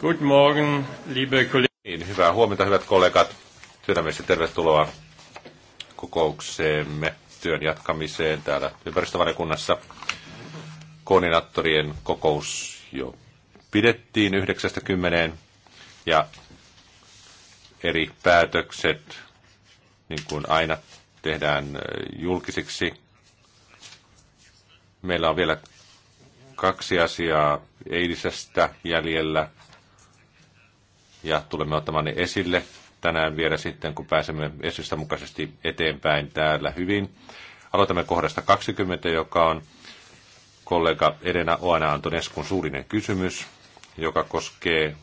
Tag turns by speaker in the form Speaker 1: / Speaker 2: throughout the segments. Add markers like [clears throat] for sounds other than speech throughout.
Speaker 1: Good morning, liebe Kollegen. Niin, hyvää huomenta, hyvät kollegat. Sydämessä tervetuloa kokoukseemme, työn jatkamiseen täällä ympäristövaliokunnassa. Koordinaattorien kokous jo pidettiin 90 ja eri päätökset, niin kuin aina, tehdään äh, julkisiksi. Meillä on vielä kaksi asiaa eilisestä jäljellä ja tulemme ottamaan ne esille tänään vielä sitten, kun pääsemme esistä mukaisesti eteenpäin täällä hyvin. Aloitamme kohdasta 20, joka on kollega Elena Oana Antoneskun suurinen kysymys, joka koskee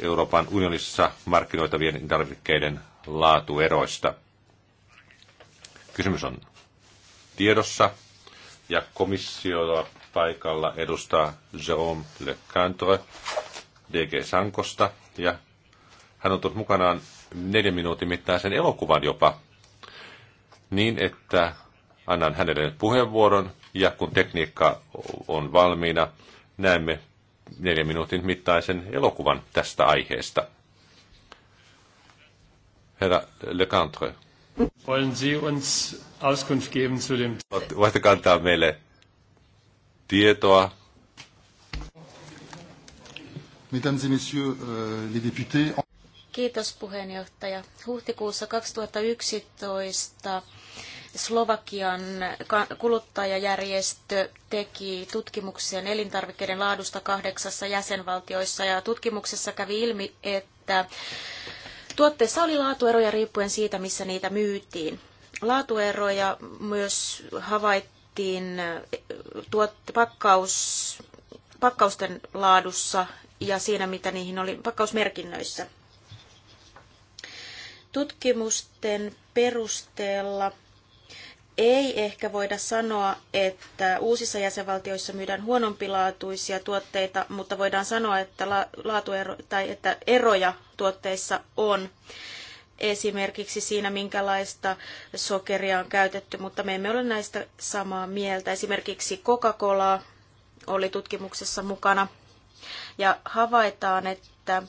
Speaker 1: Euroopan unionissa markkinoitavien tarvikkeiden laatueroista. Kysymys on tiedossa ja komissiolla paikalla edustaa Jérôme Le Cantre, DG Sankosta ja hän on tullut mukanaan neljän minuutin mittaisen elokuvan jopa, niin että annan hänelle puheenvuoron ja kun tekniikka on valmiina, näemme neljän minuutin mittaisen elokuvan tästä aiheesta. Herra Le Cantre.
Speaker 2: Wollen Sie uns Auskunft geben zu dem...
Speaker 1: Voitte kantaa meille tietoa
Speaker 2: Mesdames et messieurs euh, les députés.
Speaker 3: Kiitos puheenjohtaja. Huhtikuussa 2011 Slovakian kuluttajajärjestö teki tutkimuksen elintarvikkeiden laadusta kahdeksassa jäsenvaltioissa ja tutkimuksessa kävi ilmi, että tuotteissa oli laatueroja riippuen siitä, missä niitä myytiin. Laatueroja myös havaittiin tuot, pakkaus, pakkausten laadussa ja siinä, mitä niihin oli pakkausmerkinnöissä. Tutkimusten perusteella ei ehkä voida sanoa, että uusissa jäsenvaltioissa myydään huonompilaatuisia tuotteita, mutta voidaan sanoa, että, la- laatuero- tai että eroja tuotteissa on. Esimerkiksi siinä, minkälaista sokeria on käytetty, mutta me emme ole näistä samaa mieltä. Esimerkiksi Coca-Cola oli tutkimuksessa mukana ja havaitaan, että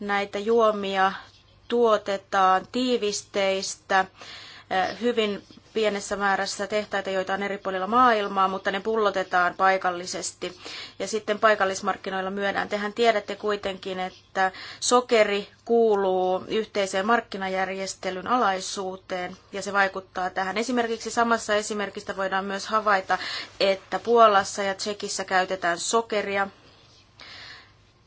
Speaker 3: näitä juomia tuotetaan tiivisteistä eh, hyvin pienessä määrässä tehtaita, joita on eri puolilla maailmaa, mutta ne pullotetaan paikallisesti ja sitten paikallismarkkinoilla myydään. Tehän tiedätte kuitenkin, että sokeri kuuluu yhteiseen markkinajärjestelyn alaisuuteen ja se vaikuttaa tähän. Esimerkiksi samassa esimerkistä voidaan myös havaita, että Puolassa ja Tsekissä käytetään sokeria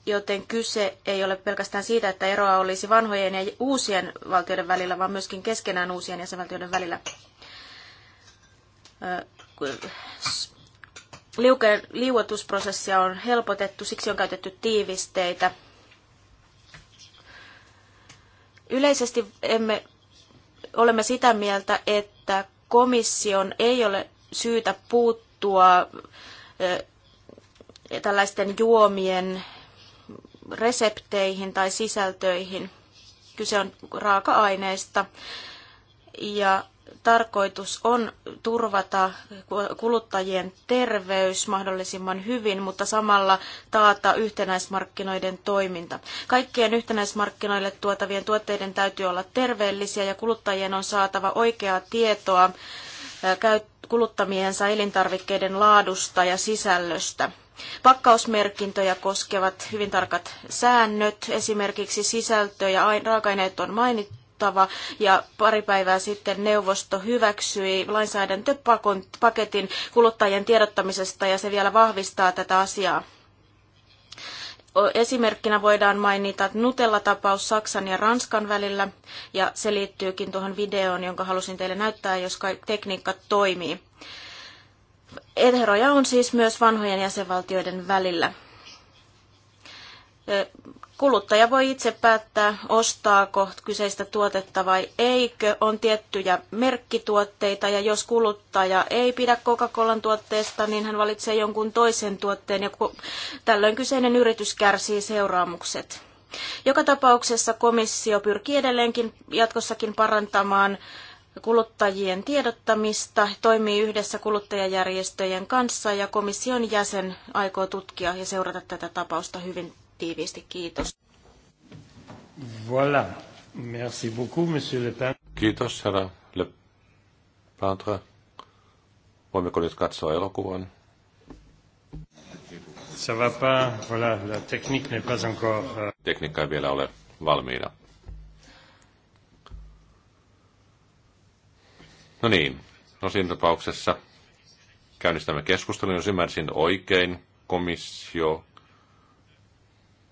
Speaker 3: joten kyse ei ole pelkästään siitä, että eroa olisi vanhojen ja uusien valtioiden välillä, vaan myöskin keskenään uusien jäsenvaltioiden välillä. Liuotusprosessia on helpotettu, siksi on käytetty tiivisteitä. Yleisesti emme, olemme sitä mieltä, että komission ei ole syytä puuttua tällaisten juomien resepteihin tai sisältöihin. Kyse on raaka-aineista ja tarkoitus on turvata kuluttajien terveys mahdollisimman hyvin, mutta samalla taata yhtenäismarkkinoiden toiminta. Kaikkien yhtenäismarkkinoille tuotavien tuotteiden täytyy olla terveellisiä ja kuluttajien on saatava oikeaa tietoa kuluttamiensa elintarvikkeiden laadusta ja sisällöstä. Pakkausmerkintöjä koskevat hyvin tarkat säännöt, esimerkiksi sisältö ja raaka-aineet on mainittu Ja pari päivää sitten neuvosto hyväksyi lainsäädäntöpaketin kuluttajien tiedottamisesta ja se vielä vahvistaa tätä asiaa. Esimerkkinä voidaan mainita Nutella-tapaus Saksan ja Ranskan välillä, ja se liittyykin tuohon videoon, jonka halusin teille näyttää, jos tekniikka toimii. Eroja on siis myös vanhojen jäsenvaltioiden välillä. Kuluttaja voi itse päättää, ostaako kyseistä tuotetta vai eikö. On tiettyjä merkkituotteita ja jos kuluttaja ei pidä Coca-Colan tuotteesta, niin hän valitsee jonkun toisen tuotteen ja tällöin kyseinen yritys kärsii seuraamukset. Joka tapauksessa komissio pyrkii edelleenkin jatkossakin parantamaan kuluttajien tiedottamista, toimii yhdessä kuluttajajärjestöjen kanssa ja komission jäsen aikoo tutkia ja seurata tätä tapausta hyvin tiiviisti. Kiitos.
Speaker 1: Voilà. Merci beaucoup, monsieur Lepin. Kiitos, herra Lepintre. Voimmeko nyt katsoa elokuvan? Ça va pas, voilà, la technique n'est pas encore... Euh, Tekniikka ei vielä ole valmiina. No niin, no siinä tapauksessa käynnistämme keskustelun, jos ymmärsin oikein. Komissio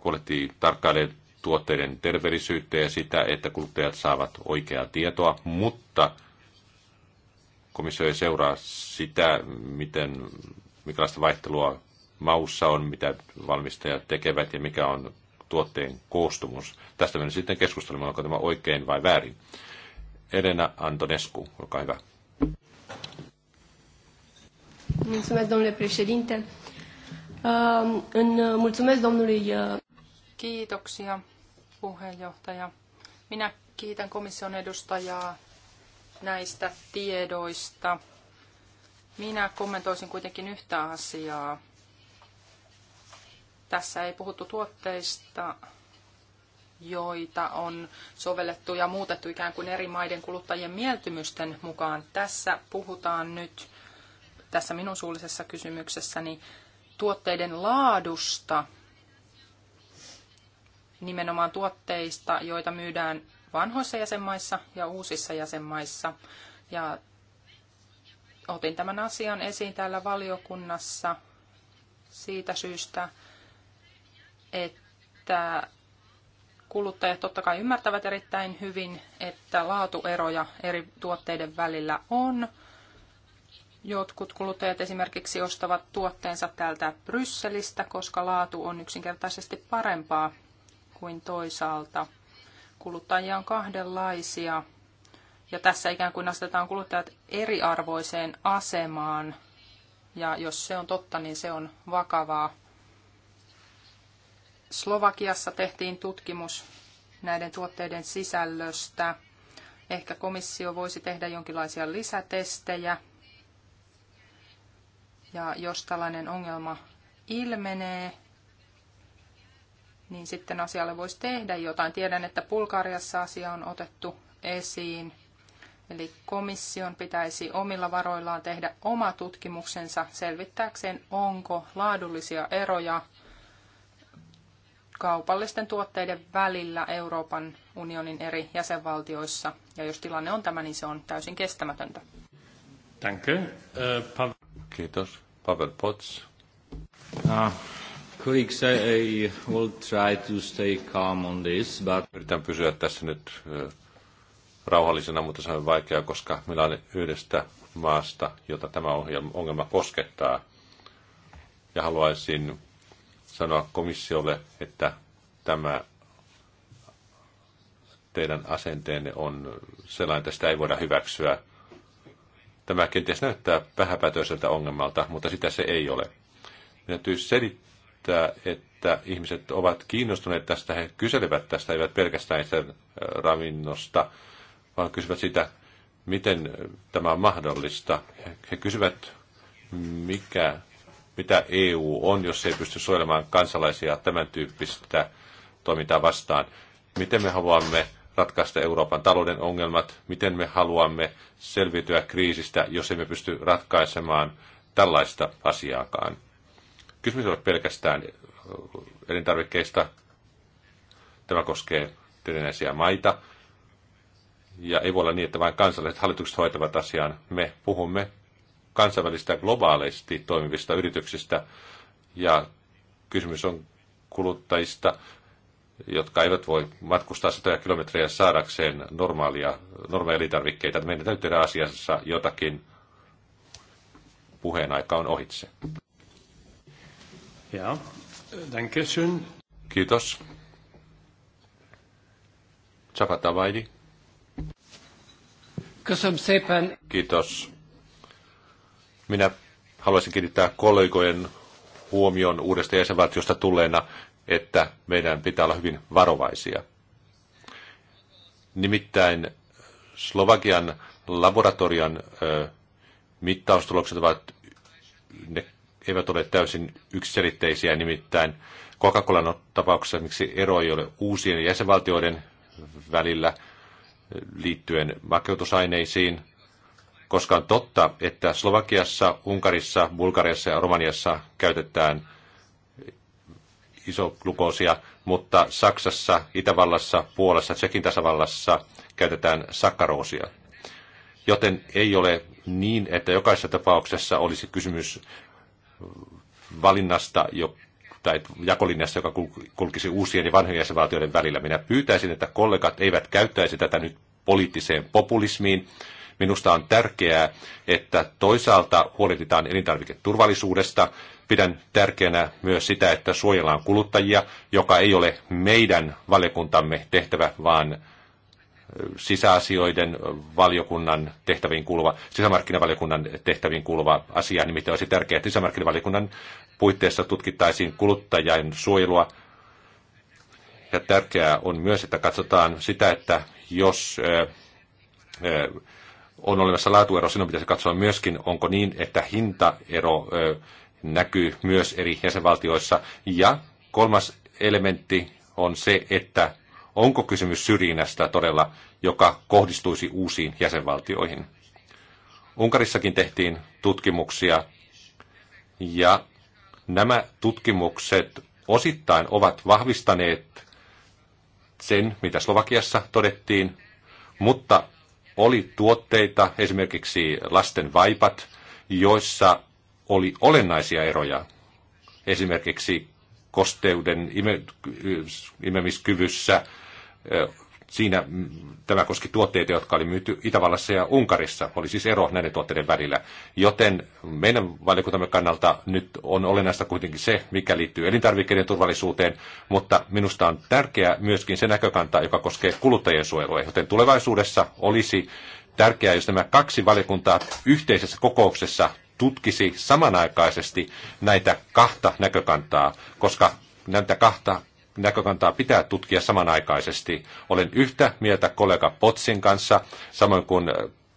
Speaker 1: huoletti tarkkailee tuotteiden terveellisyyttä ja sitä, että kuluttajat saavat oikeaa tietoa, mutta komissio ei seuraa sitä, miten, mikälaista vaihtelua maussa on, mitä valmistajat tekevät ja mikä on tuotteen koostumus. Tästä mennään sitten keskustelemaan, onko tämä oikein vai väärin. Elena Antonescu, olkaa hyvä.
Speaker 2: Mulțumesc, domnule președinte. Um, mulțumesc domnului... Uh,
Speaker 4: Kiitoksia, puheenjohtaja. Minä kiitän komission edustajaa näistä tiedoista. Minä kommentoisin kuitenkin yhtä asiaa. Tässä ei puhuttu tuotteista, joita on sovellettu ja muutettu ikään kuin eri maiden kuluttajien mieltymysten mukaan. Tässä puhutaan nyt, tässä minun suullisessa kysymyksessäni, tuotteiden laadusta, nimenomaan tuotteista, joita myydään vanhoissa jäsenmaissa ja uusissa jäsenmaissa. Ja otin tämän asian esiin täällä valiokunnassa siitä syystä, että kuluttajat totta kai ymmärtävät erittäin hyvin, että laatueroja eri tuotteiden välillä on. Jotkut kuluttajat esimerkiksi ostavat tuotteensa täältä Brysselistä, koska laatu on yksinkertaisesti parempaa kuin toisaalta. Kuluttajia on kahdenlaisia ja tässä ikään kuin asetetaan kuluttajat eriarvoiseen asemaan ja jos se on totta, niin se on vakavaa Slovakiassa tehtiin tutkimus näiden tuotteiden sisällöstä. Ehkä komissio voisi tehdä jonkinlaisia lisätestejä. Ja jos tällainen ongelma ilmenee, niin sitten asialle voisi tehdä jotain. Tiedän, että Bulgariassa asia on otettu esiin. Eli komission pitäisi omilla varoillaan tehdä oma tutkimuksensa selvittääkseen, onko laadullisia eroja kaupallisten tuotteiden välillä Euroopan unionin eri jäsenvaltioissa. Ja jos tilanne on tämä, niin se on täysin kestämätöntä.
Speaker 1: Danke. Äh, Kiitos. Pavel Pots. Ah, I will try to stay calm on this, Yritän pysyä tässä nyt rauhallisena, mutta se on vaikeaa, koska meillä on yhdestä maasta, jota tämä ongelma koskettaa. Ja haluaisin sanoa komissiolle, että tämä teidän asenteenne on sellainen, että sitä ei voida hyväksyä. Tämä kenties näyttää vähäpätöiseltä ongelmalta, mutta sitä se ei ole. Minä täytyy selittää, että ihmiset ovat kiinnostuneet tästä, he kyselevät tästä, eivät pelkästään sen äh, ravinnosta, vaan kysyvät sitä, miten tämä on mahdollista. He kysyvät, mikä mitä EU on, jos se ei pysty suojelemaan kansalaisia tämän tyyppistä toimintaa vastaan. Miten me haluamme ratkaista Euroopan talouden ongelmat, miten me haluamme selviytyä kriisistä, jos emme pysty ratkaisemaan tällaista asiaakaan. Kysymys on pelkästään elintarvikkeista. Tämä koskee terinäisiä maita. Ja ei voi olla niin, että vain kansalliset hallitukset hoitavat asian. Me puhumme kansainvälistä globaalisti toimivista yrityksistä ja kysymys on kuluttajista, jotka eivät voi matkustaa satoja kilometrejä saadakseen normaalia, normaalia elintarvikkeita. Meidän täytyy tehdä asiassa jotakin. Puheen aika on ohitse. Ja, danke schön. Kiitos. Chapatavaidi. Kiitos. Minä haluaisin kiinnittää kollegojen huomion uudesta jäsenvaltiosta tulleena, että meidän pitää olla hyvin varovaisia. Nimittäin Slovakian laboratorian ö, mittaustulokset ovat, ne eivät ole täysin yksiselitteisiä, nimittäin Coca-Colan tapauksessa miksi ero ei ole uusien jäsenvaltioiden välillä liittyen makeutusaineisiin, koska on totta, että Slovakiassa, Unkarissa, Bulgariassa ja Romaniassa käytetään isoglukosia, mutta Saksassa, Itävallassa, Puolassa, Tsekin tasavallassa käytetään sakkaroosia. Joten ei ole niin, että jokaisessa tapauksessa olisi kysymys valinnasta jo, tai jakolinjasta, joka kulkisi uusien ja vanhojen jäsenvaltioiden välillä. Minä pyytäisin, että kollegat eivät käyttäisi tätä nyt poliittiseen populismiin, Minusta on tärkeää, että toisaalta huolehditaan elintarviketurvallisuudesta. Pidän tärkeänä myös sitä, että suojellaan kuluttajia, joka ei ole meidän valiokuntamme tehtävä, vaan sisäasioiden valiokunnan tehtäviin kuuluva, sisämarkkinavaliokunnan tehtäviin kuuluva asia. Nimittäin olisi tärkeää, että sisämarkkinavaliokunnan puitteissa tutkittaisiin kuluttajien suojelua. Ja tärkeää on myös, että katsotaan sitä, että jos on olemassa laatuero, sinun pitäisi katsoa myöskin, onko niin, että hintaero näkyy myös eri jäsenvaltioissa. Ja kolmas elementti on se, että onko kysymys syrjinnästä todella, joka kohdistuisi uusiin jäsenvaltioihin. Unkarissakin tehtiin tutkimuksia, ja nämä tutkimukset osittain ovat vahvistaneet sen, mitä Slovakiassa todettiin, mutta oli tuotteita, esimerkiksi lasten vaipat, joissa oli olennaisia eroja. Esimerkiksi kosteuden imemiskyvyssä, Siinä mm, tämä koski tuotteita, jotka oli myyty Itävallassa ja Unkarissa. Oli siis ero näiden tuotteiden välillä. Joten meidän valiokuntamme kannalta nyt on olennaista kuitenkin se, mikä liittyy elintarvikkeiden turvallisuuteen, mutta minusta on tärkeää myöskin se näkökanta, joka koskee kuluttajien suojelua. Joten tulevaisuudessa olisi tärkeää, jos nämä kaksi valiokuntaa yhteisessä kokouksessa tutkisi samanaikaisesti näitä kahta näkökantaa, koska näitä kahta näkökantaa pitää tutkia samanaikaisesti. Olen yhtä mieltä kollega Potsin kanssa, samoin kuin äh,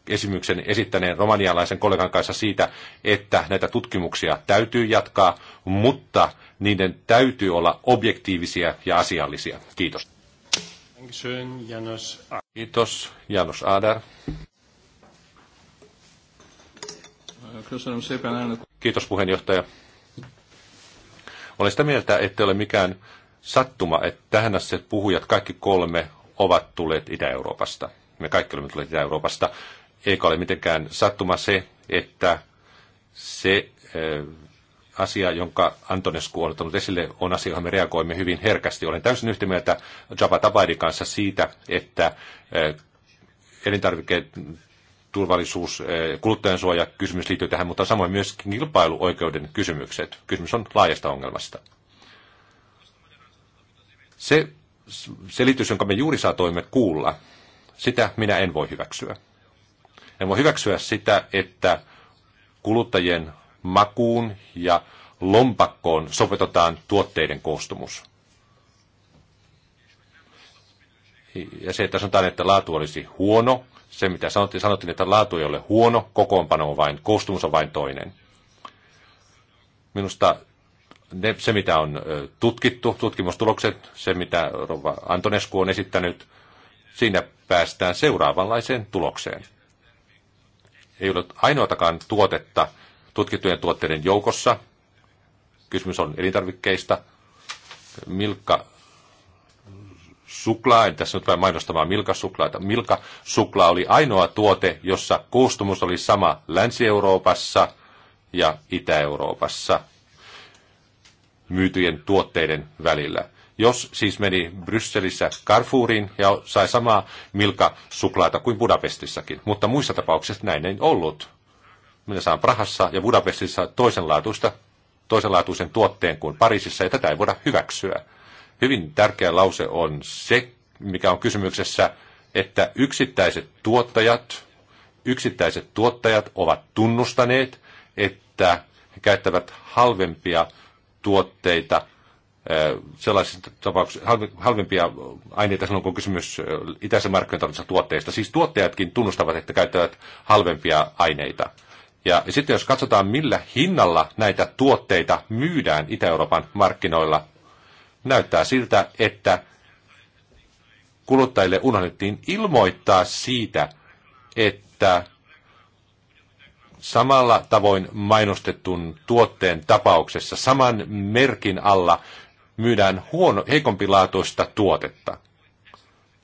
Speaker 1: esimyksen esittäneen romanialaisen kollegan kanssa siitä, että näitä tutkimuksia täytyy jatkaa, mutta niiden täytyy olla objektiivisia ja asiallisia. Kiitos. Kiitos, Janos Adar. Kiitos puheenjohtaja. Olen sitä mieltä, että ole mikään sattuma, että tähän asti puhujat kaikki kolme ovat tulleet Itä-Euroopasta. Me kaikki olemme tulleet Itä-Euroopasta. Eikä ole mitenkään sattuma se, että se eh, asia, jonka Antonescu on ottanut esille, on asia, johon me reagoimme hyvin herkästi. Olen täysin yhtä mieltä Jabba Tabaidin kanssa siitä, että eh, elintarvikkeet turvallisuus, eh, kuluttajansuoja kysymys liittyy tähän, mutta samoin myös kilpailuoikeuden kysymykset. Kysymys on laajasta ongelmasta. Se selitys, jonka me juuri saatoimme kuulla, sitä minä en voi hyväksyä. En voi hyväksyä sitä, että kuluttajien makuun ja lompakkoon sopetetaan tuotteiden koostumus. Ja se, että sanotaan, että laatu olisi huono, se mitä sanottiin, sanottiin, että laatu ei ole huono, kokoonpano on vain, koostumus on vain toinen. Minusta ne, se, mitä on tutkittu, tutkimustulokset, se, mitä Rova Antonescu on esittänyt, siinä päästään seuraavanlaiseen tulokseen. Ei ole ainoatakaan tuotetta tutkittujen tuotteiden joukossa. Kysymys on elintarvikkeista. Milka suklaa, en tässä nyt vain mainostamaan milka milka suklaa oli ainoa tuote, jossa kuustumus oli sama Länsi-Euroopassa ja Itä-Euroopassa – myytyjen tuotteiden välillä. Jos siis meni Brysselissä Carrefouriin ja sai samaa milka suklaata kuin Budapestissakin, mutta muissa tapauksissa näin ei ollut. Minä saan Prahassa ja Budapestissa toisenlaatuista, toisenlaatuisen tuotteen kuin Pariisissa ja tätä ei voida hyväksyä. Hyvin tärkeä lause on se, mikä on kysymyksessä, että yksittäiset tuottajat, yksittäiset tuottajat ovat tunnustaneet, että he käyttävät halvempia tuotteita, sellaisista tapauksista, halvempia aineita silloin, kun on kysymys itäisen markkinoiden tuotteista. Siis tuottajatkin tunnustavat, että käyttävät halvempia aineita. Ja sitten jos katsotaan, millä hinnalla näitä tuotteita myydään Itä-Euroopan markkinoilla, näyttää siltä, että kuluttajille unohdettiin ilmoittaa siitä, että samalla tavoin mainostetun tuotteen tapauksessa saman merkin alla myydään huono, heikompilaatuista tuotetta.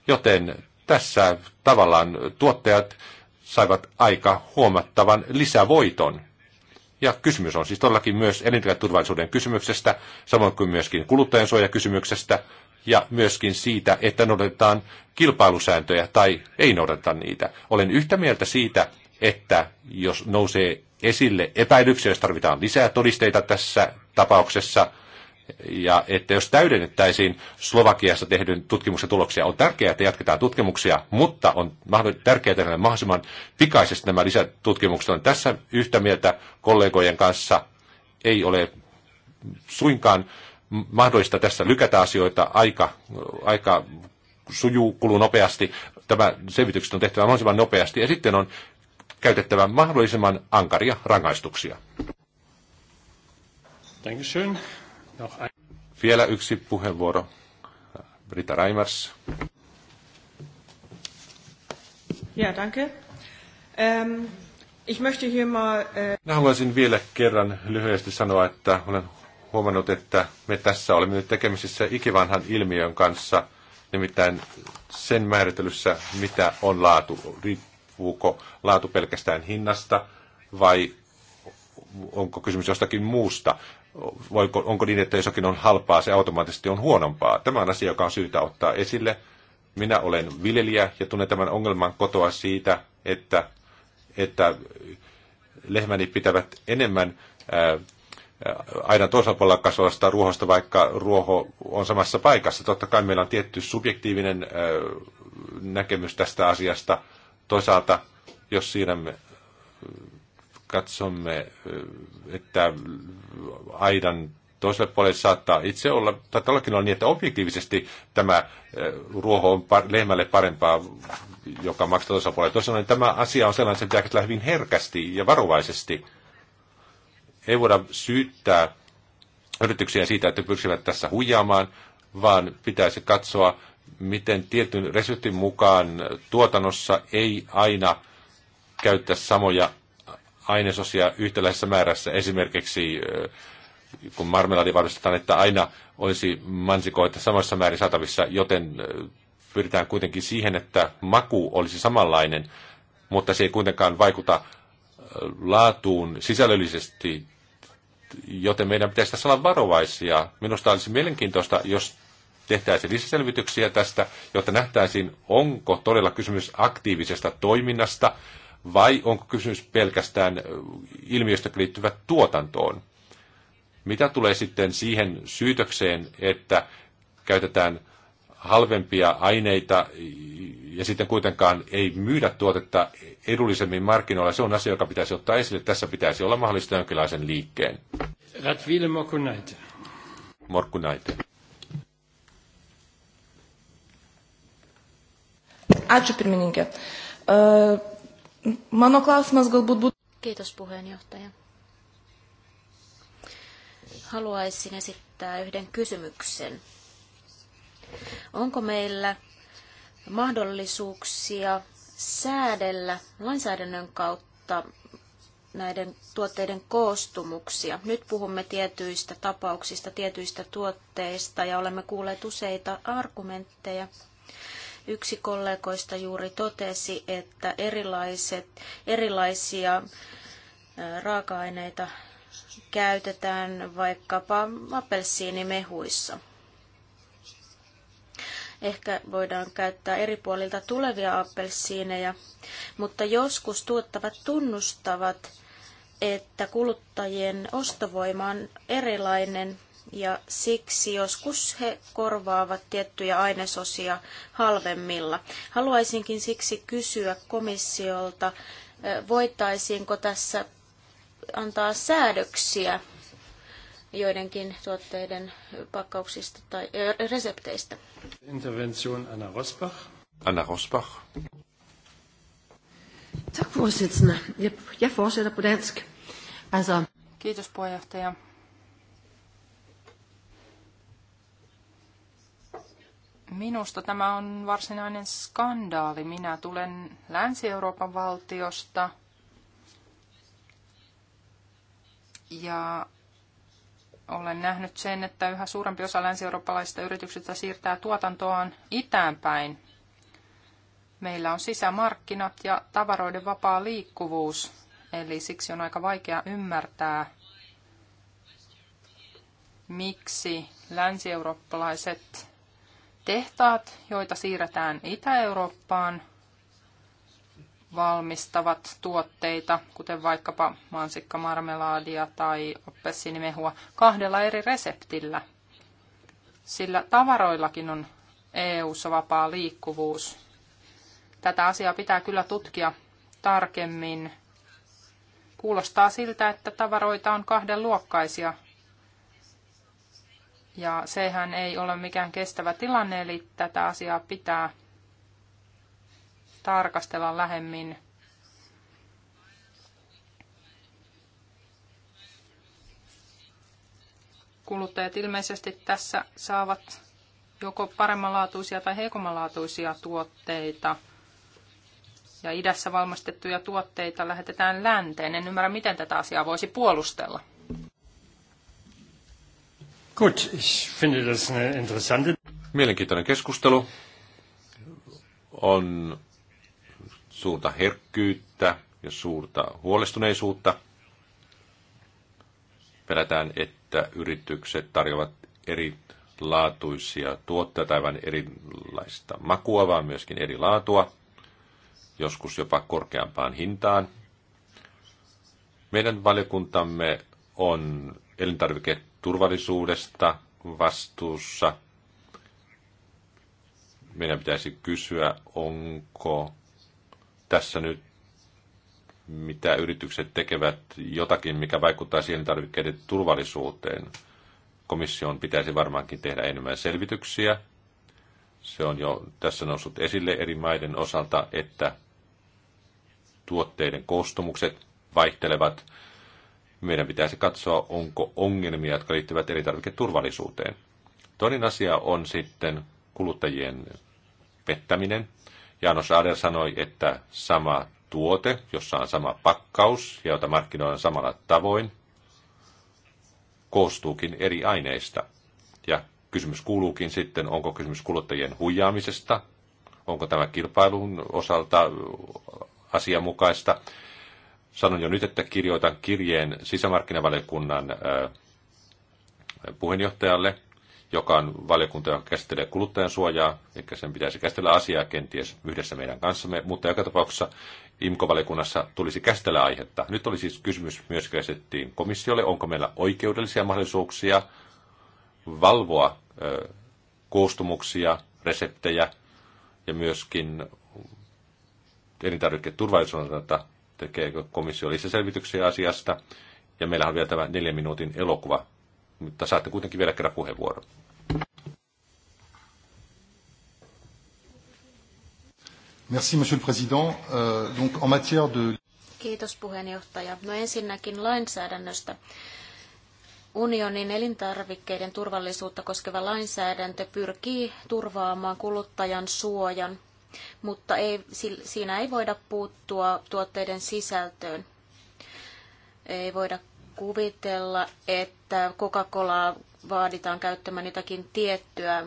Speaker 1: Joten tässä tavallaan tuottajat saivat aika huomattavan lisävoiton. Ja kysymys on siis todellakin myös elintarviketurvallisuuden kysymyksestä, samoin kuin myöskin kuluttajansuojakysymyksestä ja myöskin siitä, että noudatetaan kilpailusääntöjä tai ei noudata niitä. Olen yhtä mieltä siitä, että jos nousee esille epäilyksiä, jos tarvitaan lisää todisteita tässä tapauksessa, ja että jos täydennettäisiin Slovakiassa tehdyn tutkimuksen tuloksia, on tärkeää, että jatketaan tutkimuksia, mutta on tärkeää tehdä mahdollisimman pikaisesti nämä lisätutkimukset. on tässä yhtä mieltä kollegojen kanssa. Ei ole suinkaan mahdollista tässä lykätä asioita. Aika, aika sujuu, kuluu nopeasti. Tämä selvitykset on tehtävä mahdollisimman nopeasti. Ja sitten on Käytettävän mahdollisimman ankaria rangaistuksia. Dankeschön. Vielä yksi puheenvuoro. Brita Reimers.
Speaker 3: Ja, danke. Ähm, ich möchte hier mal,
Speaker 1: äh... Haluaisin vielä kerran lyhyesti sanoa, että olen huomannut, että me tässä olemme nyt tekemisissä ikivanhan ilmiön kanssa, nimittäin sen määritelyssä, mitä on laatu riippuuko laatu pelkästään hinnasta vai onko kysymys jostakin muusta. Voiko, onko niin, että jos jokin on halpaa, se automaattisesti on huonompaa. Tämä on asia, joka on syytä ottaa esille. Minä olen viljelijä ja tunnen tämän ongelman kotoa siitä, että, että lehmäni pitävät enemmän ää, aina toisella puolella kasvavasta ruohosta, vaikka ruoho on samassa paikassa. Totta kai meillä on tietty subjektiivinen näkemys tästä asiasta, Toisaalta, jos siinä me katsomme, että aidan toiselle puolelle saattaa itse olla, tai todellakin on niin, että objektiivisesti tämä eh, ruoho on lehmälle parempaa, joka maksaa toisella puolella. Toisaalta niin tämä asia on sellainen, että se pitää hyvin herkästi ja varovaisesti. Ei voida syyttää yrityksiä siitä, että pyrkivät tässä huijaamaan, vaan pitäisi katsoa, miten tietyn reseptin mukaan tuotannossa ei aina käyttää samoja ainesosia yhtäläisessä määrässä. Esimerkiksi kun marmeladi varmistetaan, että aina olisi mansikoita samassa määrin saatavissa, joten pyritään kuitenkin siihen, että maku olisi samanlainen, mutta se ei kuitenkaan vaikuta laatuun sisällöllisesti, joten meidän pitäisi tässä olla varovaisia. Minusta olisi mielenkiintoista, jos tehtäisiin lisäselvityksiä tästä, jotta nähtäisiin, onko todella kysymys aktiivisesta toiminnasta vai onko kysymys pelkästään ilmiöstä, liittyvät tuotantoon. Mitä tulee sitten siihen syytökseen, että käytetään halvempia aineita ja sitten kuitenkaan ei myydä tuotetta edullisemmin markkinoilla. Se on asia, joka pitäisi ottaa esille. Tässä pitäisi olla mahdollista jonkinlaisen liikkeen.
Speaker 2: Ratville Morkkunaite.
Speaker 1: Morkkunaite.
Speaker 3: Ačiū pirmininkė. E, mano klausimas galbūt būtų. Kiitos puheenjohtaja. Haluaisin esittää yhden kysymyksen. Onko meillä mahdollisuuksia säädellä lainsäädännön kautta näiden tuotteiden koostumuksia. Nyt puhumme tietyistä tapauksista, tietyistä tuotteista ja olemme kuulleet useita argumentteja Yksi kollegoista juuri totesi, että erilaiset, erilaisia raaka-aineita käytetään vaikkapa apelsiinimehuissa. Ehkä voidaan käyttää eri puolilta tulevia appelsiineja, mutta joskus tuottavat tunnustavat, että kuluttajien ostovoima on erilainen ja siksi joskus he korvaavat tiettyjä ainesosia halvemmilla. Haluaisinkin siksi kysyä komissiolta, voitaisiinko tässä antaa säädöksiä joidenkin tuotteiden pakkauksista tai resepteistä.
Speaker 1: Intervention Anna Rosbach. Anna
Speaker 3: Rosbach. Tak, voorzitter. Jeg fortsætter på
Speaker 2: dansk. Altså...
Speaker 4: Kiitos, puheenjohtaja. Minusta tämä on varsinainen skandaali. Minä tulen Länsi-Euroopan valtiosta ja olen nähnyt sen, että yhä suurempi osa länsi-eurooppalaisista yrityksistä siirtää tuotantoaan itään päin. Meillä on sisämarkkinat ja tavaroiden vapaa liikkuvuus, eli siksi on aika vaikea ymmärtää, miksi länsi-eurooppalaiset tehtaat, joita siirretään Itä-Eurooppaan, valmistavat tuotteita, kuten vaikkapa mansikkamarmelaadia tai oppessinimehua, kahdella eri reseptillä. Sillä tavaroillakin on EU-ssa vapaa liikkuvuus. Tätä asiaa pitää kyllä tutkia tarkemmin. Kuulostaa siltä, että tavaroita on kahden luokkaisia, ja sehän ei ole mikään kestävä tilanne, eli tätä asiaa pitää tarkastella lähemmin. Kuluttajat ilmeisesti tässä saavat joko paremmanlaatuisia tai heikommanlaatuisia tuotteita. Ja idässä valmistettuja tuotteita lähetetään länteen. En ymmärrä, miten tätä asiaa voisi puolustella.
Speaker 1: Gut, ich finde das eine interessante... Mielenkiintoinen keskustelu. On suurta herkkyyttä ja suurta huolestuneisuutta. Pelätään, että yritykset tarjoavat erilaatuisia tuotteita, aivan erilaista makua, vaan myöskin eri laatua, joskus jopa korkeampaan hintaan. Meidän valiokuntamme on elintarvike turvallisuudesta vastuussa. Meidän pitäisi kysyä, onko tässä nyt mitä yritykset tekevät jotakin, mikä vaikuttaa siihen tarvikkeiden turvallisuuteen. Komission pitäisi varmaankin tehdä enemmän selvityksiä. Se on jo tässä noussut esille eri maiden osalta, että tuotteiden koostumukset vaihtelevat meidän pitäisi katsoa, onko ongelmia, jotka liittyvät elintarviketurvallisuuteen. Toinen asia on sitten kuluttajien pettäminen. Janos Ader sanoi, että sama tuote, jossa on sama pakkaus ja jota markkinoidaan samalla tavoin, koostuukin eri aineista. Ja kysymys kuuluukin sitten, onko kysymys kuluttajien huijaamisesta, onko tämä kilpailun osalta asianmukaista Sanon jo nyt, että kirjoitan kirjeen sisämarkkinavaliokunnan puheenjohtajalle, joka on valiokunta, joka käsittelee kuluttajan suojaa, eli sen pitäisi käsitellä asiaa kenties yhdessä meidän kanssamme, mutta joka tapauksessa IMKO-valiokunnassa tulisi käsitellä aihetta. Nyt oli siis kysymys myös käsittiin komissiolle, onko meillä oikeudellisia mahdollisuuksia valvoa koostumuksia, reseptejä ja myöskin turvallisuudelta tekeekö komissio lisäselvityksiä asiasta. Ja meillä on vielä tämä neljän minuutin elokuva, mutta saatte kuitenkin vielä kerran puheenvuoron.
Speaker 2: Merci, monsieur le président. Euh, donc, en matière de...
Speaker 3: Kiitos puheenjohtaja. No ensinnäkin lainsäädännöstä. Unionin elintarvikkeiden turvallisuutta koskeva lainsäädäntö pyrkii turvaamaan kuluttajan suojan mutta ei, siinä ei voida puuttua tuotteiden sisältöön. Ei voida kuvitella, että Coca-Colaa vaaditaan käyttämään jotakin tiettyä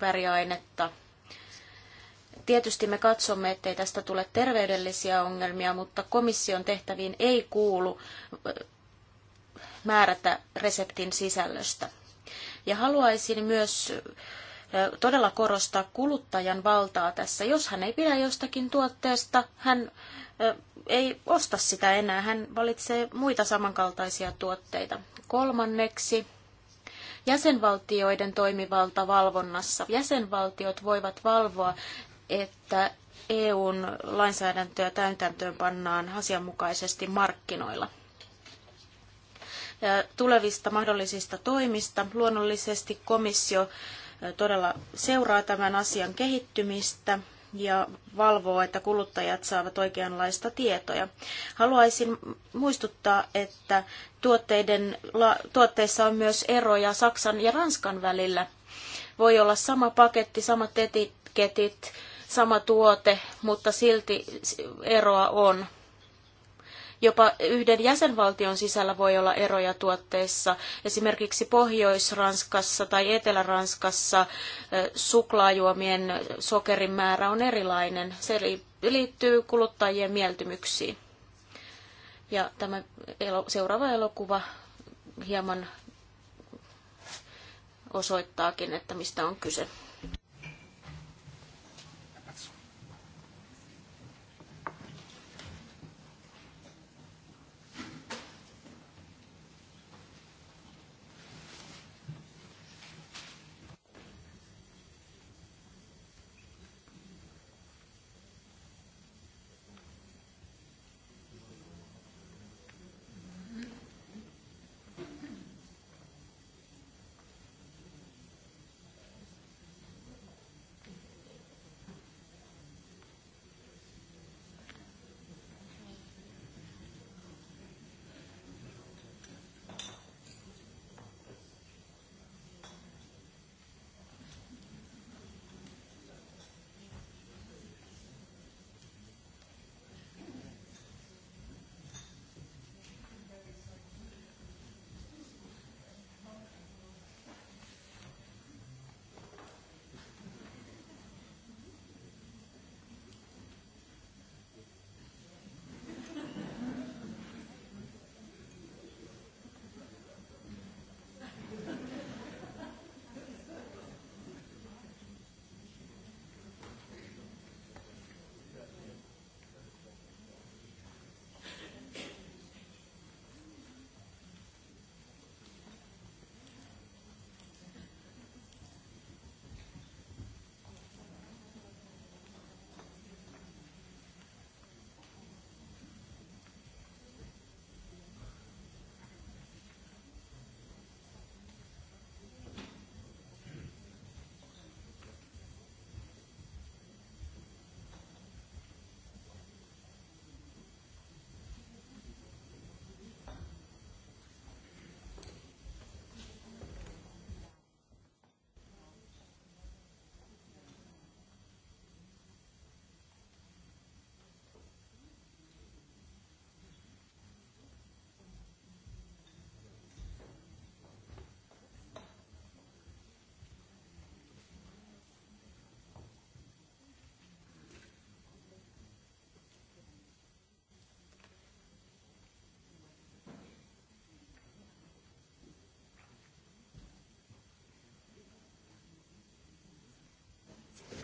Speaker 3: väriainetta. Tietysti me katsomme, ettei tästä tule terveydellisiä ongelmia, mutta komission tehtäviin ei kuulu määrätä reseptin sisällöstä. Ja haluaisin myös todella korostaa kuluttajan valtaa tässä. Jos hän ei pidä jostakin tuotteesta, hän ei osta sitä enää. Hän valitsee muita samankaltaisia tuotteita. Kolmanneksi jäsenvaltioiden toimivalta valvonnassa. Jäsenvaltiot voivat valvoa, että EUn lainsäädäntöä täytäntöön pannaan asianmukaisesti markkinoilla. tulevista mahdollisista toimista luonnollisesti komissio todella seuraa tämän asian kehittymistä ja valvoo, että kuluttajat saavat oikeanlaista tietoja. Haluaisin muistuttaa, että tuotteiden, tuotteissa on myös eroja Saksan ja Ranskan välillä. Voi olla sama paketti, samat etiketit, sama tuote, mutta silti eroa on. Jopa yhden jäsenvaltion sisällä voi olla eroja tuotteissa. Esimerkiksi Pohjois-Ranskassa tai Etelä-Ranskassa suklaajuomien sokerin määrä on erilainen. Se liittyy kuluttajien mieltymyksiin. Ja tämä seuraava elokuva hieman osoittaakin, että mistä on kyse.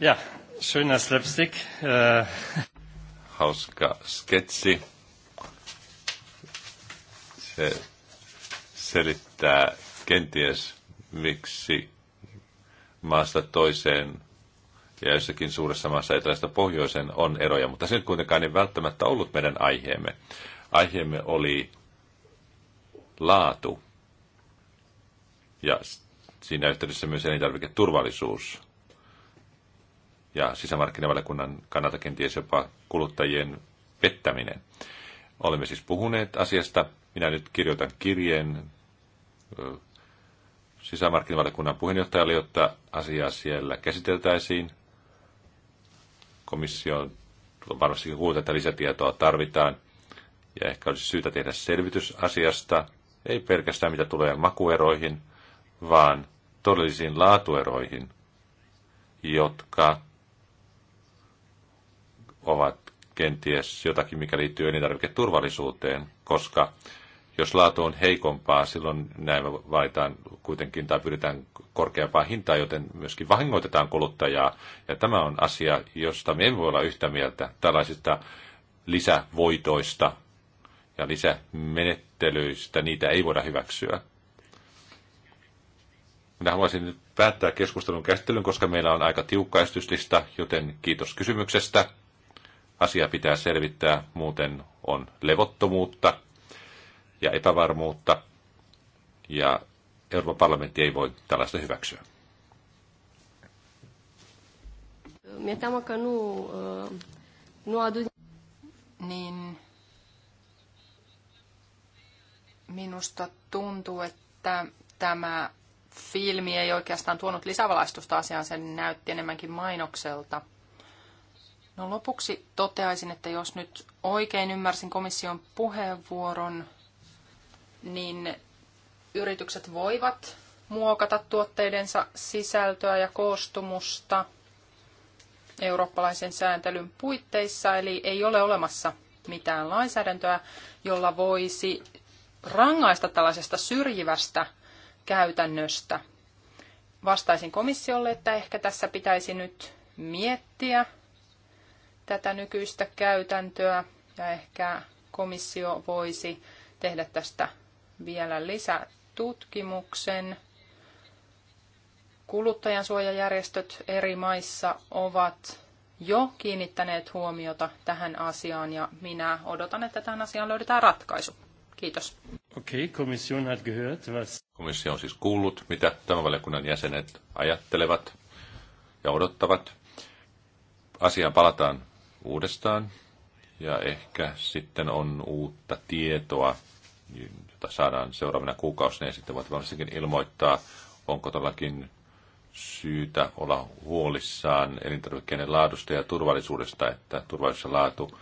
Speaker 2: Ja, schöner slapstick. Äh.
Speaker 1: Hauska sketsi. Se selittää kenties, miksi maasta toiseen ja jossakin suuressa maassa etelästä pohjoiseen on eroja, mutta se kuitenkaan ei niin välttämättä ollut meidän aiheemme. Aiheemme oli laatu ja siinä yhteydessä myös elintarviketurvallisuus ja sisämarkkinavaliokunnan kannalta kenties jopa kuluttajien pettäminen. Olemme siis puhuneet asiasta. Minä nyt kirjoitan kirjeen sisämarkkinavaliokunnan puheenjohtajalle, jotta asiaa siellä käsiteltäisiin. Komissio varmasti kuulta, että lisätietoa tarvitaan ja ehkä olisi syytä tehdä selvitys asiasta, ei pelkästään mitä tulee makueroihin, vaan todellisiin laatueroihin, jotka ovat kenties jotakin, mikä liittyy elintarviketurvallisuuteen, koska jos laatu on heikompaa, silloin näin valitaan kuitenkin tai pyritään korkeampaa hintaa, joten myöskin vahingoitetaan kuluttajaa. Ja tämä on asia, josta me emme voi olla yhtä mieltä tällaisista lisävoitoista ja lisämenettelyistä. Niitä ei voida hyväksyä. Minä haluaisin nyt päättää keskustelun käsittelyn, koska meillä on aika tiukka joten kiitos kysymyksestä. Asia pitää selvittää, muuten on levottomuutta ja epävarmuutta, ja Euroopan parlamentti ei voi tällaista hyväksyä.
Speaker 2: Uh, adun...
Speaker 4: Niin minusta tuntuu, että tämä filmi ei oikeastaan tuonut lisävalaistusta asiaan, sen näytti enemmänkin mainokselta – No lopuksi toteaisin, että jos nyt oikein ymmärsin komission puheenvuoron, niin yritykset voivat muokata tuotteidensa sisältöä ja koostumusta eurooppalaisen sääntelyn puitteissa, eli ei ole olemassa mitään lainsäädäntöä, jolla voisi rangaista tällaisesta syrjivästä käytännöstä. Vastaisin komissiolle, että ehkä tässä pitäisi nyt miettiä tätä nykyistä käytäntöä ja ehkä komissio voisi tehdä tästä vielä lisätutkimuksen. Kuluttajansuojajärjestöt eri maissa ovat jo kiinnittäneet huomiota tähän asiaan ja minä odotan, että tähän asiaan löydetään ratkaisu. Kiitos.
Speaker 2: Okei, okay, komission hat gehört, was...
Speaker 1: Komissio on siis kuullut, mitä tämän valiokunnan jäsenet ajattelevat ja odottavat. Asiaan palataan uudestaan ja ehkä sitten on uutta tietoa, jota saadaan seuraavana kuukausina ja sitten voit varsinkin ilmoittaa, onko todellakin syytä olla huolissaan elintarvikkeiden laadusta ja turvallisuudesta, että turvallisuus laatu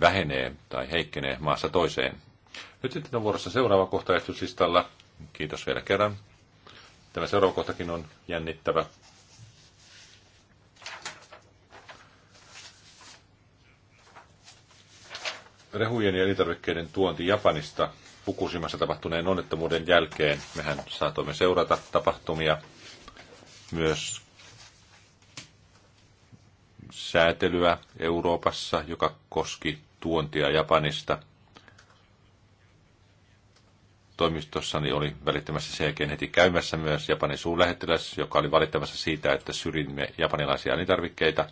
Speaker 1: vähenee tai heikkenee maassa toiseen. Nyt sitten on vuorossa seuraava kohta esityslistalla. Kiitos vielä kerran. Tämä seuraava kohtakin on jännittävä. rehujen ja elintarvikkeiden tuonti Japanista Fukushimassa tapahtuneen onnettomuuden jälkeen. Mehän saatoimme seurata tapahtumia myös säätelyä Euroopassa, joka koski tuontia Japanista. Toimistossani oli välittömässä sen jälkeen heti käymässä myös Japanin suunlähettiläs, joka oli valittamassa siitä, että syrjimme japanilaisia elintarvikkeita.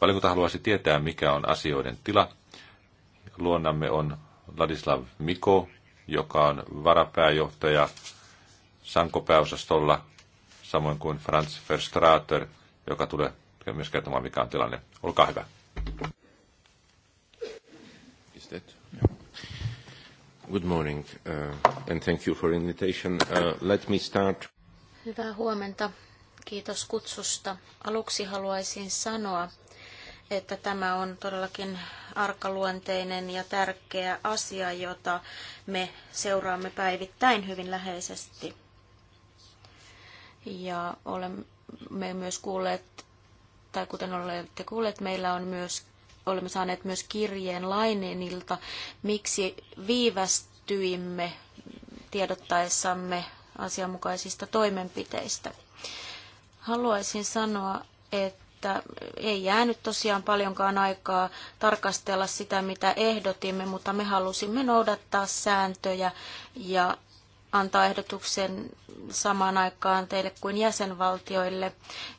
Speaker 1: Valiokunta haluaisi tietää, mikä on asioiden tila luonnamme on Ladislav Miko, joka on varapääjohtaja Sankopääosastolla, samoin kuin Franz Verstrater, joka tulee myös kertomaan, mikä on tilanne. Olkaa hyvä. Good morning uh, and thank you for invitation. Uh, let me start.
Speaker 3: Hyvää huomenta. Kiitos kutsusta. Aluksi haluaisin sanoa, että tämä on todellakin arkaluonteinen ja tärkeä asia, jota me seuraamme päivittäin hyvin läheisesti. Ja olemme myös kuulleet, tai kuten olette kuulleet, meillä on myös, olemme saaneet myös kirjeen Lainenilta, miksi viivästyimme tiedottaessamme asianmukaisista toimenpiteistä. Haluaisin sanoa, että että ei jäänyt tosiaan paljonkaan aikaa tarkastella sitä, mitä ehdotimme, mutta me halusimme noudattaa sääntöjä ja antaa ehdotuksen samaan aikaan teille kuin jäsenvaltioille.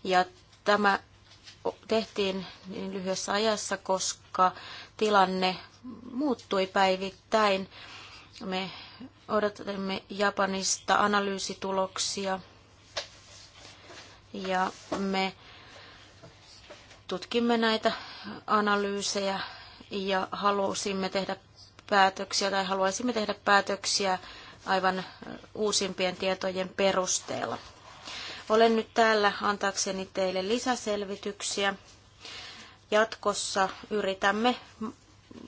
Speaker 3: Ja tämä tehtiin niin lyhyessä ajassa, koska tilanne muuttui päivittäin. Me odotamme Japanista analyysituloksia ja me tutkimme näitä analyysejä ja halusimme tehdä päätöksiä tai haluaisimme tehdä päätöksiä aivan uusimpien tietojen perusteella. Olen nyt täällä antaakseni teille lisäselvityksiä. Jatkossa yritämme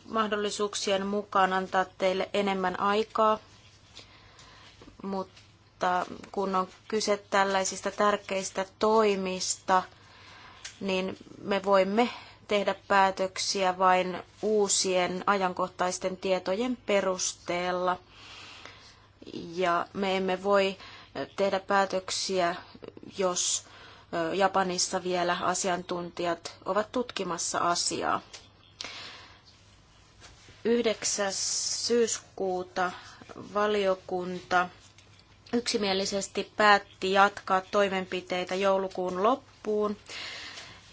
Speaker 3: mahdollisuuksien mukaan antaa teille enemmän aikaa, mutta kun on kyse tällaisista tärkeistä toimista, niin me voimme tehdä päätöksiä vain uusien ajankohtaisten tietojen perusteella. Ja me emme voi tehdä päätöksiä, jos Japanissa vielä asiantuntijat ovat tutkimassa asiaa. 9. syyskuuta valiokunta yksimielisesti päätti jatkaa toimenpiteitä joulukuun loppuun.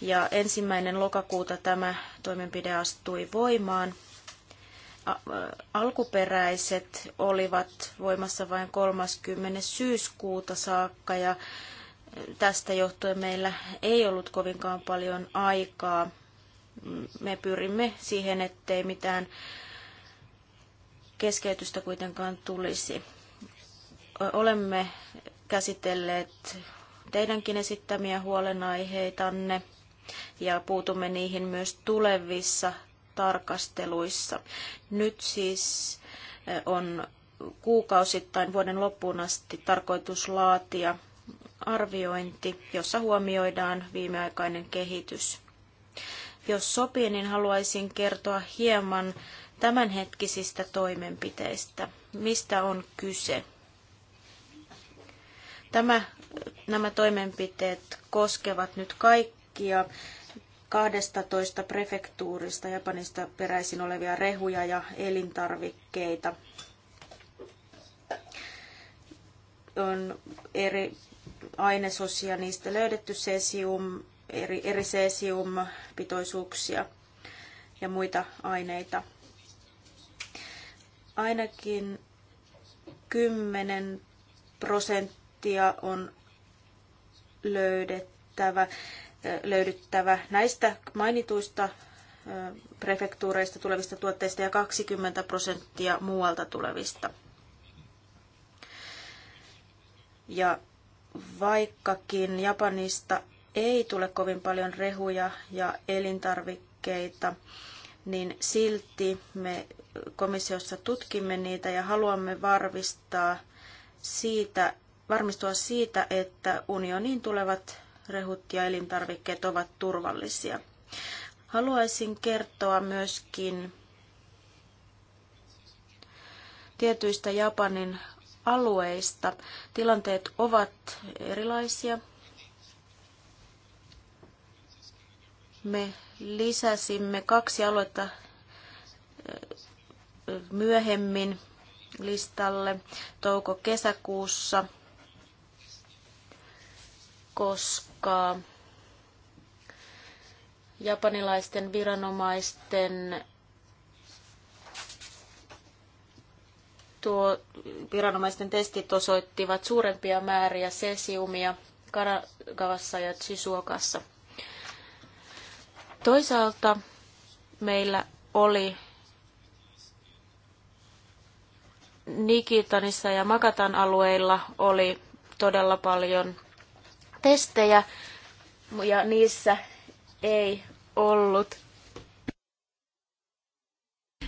Speaker 3: Ja ensimmäinen lokakuuta tämä toimenpide astui voimaan. Alkuperäiset olivat voimassa vain 30. syyskuuta saakka ja tästä johtuen meillä ei ollut kovinkaan paljon aikaa. Me pyrimme siihen, ettei mitään keskeytystä kuitenkaan tulisi. Olemme käsitelleet teidänkin esittämiä huolenaiheitanne ja puutumme niihin myös tulevissa tarkasteluissa. Nyt siis on kuukausittain vuoden loppuun asti tarkoitus laatia arviointi, jossa huomioidaan viimeaikainen kehitys. Jos sopii, niin haluaisin kertoa hieman tämänhetkisistä toimenpiteistä. Mistä on kyse? Tämä, nämä toimenpiteet koskevat nyt kaikkia kaikkia 12 prefektuurista Japanista peräisin olevia rehuja ja elintarvikkeita. On eri ainesosia niistä löydetty sesium, eri, eri sesium-pitoisuuksia ja muita aineita. Ainakin 10 prosenttia on löydettävä löydyttävä näistä mainituista prefektuureista tulevista tuotteista ja 20 prosenttia muualta tulevista. Ja vaikkakin Japanista ei tule kovin paljon rehuja ja elintarvikkeita, niin silti me komissiossa tutkimme niitä ja haluamme varmistaa siitä, varmistua siitä, että unioniin tulevat rehut ja elintarvikkeet ovat turvallisia. Haluaisin kertoa myöskin tietyistä Japanin alueista. Tilanteet ovat erilaisia. Me lisäsimme kaksi aluetta eh, myöhemmin listalle touko-kesäkuussa – koska japanilaisten viranomaisten tuo, viranomaisten testit osoittivat suurempia määriä sesiumia Karagavassa ja Chisuokassa. Toisaalta meillä oli Nikitanissa ja Makatan alueilla oli todella paljon testejä ja niissä ei ollut.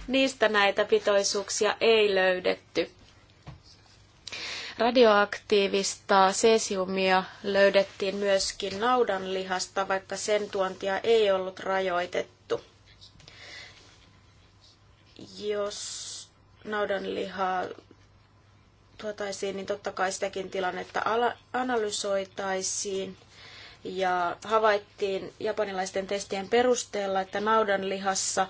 Speaker 3: Niistä näitä pitoisuuksia ei löydetty. Radioaktiivista sesiumia löydettiin myöskin naudanlihasta, vaikka sen tuontia ei ollut rajoitettu. Jos naudanlihaa tuotaisiin, niin totta kai sitäkin tilannetta analysoitaisiin. Ja havaittiin japanilaisten testien perusteella, että naudanlihassa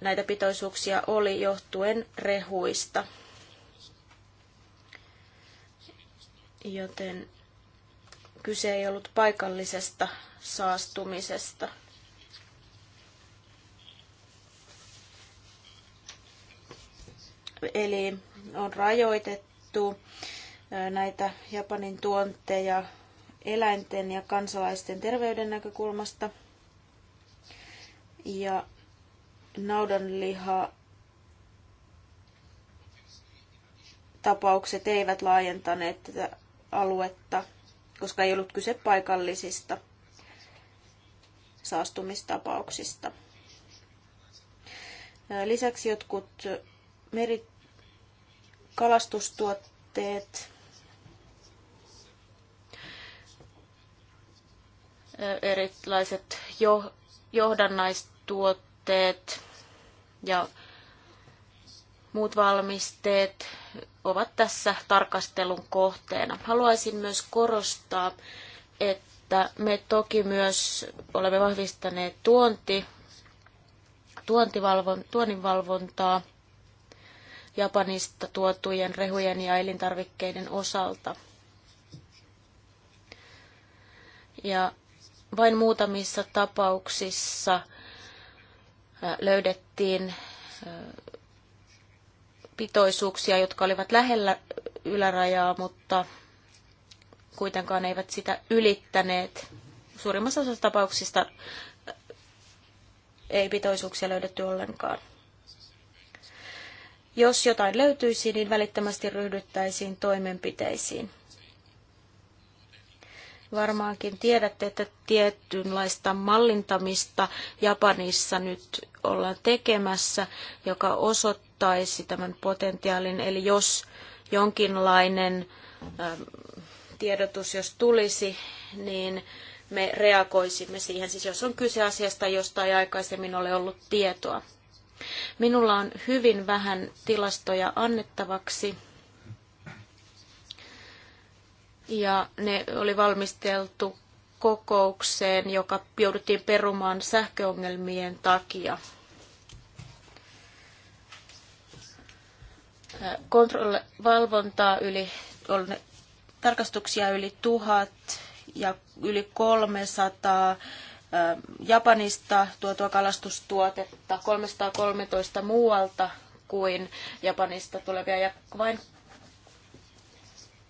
Speaker 3: näitä pitoisuuksia oli johtuen rehuista. Joten kyse ei ollut paikallisesta saastumisesta. Eli on rajoitettu tapahtuu näitä Japanin tuonteja eläinten ja kansalaisten terveyden näkökulmasta. Ja naudanliha tapaukset eivät laajentaneet tätä aluetta, koska ei ollut kyse paikallisista saastumistapauksista. Lisäksi jotkut merit kalastustuotteet, erilaiset jo, johdannaistuotteet ja muut valmisteet ovat tässä tarkastelun kohteena. Haluaisin myös korostaa, että me toki myös olemme vahvistaneet tuonti, tuontivalvon, tuonninvalvontaa – Japanista tuotujen rehujen ja elintarvikkeiden osalta. Ja vain muutamissa tapauksissa äh, löydettiin äh, pitoisuuksia, jotka olivat lähellä ylärajaa, mutta kuitenkaan eivät sitä ylittäneet. Suurimmassa osassa tapauksista äh, ei pitoisuuksia löydetty ollenkaan. Jos jotain löytyisi, niin välittömästi ryhdyttäisiin toimenpiteisiin. Varmaankin tiedätte, että tietynlaista mallintamista Japanissa nyt ollaan tekemässä, joka osoittaisi tämän potentiaalin. Eli jos jonkinlainen ähm, tiedotus, jos tulisi, niin me reagoisimme siihen. Siis jos on kyse asiasta, josta ei aikaisemmin ole ollut tietoa. Minulla on hyvin vähän tilastoja annettavaksi. Ja ne oli valmisteltu kokoukseen, joka jouduttiin perumaan sähköongelmien takia. Kontrolle, valvontaa yli, on tarkastuksia yli tuhat ja yli 300 Japanista tuotua kalastustuotetta, 313 muualta kuin Japanista tulevia ja vain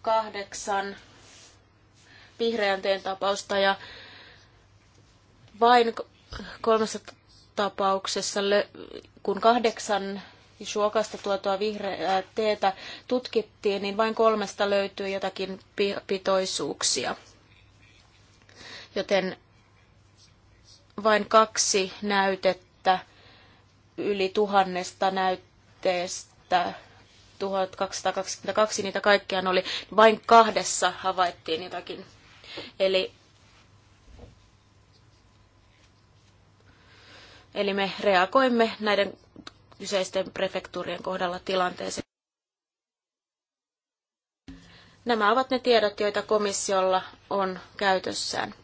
Speaker 3: kahdeksan vihreänteen tapausta ja vain kolmessa tapauksessa, kun kahdeksan suokasta tuotua vihreää teetä tutkittiin, niin vain kolmesta löytyy jotakin pitoisuuksia. Joten vain kaksi näytettä yli tuhannesta näytteestä 1222 niitä kaikkiaan oli, vain kahdessa havaittiin jotakin. Eli, eli me reagoimme näiden kyseisten prefektuurien kohdalla tilanteeseen. Nämä ovat ne tiedot, joita komissiolla on käytössään.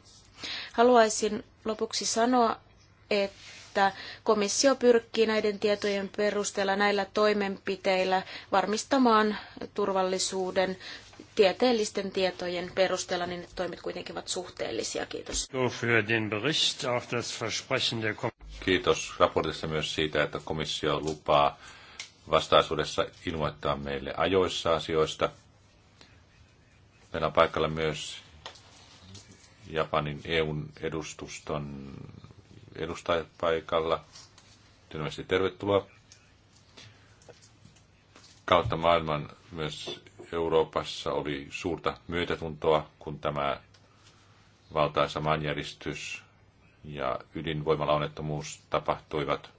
Speaker 3: Haluaisin lopuksi sanoa, että komissio pyrkii näiden tietojen perusteella näillä toimenpiteillä varmistamaan turvallisuuden tieteellisten tietojen perusteella, niin toimet kuitenkin ovat suhteellisia. Kiitos.
Speaker 1: Kiitos raportissa myös siitä, että komissio lupaa vastaisuudessa ilmoittaa meille ajoissa asioista. Meillä on paikalla myös Japanin EUn edustuston edustajat paikalla. Ilmeisesti tervetuloa. Kautta maailman myös Euroopassa oli suurta myötätuntoa, kun tämä valtaisa maanjäristys ja ydinvoimalaonnettomuus tapahtuivat.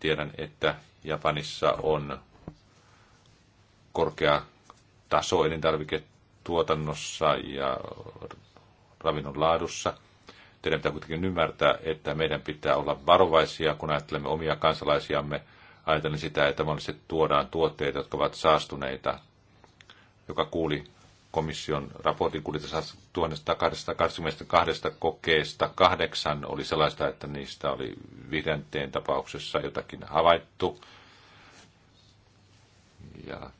Speaker 1: Tiedän, että Japanissa on korkea taso elintarviketuotannossa ja ravinnon laadussa. Teidän pitää kuitenkin ymmärtää, että meidän pitää olla varovaisia, kun ajattelemme omia kansalaisiamme. Ajatellen sitä, että monesti tuodaan tuotteita, jotka ovat saastuneita, joka kuuli komission raportin kuljetusta 1282 kokeesta kahdeksan oli sellaista, että niistä oli viidenteen tapauksessa jotakin havaittu. Ja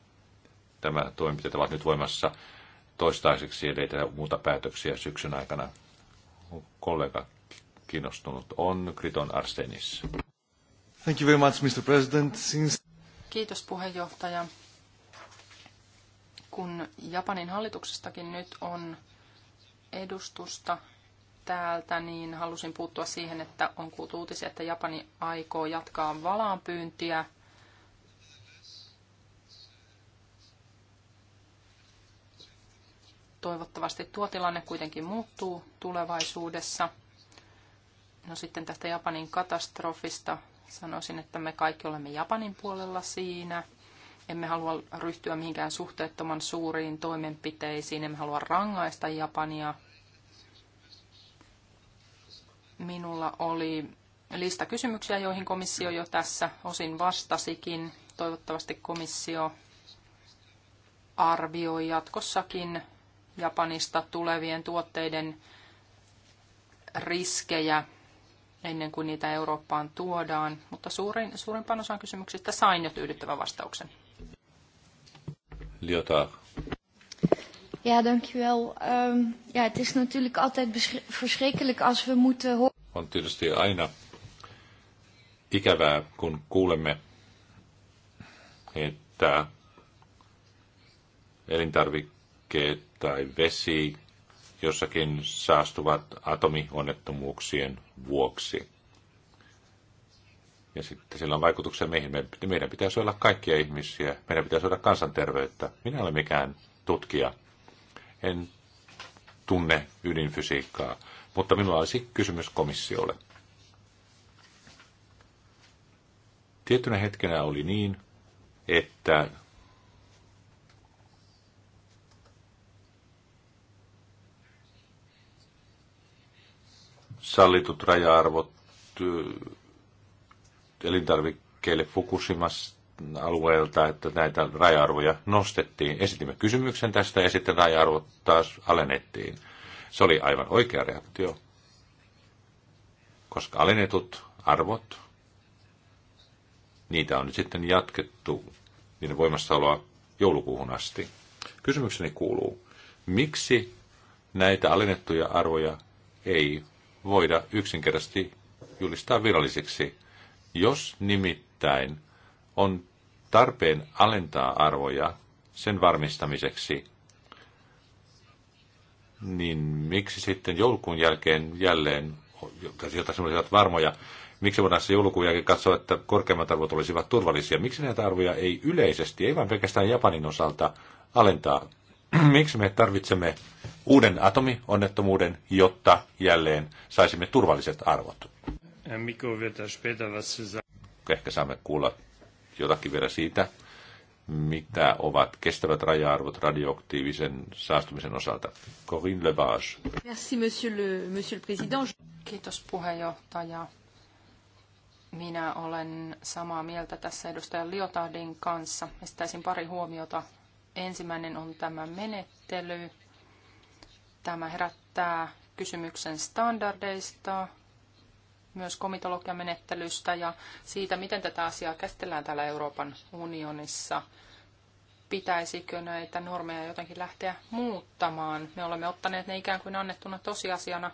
Speaker 1: tämä toimenpiteet ovat nyt voimassa toistaiseksi, ei tehdä muuta päätöksiä syksyn aikana. Kollega kiinnostunut on Kriton Arsenis. Thank you very much, Mr. President. Since...
Speaker 4: Kiitos puheenjohtaja. Kun Japanin hallituksestakin nyt on edustusta täältä, niin halusin puuttua siihen, että on kuultu uutisia, että Japani aikoo jatkaa valaanpyyntiä – Toivottavasti tuo tilanne kuitenkin muuttuu tulevaisuudessa. No sitten tästä Japanin katastrofista sanoisin, että me kaikki olemme Japanin puolella siinä. Emme halua ryhtyä mihinkään suhteettoman suuriin toimenpiteisiin, emme halua rangaista Japania. Minulla oli lista kysymyksiä, joihin komissio jo tässä osin vastasikin. Toivottavasti komissio arvioi jatkossakin Japanista tulevien tuotteiden riskejä ennen kuin niitä Eurooppaan tuodaan, mutta suurin, suurimpaan osaan kysymyksistä sain jo tyydyttävän vastauksen.
Speaker 1: Lyotard.
Speaker 2: Ja, dankjewel. Um, ehm, ja, het is natuurlijk altijd verschrikkelijk als we moeten horen.
Speaker 1: On tietysti aina ikävää, kun kuulemme, että elintarvikkeet tai vesi jossakin saastuvat atomionnettomuuksien vuoksi. Ja sitten sillä on vaikutuksia meihin. Meidän pitäisi olla kaikkia ihmisiä. Meidän pitäisi olla kansanterveyttä. Minä en ole mikään tutkija. En tunne ydinfysiikkaa. Mutta minulla olisi kysymys komissiolle. Tiettynä hetkenä oli niin, että sallitut raja-arvot elintarvikkeille Fukushimasta alueelta, että näitä raja-arvoja nostettiin. Esitimme kysymyksen tästä ja sitten raja-arvot taas alennettiin. Se oli aivan oikea reaktio, koska alennetut arvot, niitä on nyt sitten jatkettu niiden voimassaoloa joulukuuhun asti. Kysymykseni kuuluu, miksi näitä alennettuja arvoja ei voida yksinkertaisesti julistaa virallisiksi, jos nimittäin on tarpeen alentaa arvoja sen varmistamiseksi, niin miksi sitten joulukuun jälkeen jälleen, jotta sellaiset varmoja, miksi voidaan se joulukuun jälkeen katsoa, että korkeimmat arvot olisivat turvallisia? Miksi näitä arvoja ei yleisesti, ei vain pelkästään Japanin osalta, alentaa [clears throat] Miksi me tarvitsemme uuden atomionnettomuuden, jotta jälleen saisimme turvalliset arvot? Er Ehkä saamme kuulla jotakin vielä siitä, mitä ovat kestävät raja-arvot radioaktiivisen saastumisen osalta. Corinne Lepage.
Speaker 2: Merci, monsieur le, monsieur le président.
Speaker 4: Kiitos puheenjohtaja. Minä olen samaa mieltä tässä edustajan Liotardin kanssa. Estäisin pari huomiota Ensimmäinen on tämä menettely. Tämä herättää kysymyksen standardeista, myös komitologiamenettelystä ja siitä, miten tätä asiaa käsitellään täällä Euroopan unionissa. Pitäisikö näitä normeja jotenkin lähteä muuttamaan? Me olemme ottaneet ne ikään kuin annettuna tosiasiana,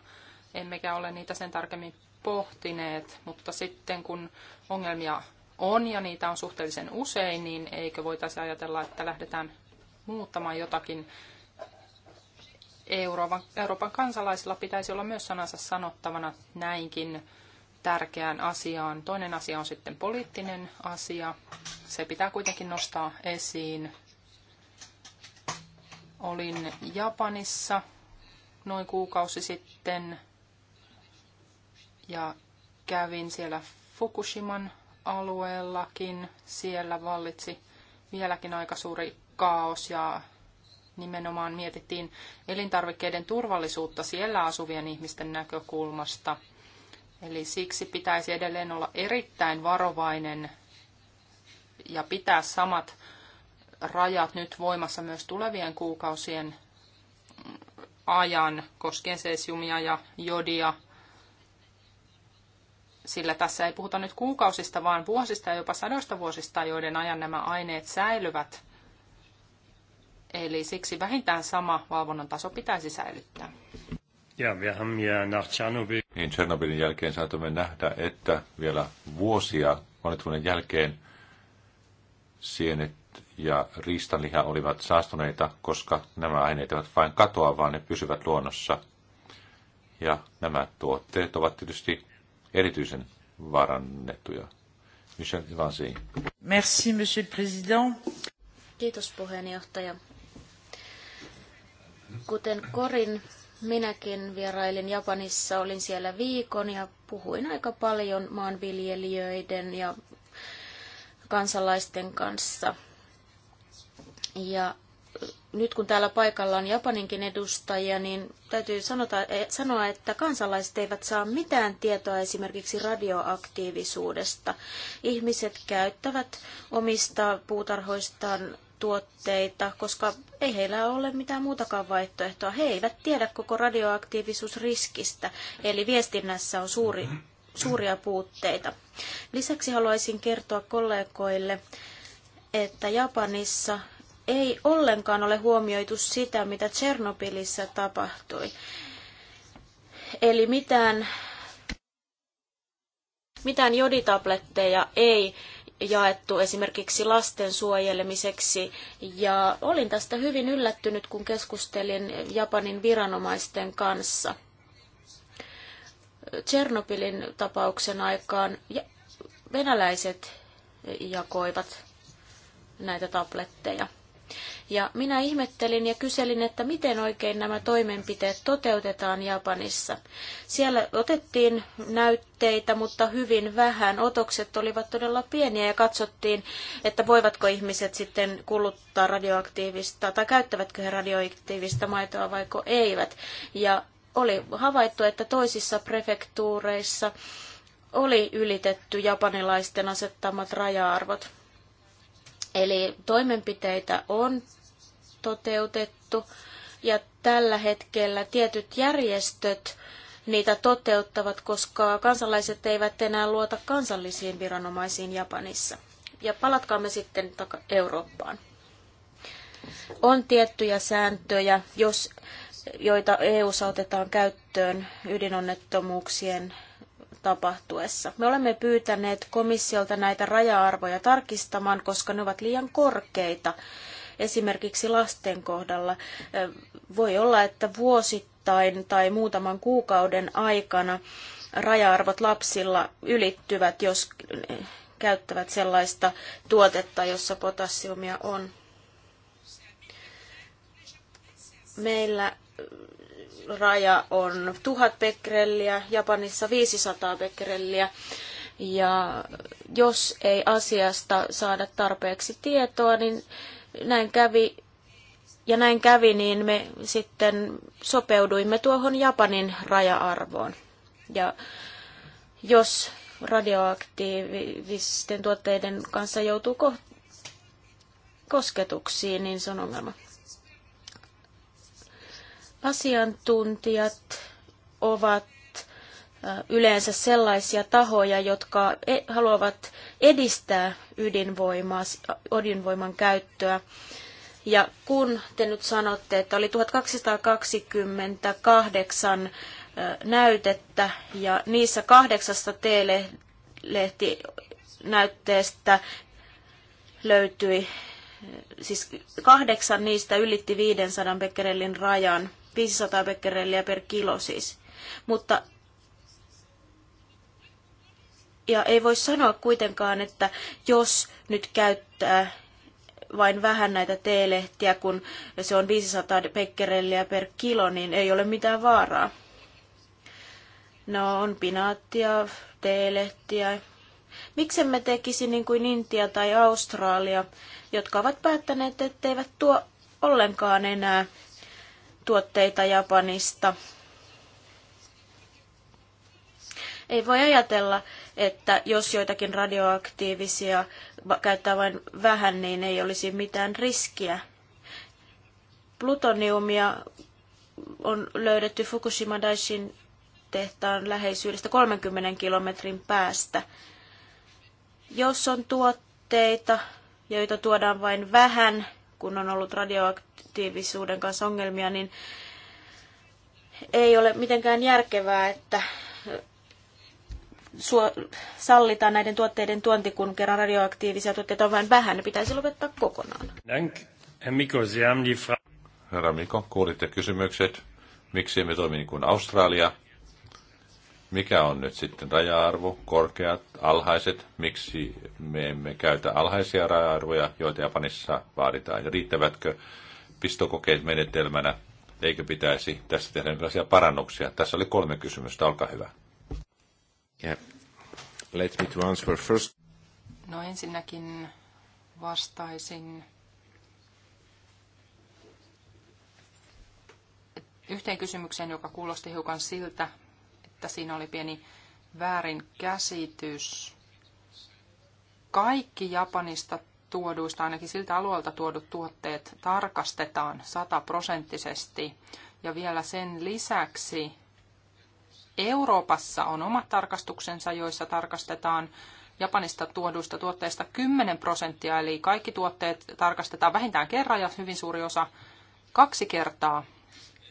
Speaker 4: emmekä ole niitä sen tarkemmin pohtineet, mutta sitten kun ongelmia on ja niitä on suhteellisen usein, niin eikö voitaisi ajatella, että lähdetään muuttamaan jotakin. Euroopan, Euroopan kansalaisilla pitäisi olla myös sanansa sanottavana näinkin tärkeään asiaan. Toinen asia on sitten poliittinen asia. Se pitää kuitenkin nostaa esiin. Olin Japanissa noin kuukausi sitten ja kävin siellä Fukushiman alueellakin. Siellä vallitsi vieläkin aika suuri kaos ja nimenomaan mietittiin elintarvikkeiden turvallisuutta siellä asuvien ihmisten näkökulmasta. Eli siksi pitäisi edelleen olla erittäin varovainen ja pitää samat rajat nyt voimassa myös tulevien kuukausien ajan koskien sesiumia siis ja jodia, sillä tässä ei puhuta nyt kuukausista, vaan vuosista ja jopa sadoista vuosista, joiden ajan nämä aineet säilyvät – Eli siksi vähintään sama valvonnan taso pitäisi säilyttää.
Speaker 1: Ja, wir haben nach Tschernobyl... Niin, Tchernobylin jälkeen saatamme nähdä, että vielä vuosia onnettomuuden jälkeen sienet ja riistanliha olivat saastuneita, koska nämä aineet eivät vain katoa, vaan ne pysyvät luonnossa. Ja nämä tuotteet ovat tietysti erityisen varannettuja. Michel
Speaker 3: Merci, monsieur le président. Kiitos puheenjohtaja. Kuten Korin, minäkin vierailin Japanissa, olin siellä viikon ja puhuin aika paljon maanviljelijöiden ja kansalaisten kanssa. Ja nyt kun täällä paikalla on Japaninkin edustajia, niin täytyy sanota, e, sanoa, että kansalaiset eivät saa mitään tietoa esimerkiksi radioaktiivisuudesta. Ihmiset käyttävät omista puutarhoistaan tuotteita, koska ei heillä ole mitään muutakaan vaihtoehtoa. He eivät tiedä koko radioaktiivisuusriskistä, eli viestinnässä on suuri, suuria puutteita. Lisäksi haluaisin kertoa kollegoille, että Japanissa ei ollenkaan ole huomioitu sitä, mitä Tsernobylissä tapahtui. Eli mitään, mitään joditabletteja ei jaettu esimerkiksi lasten suojelemiseksi. Ja olin tästä hyvin yllättynyt, kun keskustelin Japanin viranomaisten kanssa. Tchernobylin tapauksen aikaan venäläiset jakoivat näitä tabletteja. Ja minä ihmettelin ja kyselin, että miten oikein nämä toimenpiteet toteutetaan Japanissa. Siellä otettiin näytteitä, mutta hyvin vähän. Otokset olivat todella pieniä ja katsottiin, että voivatko ihmiset sitten kuluttaa radioaktiivista tai käyttävätkö he radioaktiivista maitoa vaiko eivät. Ja oli havaittu, että toisissa prefektuureissa oli ylitetty japanilaisten asettamat raja-arvot. Eli toimenpiteitä on toteutettu ja tällä hetkellä tietyt järjestöt niitä toteuttavat, koska kansalaiset eivät enää luota kansallisiin viranomaisiin Japanissa. Ja palatkaamme sitten Eurooppaan. On tiettyjä sääntöjä, jos, joita EU otetaan käyttöön ydinonnettomuuksien tapahtuessa. Me olemme pyytäneet komissiolta näitä raja-arvoja tarkistamaan, koska ne ovat liian korkeita. Esimerkiksi lasten kohdalla voi olla, että vuosittain tai muutaman kuukauden aikana raja-arvot lapsilla ylittyvät, jos käyttävät sellaista tuotetta, jossa potassiumia on. Meillä raja on 1000 becquereliä, Japanissa 500 becquereliä. Ja jos ei asiasta saada tarpeeksi tietoa, niin näin kävi, ja näin kävi, niin me sitten sopeuduimme tuohon Japanin raja-arvoon. Ja jos radioaktiivisten tuotteiden kanssa joutuu ko- kosketuksiin, niin se on ongelma. Asiantuntijat ovat yleensä sellaisia tahoja, jotka e, haluavat edistää ydinvoimaa, ydinvoiman käyttöä. Ja kun te nyt sanotte, että oli 1228 näytettä ja niissä kahdeksasta t lehtinäytteestä näytteestä löytyi, siis kahdeksan niistä ylitti 500 becquerelin rajan. 500 bekkerelliä per kilo siis. Mutta ja ei voi sanoa kuitenkaan, että jos nyt käyttää vain vähän näitä teelehtiä, kun se on 500 bekkerelliä per kilo, niin ei ole mitään vaaraa. No on pinaattia, teelehtiä. me tekisi niin kuin Intia tai Australia, jotka ovat päättäneet, etteivät tuo ollenkaan enää tuotteita Japanista. Ei voi ajatella, että jos joitakin radioaktiivisia käyttää vain vähän, niin ei olisi mitään riskiä. Plutoniumia on löydetty Fukushima Daishin tehtaan läheisyydestä 30 kilometrin päästä. Jos on tuotteita, joita tuodaan vain vähän, kun on ollut radioaktiivisuuden kanssa ongelmia, niin ei ole mitenkään järkevää, että sallitaan näiden tuotteiden tuonti, kun kerran radioaktiivisia tuotteita on vain vähän. Ne pitäisi lopettaa kokonaan.
Speaker 1: Herra Mikko, kuulitte kysymykset. Miksi emme toimi niin kuin Australia? mikä on nyt sitten raja-arvo, korkeat, alhaiset, miksi me emme käytä alhaisia raja-arvoja, joita Japanissa vaaditaan, ja riittävätkö pistokokeet menetelmänä, eikö pitäisi tässä tehdä jonkinlaisia parannuksia. Tässä oli kolme kysymystä, olkaa hyvä. Yeah. Let me to answer first.
Speaker 4: No ensinnäkin vastaisin yhteen kysymykseen, joka kuulosti hiukan siltä, että siinä oli pieni väärin käsitys Kaikki Japanista tuoduista, ainakin siltä alueelta tuodut tuotteet tarkastetaan sataprosenttisesti. Ja vielä sen lisäksi Euroopassa on omat tarkastuksensa, joissa tarkastetaan Japanista tuoduista tuotteista 10 prosenttia, eli kaikki tuotteet tarkastetaan vähintään kerran ja hyvin suuri osa kaksi kertaa.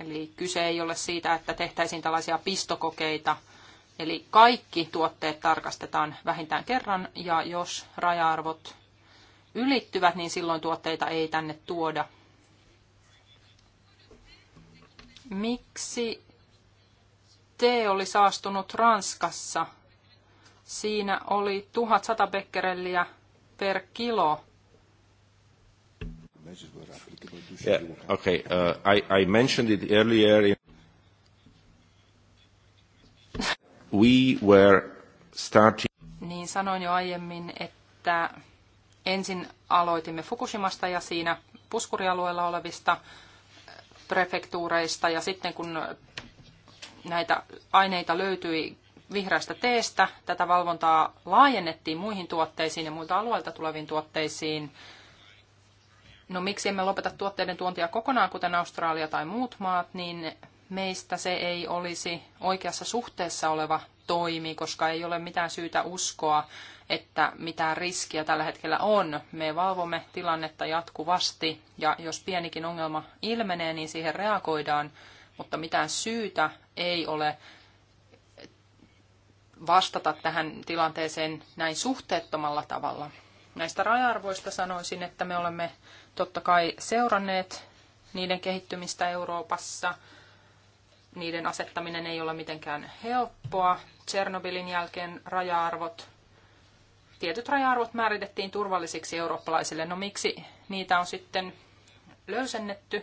Speaker 4: Eli kyse ei ole siitä, että tehtäisiin tällaisia pistokokeita. Eli kaikki tuotteet tarkastetaan vähintään kerran, ja jos raja-arvot ylittyvät, niin silloin tuotteita ei tänne tuoda. Miksi tee oli saastunut Ranskassa? Siinä oli 1100 bekkerelliä per kilo
Speaker 1: Yeah, okay. Uh, I, I mentioned it earlier. In we were starting...
Speaker 4: Niin sanoin jo aiemmin, että ensin aloitimme Fukushimasta ja siinä puskurialueella olevista äh, prefektuureista ja sitten kun näitä aineita löytyi vihreästä teestä, tätä valvontaa laajennettiin muihin tuotteisiin ja muilta alueilta tuleviin tuotteisiin no miksi emme lopeta tuotteiden tuontia kokonaan, kuten Australia tai muut maat, niin meistä se ei olisi oikeassa suhteessa oleva toimi, koska ei ole mitään syytä uskoa, että mitään riskiä tällä hetkellä on. Me valvomme tilannetta jatkuvasti ja jos pienikin ongelma ilmenee, niin siihen reagoidaan, mutta mitään syytä ei ole vastata tähän tilanteeseen näin suhteettomalla tavalla. Näistä raja-arvoista sanoisin, että me olemme totta kai seuranneet niiden kehittymistä Euroopassa. Niiden asettaminen ei ole mitenkään helppoa. Tsernobylin jälkeen raja-arvot, tietyt raja-arvot määritettiin turvallisiksi eurooppalaisille. No miksi niitä on sitten löysennetty?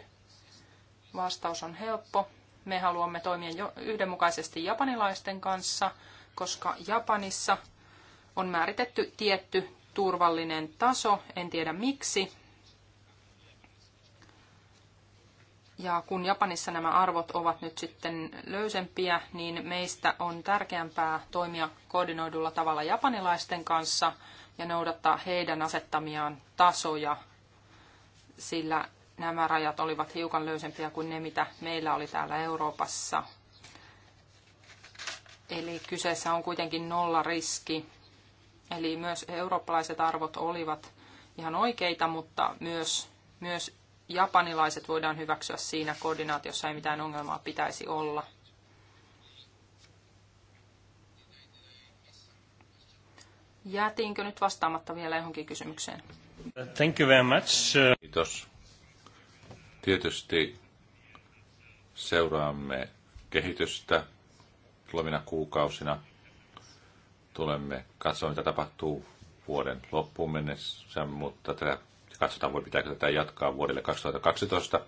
Speaker 4: Vastaus on helppo. Me haluamme toimia jo yhdenmukaisesti japanilaisten kanssa, koska Japanissa on määritetty tietty turvallinen taso, en tiedä miksi, Ja kun Japanissa nämä arvot ovat nyt sitten löysempiä, niin meistä on tärkeämpää toimia koordinoidulla tavalla japanilaisten kanssa ja noudattaa heidän asettamiaan tasoja, sillä nämä rajat olivat hiukan löysempiä kuin ne, mitä meillä oli täällä Euroopassa. Eli kyseessä on kuitenkin nolla riski, Eli myös eurooppalaiset arvot olivat ihan oikeita, mutta myös, myös japanilaiset voidaan hyväksyä siinä koordinaatiossa, ei mitään ongelmaa pitäisi olla. Jäätiinkö nyt vastaamatta vielä johonkin kysymykseen?
Speaker 1: Thank you very much. Kiitos. Tietysti seuraamme kehitystä tulevina kuukausina. Tulemme katsomaan, mitä tapahtuu vuoden loppuun mennessä, mutta tätä Katsotaan, voi pitääkö tätä jatkaa vuodelle 2012.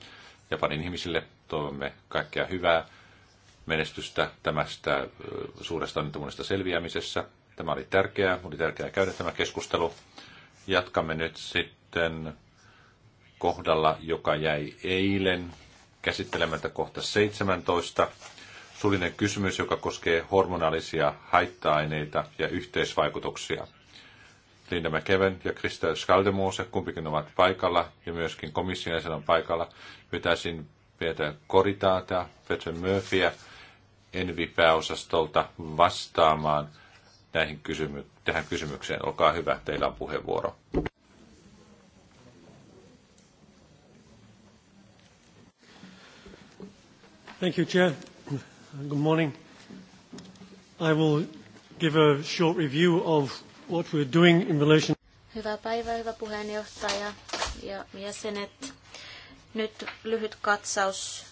Speaker 1: Japanin ihmisille toivomme kaikkea hyvää menestystä tämästä suuresta onnettomuudesta selviämisessä. Tämä oli tärkeää, oli tärkeää käydä tämä keskustelu. Jatkamme nyt sitten kohdalla, joka jäi eilen käsittelemättä kohta 17. Suullinen kysymys, joka koskee hormonaalisia haitta-aineita ja yhteisvaikutuksia. Linda niin McKeven ja Krista Skaldemose, kumpikin ovat paikalla ja myöskin komission jäsen on paikalla. Pyytäisin Peter Koritaata, Peter Murphyä Envi-pääosastolta vastaamaan näihin kysymy- tähän kysymykseen. Olkaa hyvä, teillä on puheenvuoro.
Speaker 2: Thank you, Chair. Good morning. I will give a short review of what we're doing in relation...
Speaker 3: Hyvää päivää, hyvä puheenjohtaja ja jäsenet. Nyt lyhyt katsaus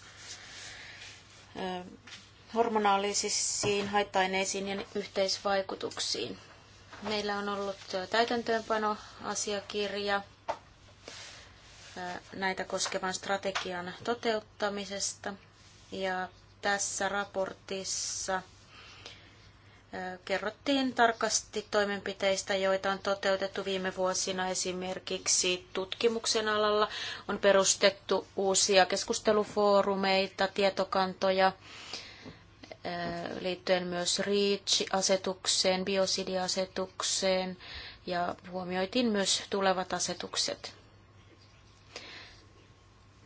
Speaker 3: hormonaalisiin haittaineisiin ja yhteisvaikutuksiin. Meillä on ollut täytäntöönpanoasiakirja näitä koskevan strategian toteuttamisesta ja tässä raportissa kerrottiin tarkasti toimenpiteistä, joita on toteutettu viime vuosina esimerkiksi tutkimuksen alalla. On perustettu uusia keskustelufoorumeita, tietokantoja liittyen myös REACH-asetukseen, biosidiasetukseen ja huomioitiin myös tulevat asetukset.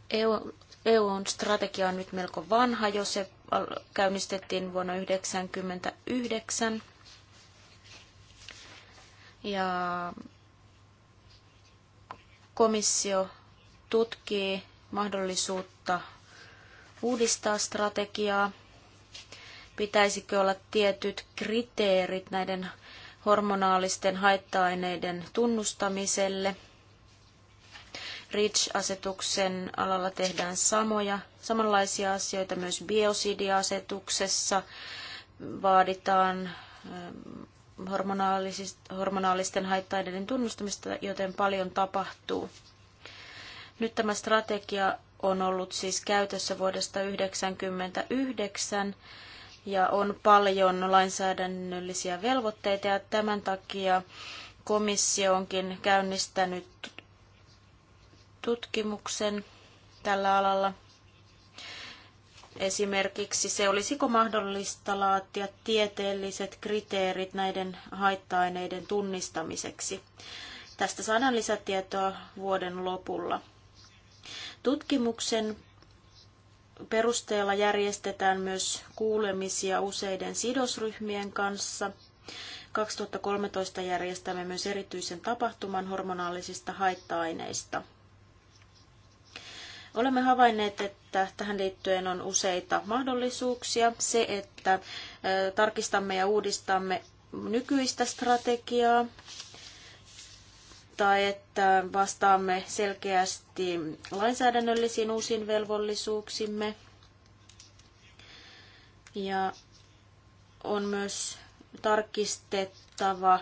Speaker 3: EU, EU strategia on nyt melko vanha jo, se käynnistettiin vuonna 1999. Ja komissio tutkii mahdollisuutta uudistaa strategiaa. Pitäisikö olla tietyt kriteerit näiden hormonaalisten haitta-aineiden tunnustamiselle – REACH-asetuksen alalla tehdään samoja, samanlaisia asioita myös biosidiasetuksessa. Vaaditaan ähm, hormonaalisten haitta tunnustamista, joten paljon tapahtuu. Nyt tämä strategia on ollut siis käytössä vuodesta 1999 ja on paljon lainsäädännöllisiä velvoitteita ja tämän takia komissio onkin käynnistänyt tutkimuksen tällä alalla. Esimerkiksi se, olisiko mahdollista laatia tieteelliset kriteerit näiden haitta-aineiden tunnistamiseksi. Tästä saadaan lisätietoa vuoden lopulla. Tutkimuksen perusteella järjestetään myös kuulemisia useiden sidosryhmien kanssa. 2013 järjestämme myös erityisen tapahtuman hormonaalisista haitta-aineista – Olemme havainneet, että tähän liittyen on useita mahdollisuuksia. Se, että tarkistamme ja uudistamme nykyistä strategiaa tai että vastaamme selkeästi lainsäädännöllisiin uusiin velvollisuuksimme. Ja on myös tarkistettava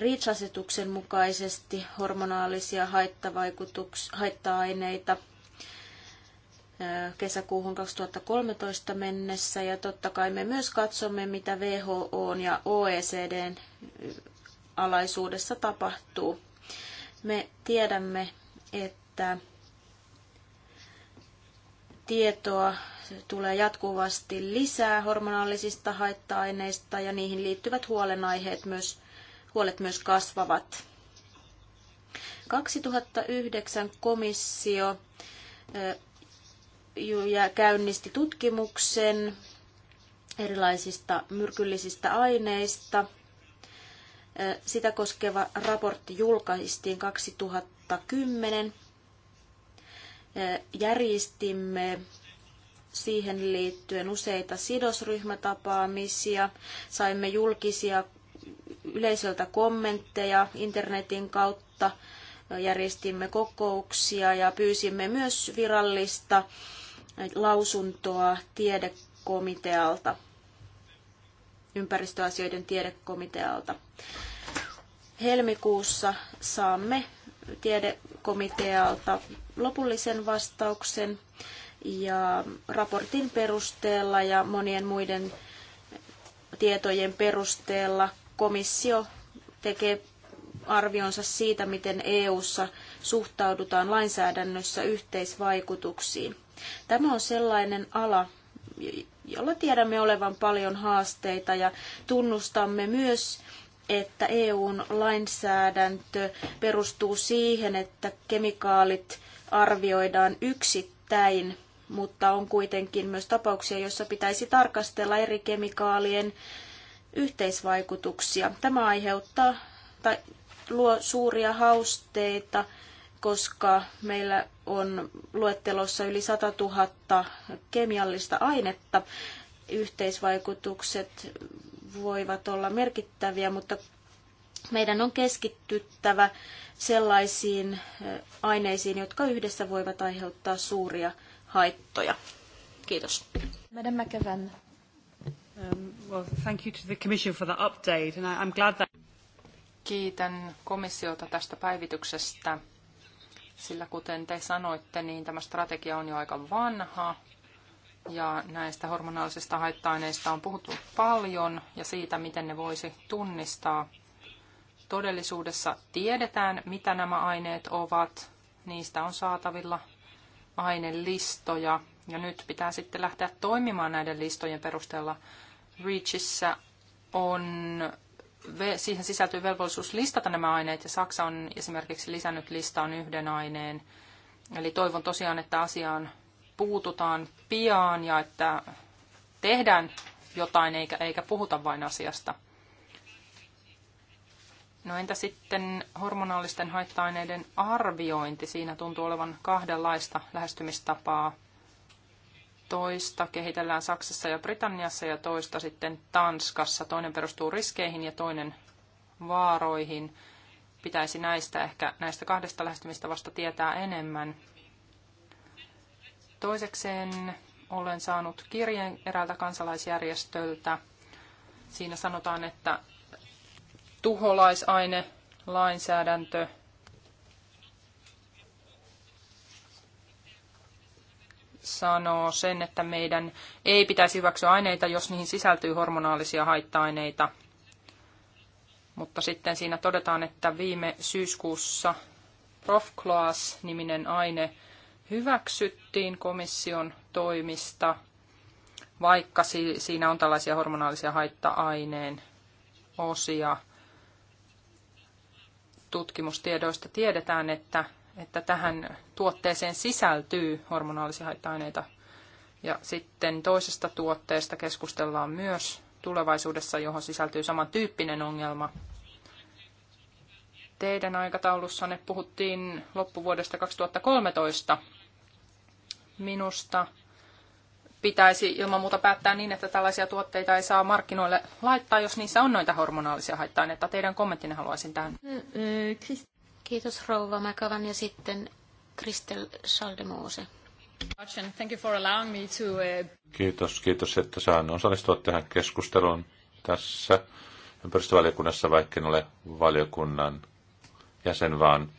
Speaker 3: REACH-asetuksen mukaisesti hormonaalisia haitta-aineita kesäkuuhun 2013 mennessä. Ja totta kai me myös katsomme, mitä WHO ja OECDn alaisuudessa tapahtuu. Me tiedämme, että tietoa tulee jatkuvasti lisää hormonaalisista haitta-aineista ja niihin liittyvät huolenaiheet myös huolet myös kasvavat. 2009 komissio käynnisti tutkimuksen erilaisista myrkyllisistä aineista. Sitä koskeva raportti julkaistiin 2010. Järjestimme siihen liittyen useita sidosryhmätapaamisia, saimme julkisia yleisöltä kommentteja internetin kautta, järjestimme kokouksia ja pyysimme myös virallista lausuntoa tiedekomitealta, ympäristöasioiden tiedekomitealta. Helmikuussa saamme tiedekomitealta lopullisen vastauksen ja raportin perusteella ja monien muiden tietojen perusteella komissio tekee arvionsa siitä, miten EU:ssa suhtaudutaan lainsäädännössä yhteisvaikutuksiin. Tämä on sellainen ala, jolla tiedämme olevan paljon haasteita ja tunnustamme myös, että EUn lainsäädäntö perustuu siihen, että kemikaalit arvioidaan yksittäin, mutta on kuitenkin myös tapauksia, joissa pitäisi tarkastella eri kemikaalien yhteisvaikutuksia. Tämä aiheuttaa tai luo suuria hausteita, koska meillä on luettelossa yli 100 000 kemiallista ainetta. Yhteisvaikutukset voivat olla merkittäviä, mutta meidän on keskittyttävä sellaisiin aineisiin, jotka yhdessä voivat aiheuttaa suuria haittoja. Kiitos. Madame McEvan.
Speaker 4: Kiitän komissiota tästä päivityksestä, sillä kuten te sanoitte, niin tämä strategia on jo aika vanha ja näistä hormonaalisista haitta-aineista on puhuttu paljon ja siitä, miten ne voisi tunnistaa. Todellisuudessa tiedetään, mitä nämä aineet ovat. Niistä on saatavilla ainelistoja ja nyt pitää sitten lähteä toimimaan näiden listojen perusteella REACHissä on, siihen sisältyy velvollisuus listata nämä aineet, ja Saksa on esimerkiksi lisännyt listaan yhden aineen. Eli toivon tosiaan, että asiaan puututaan pian ja että tehdään jotain eikä, eikä puhuta vain asiasta. No entä sitten hormonaalisten haitta-aineiden arviointi? Siinä tuntuu olevan kahdenlaista lähestymistapaa toista kehitellään Saksassa ja Britanniassa ja toista sitten Tanskassa. Toinen perustuu riskeihin ja toinen vaaroihin. Pitäisi näistä ehkä näistä kahdesta lähestymistä vasta tietää enemmän. Toisekseen olen saanut kirjeen eräältä kansalaisjärjestöltä. Siinä sanotaan, että tuholaisaine lainsäädäntö sanoo sen, että meidän ei pitäisi hyväksyä aineita, jos niihin sisältyy hormonaalisia haitta-aineita. Mutta sitten siinä todetaan, että viime syyskuussa Profclaas-niminen aine hyväksyttiin komission toimista, vaikka siinä on tällaisia hormonaalisia haitta-aineen osia. Tutkimustiedoista tiedetään, että että tähän tuotteeseen sisältyy hormonaalisia haitta-aineita. Ja sitten toisesta tuotteesta keskustellaan myös tulevaisuudessa, johon sisältyy samantyyppinen ongelma. Teidän aikataulussanne puhuttiin loppuvuodesta 2013. Minusta pitäisi ilman muuta päättää niin, että tällaisia tuotteita ei saa markkinoille laittaa, jos niissä on noita hormonaalisia haitta-aineita. Teidän kommenttinne haluaisin tähän.
Speaker 3: Mm, mm, Kiitos rouva Mäkavan ja sitten Kristel Schaldemose. Uh,
Speaker 1: kiitos, kiitos, että saan osallistua tähän keskusteluun tässä ympäristövaliokunnassa, vaikka en ole valiokunnan jäsen, vaan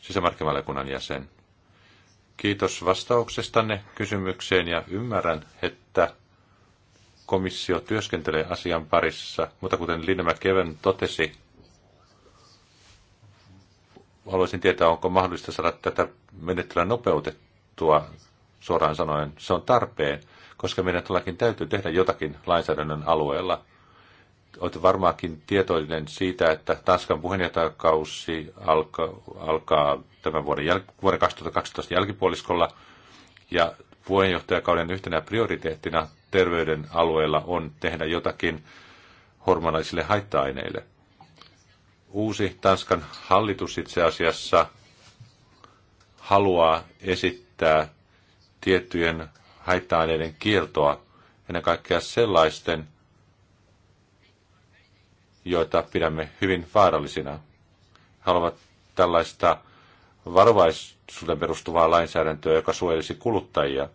Speaker 1: sisämarkkinavaliokunnan jäsen. Kiitos vastauksestanne kysymykseen ja ymmärrän, että komissio työskentelee asian parissa, mutta kuten Lindemäki Keven totesi, haluaisin tietää, onko mahdollista saada tätä menettelyä nopeutettua suoraan sanoen. Se on tarpeen, koska meidän todellakin täytyy tehdä jotakin lainsäädännön alueella. Olet varmaankin tietoinen siitä, että Tanskan puheenjohtajakausi alka, alkaa tämän vuoden, jäl, vuoden 2012 jälkipuoliskolla, ja puheenjohtajakauden yhtenä prioriteettina terveyden alueella on tehdä jotakin hormonaisille haitta-aineille – Uusi Tanskan hallitus itse asiassa haluaa esittää tiettyjen haitta-aineiden kieltoa, ennen kaikkea sellaisten, joita pidämme hyvin vaarallisina. Haluavat tällaista varovaisuuden perustuvaa lainsäädäntöä, joka suojelisi kuluttajia.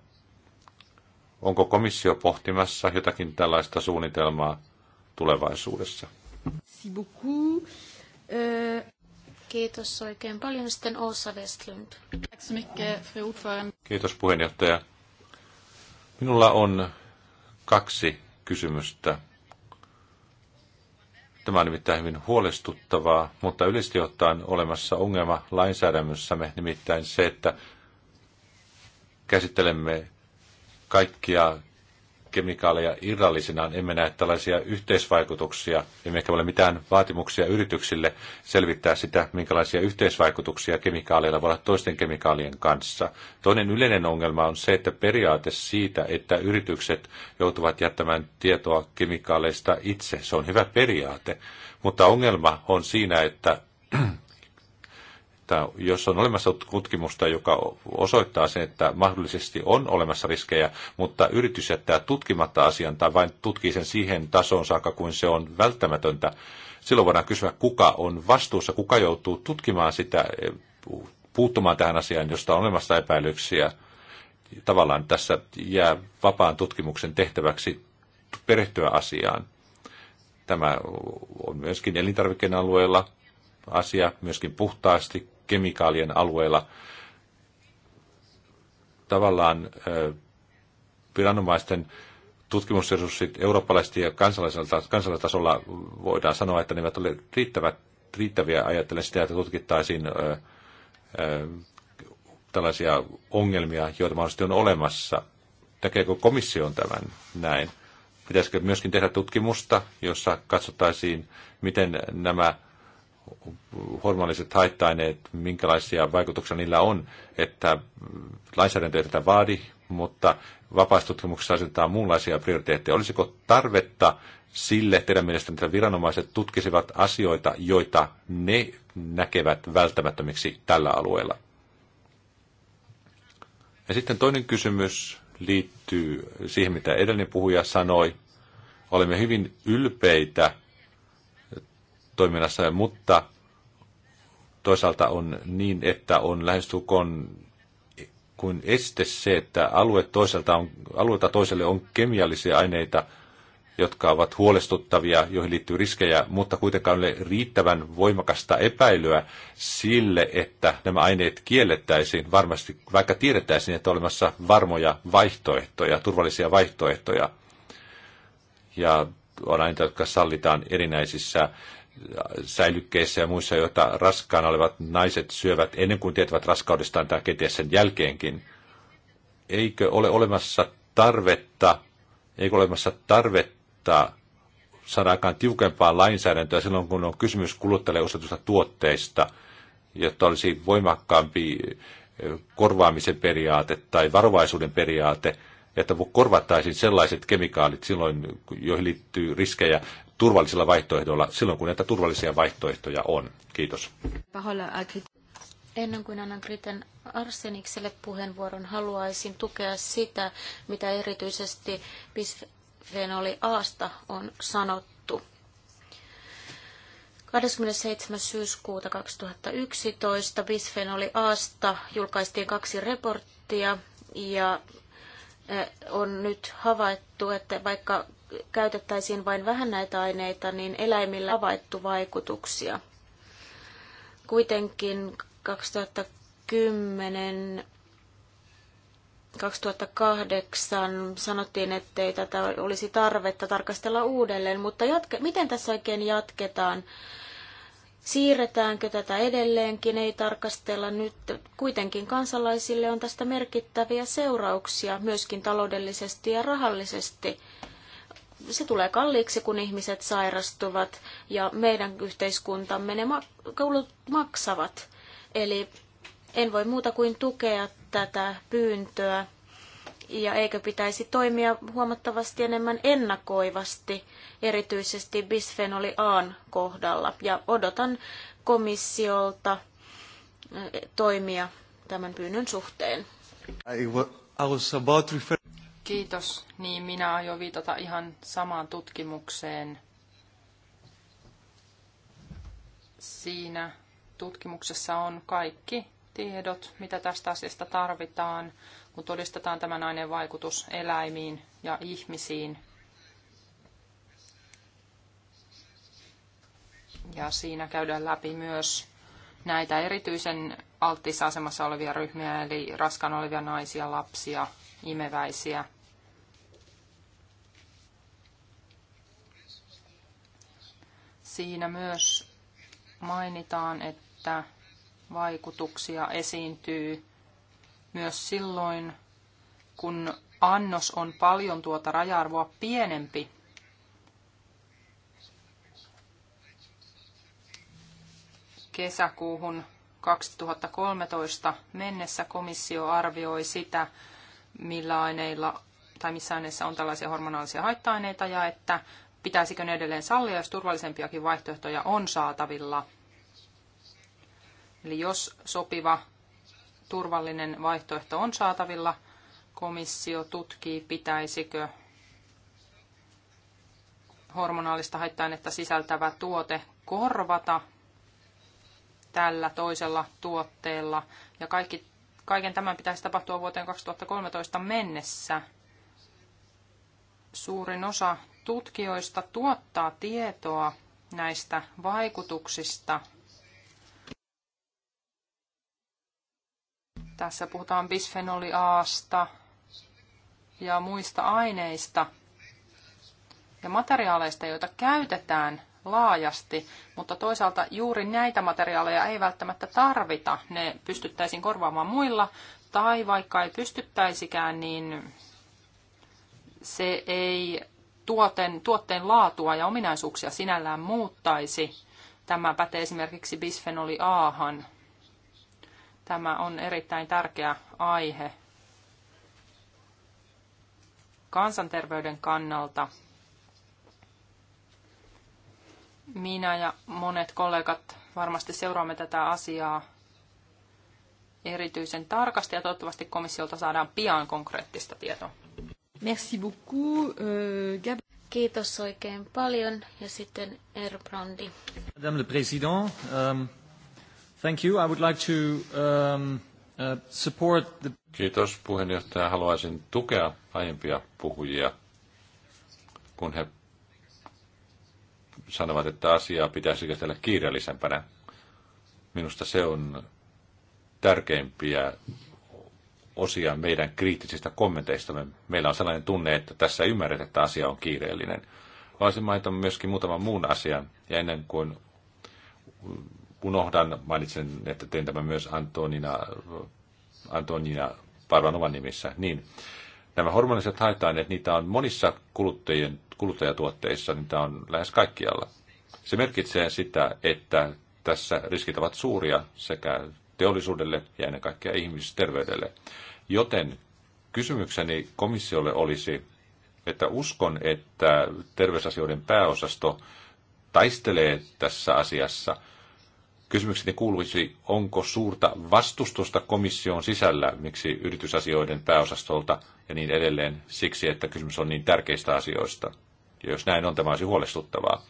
Speaker 1: Onko komissio pohtimassa jotakin tällaista suunnitelmaa tulevaisuudessa?
Speaker 3: Kiitos oikein paljon. Sitten Åsa Westlund.
Speaker 1: Kiitos puheenjohtaja. Minulla on kaksi kysymystä. Tämä on nimittäin hyvin huolestuttavaa, mutta yleisesti ottaen olemassa ongelma lainsäädännössämme, nimittäin se, että käsittelemme kaikkia kemikaaleja irrallisinaan. Emme näe tällaisia yhteisvaikutuksia, emmekä ole mitään vaatimuksia yrityksille selvittää sitä, minkälaisia yhteisvaikutuksia kemikaaleilla voi olla toisten kemikaalien kanssa. Toinen yleinen ongelma on se, että periaate siitä, että yritykset joutuvat jättämään tietoa kemikaaleista itse, se on hyvä periaate. Mutta ongelma on siinä, että että jos on olemassa tutkimusta, joka osoittaa sen, että mahdollisesti on olemassa riskejä, mutta yritys jättää tutkimatta asian tai vain tutkii sen siihen tasoon saakka, kuin se on välttämätöntä, silloin voidaan kysyä, kuka on vastuussa, kuka joutuu tutkimaan sitä, puuttumaan tähän asiaan, josta on olemassa epäilyksiä. Tavallaan tässä jää vapaan tutkimuksen tehtäväksi perehtyä asiaan. Tämä on myöskin elintarvikkeen alueella asia myöskin puhtaasti kemikaalien alueella. Tavallaan viranomaisten tutkimusresurssit eurooppalaisesti ja kansallisella tasolla voidaan sanoa, että ne eivät ole riittävät, riittäviä ajatellen sitä, että tutkittaisiin ö, ö, tällaisia ongelmia, joita mahdollisesti on olemassa. Näkeekö komission tämän näin? Pitäisikö myöskin tehdä tutkimusta, jossa katsottaisiin, miten nämä hormonalliset haittaineet, minkälaisia vaikutuksia niillä on, että lainsäädäntö ei tätä vaadi, mutta vapaistutkimuksessa asetetaan muunlaisia prioriteetteja. Olisiko tarvetta sille teidän mielestänne, että viranomaiset tutkisivat asioita, joita ne näkevät välttämättömiksi tällä alueella? Ja sitten toinen kysymys liittyy siihen, mitä edellinen puhuja sanoi. Olemme hyvin ylpeitä toiminnassa, mutta toisaalta on niin, että on lähestulkoon kuin este se, että alue toiselta on, alueelta toiselle on kemiallisia aineita, jotka ovat huolestuttavia, joihin liittyy riskejä, mutta kuitenkaan ole riittävän voimakasta epäilyä sille, että nämä aineet kiellettäisiin varmasti, vaikka tiedettäisiin, että on olemassa varmoja vaihtoehtoja, turvallisia vaihtoehtoja. Ja on aineita, jotka sallitaan erinäisissä säilykkeissä ja muissa, joita raskaana olevat naiset syövät ennen kuin tietävät raskaudestaan tai kenties sen jälkeenkin. Eikö ole olemassa tarvetta, eikö ole olemassa tarvetta saada aikaan tiukempaa lainsäädäntöä silloin, kun on kysymys kuluttajalle ostetusta tuotteista, jotta olisi voimakkaampi eh, korvaamisen periaate tai varovaisuuden periaate, että korvattaisiin sellaiset kemikaalit silloin, joihin liittyy riskejä turvallisilla vaihtoehdoilla silloin, kun näitä turvallisia vaihtoehtoja on. Kiitos.
Speaker 3: Äh, Ennen kuin annan Kriten Arsenikselle puheenvuoron, haluaisin tukea sitä, mitä erityisesti bisfenoli Aasta on sanottu. 27. syyskuuta 2011 bisfenoli Aasta julkaistiin kaksi reporttia ja äh, on nyt havaittu, että vaikka käytettäisiin vain vähän näitä aineita, niin eläimillä havaittu vaikutuksia. Kuitenkin 2010 2008 sanottiin, ettei tätä olisi tarvetta tarkastella uudelleen, mutta jatke- miten tässä oikein jatketaan? Siirretäänkö tätä edelleenkin, ei tarkastella nyt. Kuitenkin kansalaisille on tästä merkittäviä seurauksia, myöskin taloudellisesti ja rahallisesti se tulee kalliiksi, kun ihmiset sairastuvat ja meidän yhteiskuntamme ne koulut maksavat. Eli en voi muuta kuin tukea tätä pyyntöä ja eikö pitäisi toimia huomattavasti enemmän ennakoivasti, erityisesti bisfenoli Aan kohdalla. Ja odotan komissiolta eh, toimia tämän pyynnön suhteen.
Speaker 2: I was about to refer
Speaker 4: Kiitos. Niin minä aion viitata ihan samaan tutkimukseen. Siinä tutkimuksessa on kaikki tiedot, mitä tästä asiasta tarvitaan, kun todistetaan tämän aineen vaikutus eläimiin ja ihmisiin. Ja siinä käydään läpi myös näitä erityisen alttiissa asemassa olevia ryhmiä, eli raskaan olevia naisia, lapsia, imeväisiä – Siinä myös mainitaan, että vaikutuksia esiintyy myös silloin, kun annos on paljon tuota raja-arvoa pienempi. Kesäkuuhun 2013 mennessä komissio arvioi sitä, millä aineilla tai missä aineissa on tällaisia hormonaalisia haitta-aineita ja että pitäisikö ne edelleen sallia, jos turvallisempiakin vaihtoehtoja on saatavilla. Eli jos sopiva turvallinen vaihtoehto on saatavilla, komissio tutkii, pitäisikö hormonaalista haitta-ainetta sisältävä tuote korvata tällä toisella tuotteella. Ja kaikki, kaiken tämän pitäisi tapahtua vuoteen 2013 mennessä. Suurin osa tutkijoista tuottaa tietoa näistä vaikutuksista. Tässä puhutaan bisfenoli ja muista aineista ja materiaaleista, joita käytetään laajasti, mutta toisaalta juuri näitä materiaaleja ei välttämättä tarvita. Ne pystyttäisiin korvaamaan muilla, tai vaikka ei pystyttäisikään, niin se ei tuoten, tuotteen laatua ja ominaisuuksia sinällään muuttaisi. Tämä pätee esimerkiksi bisfenoli Ahan. Tämä on erittäin tärkeä aihe kansanterveyden kannalta. Minä ja monet kollegat varmasti seuraamme tätä asiaa erityisen tarkasti ja toivottavasti komissiolta saadaan pian konkreettista tietoa.
Speaker 3: Merci beaucoup, Uh, Kiitos oikein paljon ja sitten Erbrandi.
Speaker 1: Madame le Président, um, thank you. I would like to um, uh, support the... Kiitos puheenjohtaja. Haluaisin tukea aiempia puhujia, kun he sanovat, että asiaa pitäisi käsitellä kiireellisempänä. Minusta se on tärkeimpiä osia meidän kriittisistä kommenteistamme. Meillä on sellainen tunne, että tässä ei ymmärretä, että asia on kiireellinen. Voisin mainita myöskin muutaman muun asian, ja ennen kuin unohdan, mainitsen, että tein tämän myös Antonina, Antonina Parvanovan nimissä, niin nämä hormoniset haitaineet, niitä on monissa kuluttajien, kuluttajatuotteissa, niitä on lähes kaikkialla. Se merkitsee sitä, että tässä riskit ovat suuria sekä teollisuudelle ja ennen kaikkea ihmisterveydelle. Joten kysymykseni komissiolle olisi, että uskon, että terveysasioiden pääosasto taistelee tässä asiassa. Kysymykseni kuuluisi, onko suurta vastustusta komission sisällä, miksi yritysasioiden pääosastolta ja niin edelleen, siksi että kysymys on niin tärkeistä asioista. Ja jos näin on, tämä olisi huolestuttavaa.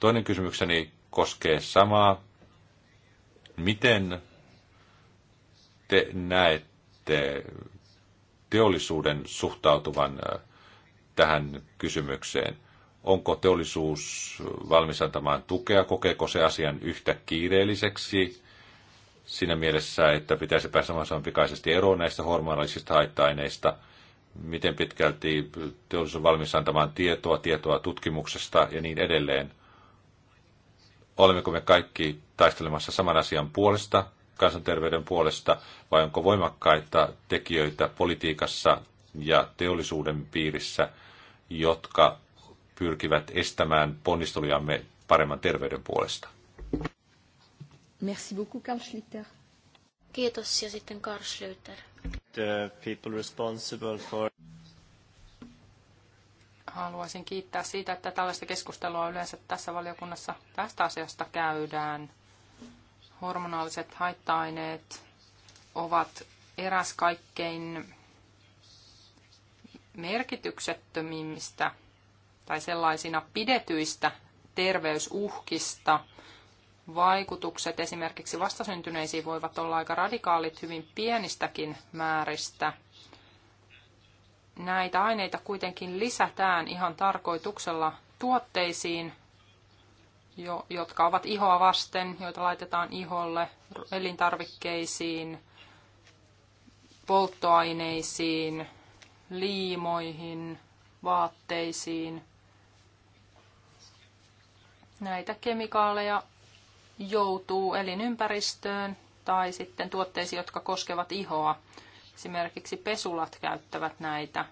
Speaker 1: Toinen kysymykseni koskee samaa. Miten te näette, näette teollisuuden suhtautuvan tähän kysymykseen? Onko teollisuus valmis antamaan tukea? Kokeeko se asian yhtä kiireelliseksi siinä mielessä, että pitäisi päästä mahdollisimman pikaisesti eroon näistä hormonallisista haitta-aineista? Miten pitkälti teollisuus on valmis antamaan tietoa, tietoa tutkimuksesta ja niin edelleen? Olemmeko me kaikki taistelemassa saman asian puolesta kansanterveyden puolesta, vai onko voimakkaita tekijöitä politiikassa ja teollisuuden piirissä, jotka pyrkivät estämään ponnistelujamme paremman terveyden puolesta?
Speaker 3: Merci beaucoup, Karl Schlitter. Kiitos, ja sitten Karl Schlüter.
Speaker 2: The people responsible for
Speaker 4: haluaisin kiittää siitä, että tällaista keskustelua yleensä tässä valiokunnassa tästä asiasta käydään hormonaaliset haitta-aineet ovat eräs kaikkein merkityksettömimmistä tai sellaisina pidetyistä terveysuhkista. Vaikutukset esimerkiksi vastasyntyneisiin voivat olla aika radikaalit hyvin pienistäkin määristä. Näitä aineita kuitenkin lisätään ihan tarkoituksella tuotteisiin, jo, jotka ovat ihoa vasten, joita laitetaan iholle, elintarvikkeisiin, polttoaineisiin, liimoihin, vaatteisiin. Näitä kemikaaleja joutuu elinympäristöön tai sitten tuotteisiin, jotka koskevat ihoa. Esimerkiksi pesulat käyttävät näitä.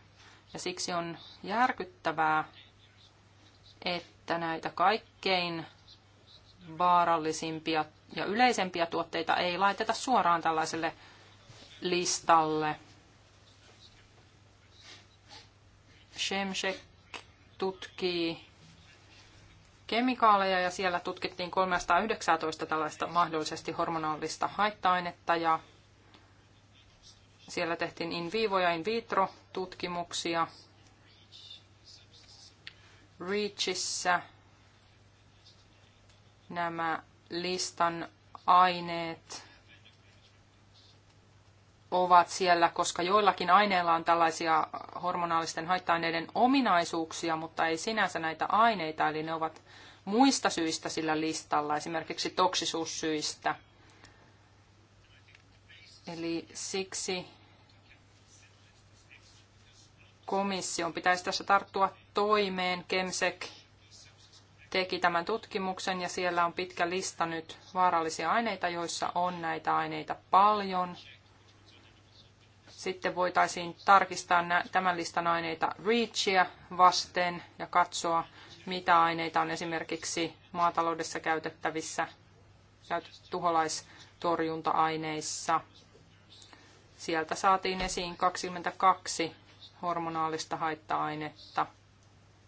Speaker 4: Ja siksi on järkyttävää, että näitä kaikkein vaarallisimpia ja yleisempiä tuotteita ei laiteta suoraan tällaiselle listalle. Shemshek tutkii kemikaaleja ja siellä tutkittiin 319 tällaista mahdollisesti hormonaalista haitta-ainetta ja siellä tehtiin in vivo ja in vitro tutkimuksia REACHissa nämä listan aineet ovat siellä, koska joillakin aineilla on tällaisia hormonaalisten haittaineiden ominaisuuksia, mutta ei sinänsä näitä aineita, eli ne ovat muista syistä sillä listalla, esimerkiksi toksisuussyistä. Eli siksi komission pitäisi tässä tarttua toimeen. Kemsek teki tämän tutkimuksen ja siellä on pitkä lista nyt vaarallisia aineita, joissa on näitä aineita paljon. Sitten voitaisiin tarkistaa tämän listan aineita REACHia vasten ja katsoa, mitä aineita on esimerkiksi maataloudessa käytettävissä tuholaistorjunta-aineissa. Sieltä saatiin esiin 22 hormonaalista haitta-ainetta –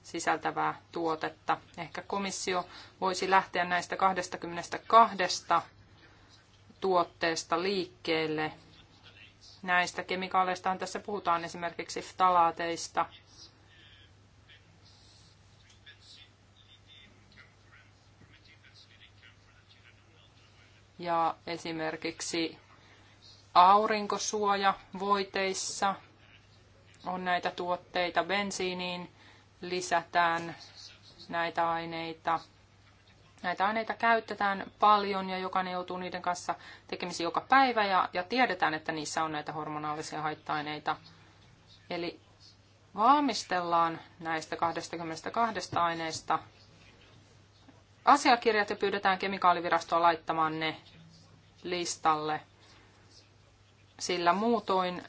Speaker 4: sisältävää tuotetta. Ehkä komissio voisi lähteä näistä 22 tuotteesta liikkeelle. Näistä kemikaaleistahan tässä puhutaan esimerkiksi ftalaateista. Ja esimerkiksi aurinkosuoja voiteissa on näitä tuotteita bensiiniin lisätään näitä aineita. Näitä aineita käytetään paljon ja jokainen joutuu niiden kanssa tekemisiin joka päivä ja, ja tiedetään, että niissä on näitä hormonaalisia haitta-aineita. Eli valmistellaan näistä 22 aineista asiakirjat ja pyydetään kemikaalivirastoa laittamaan ne listalle, sillä muutoin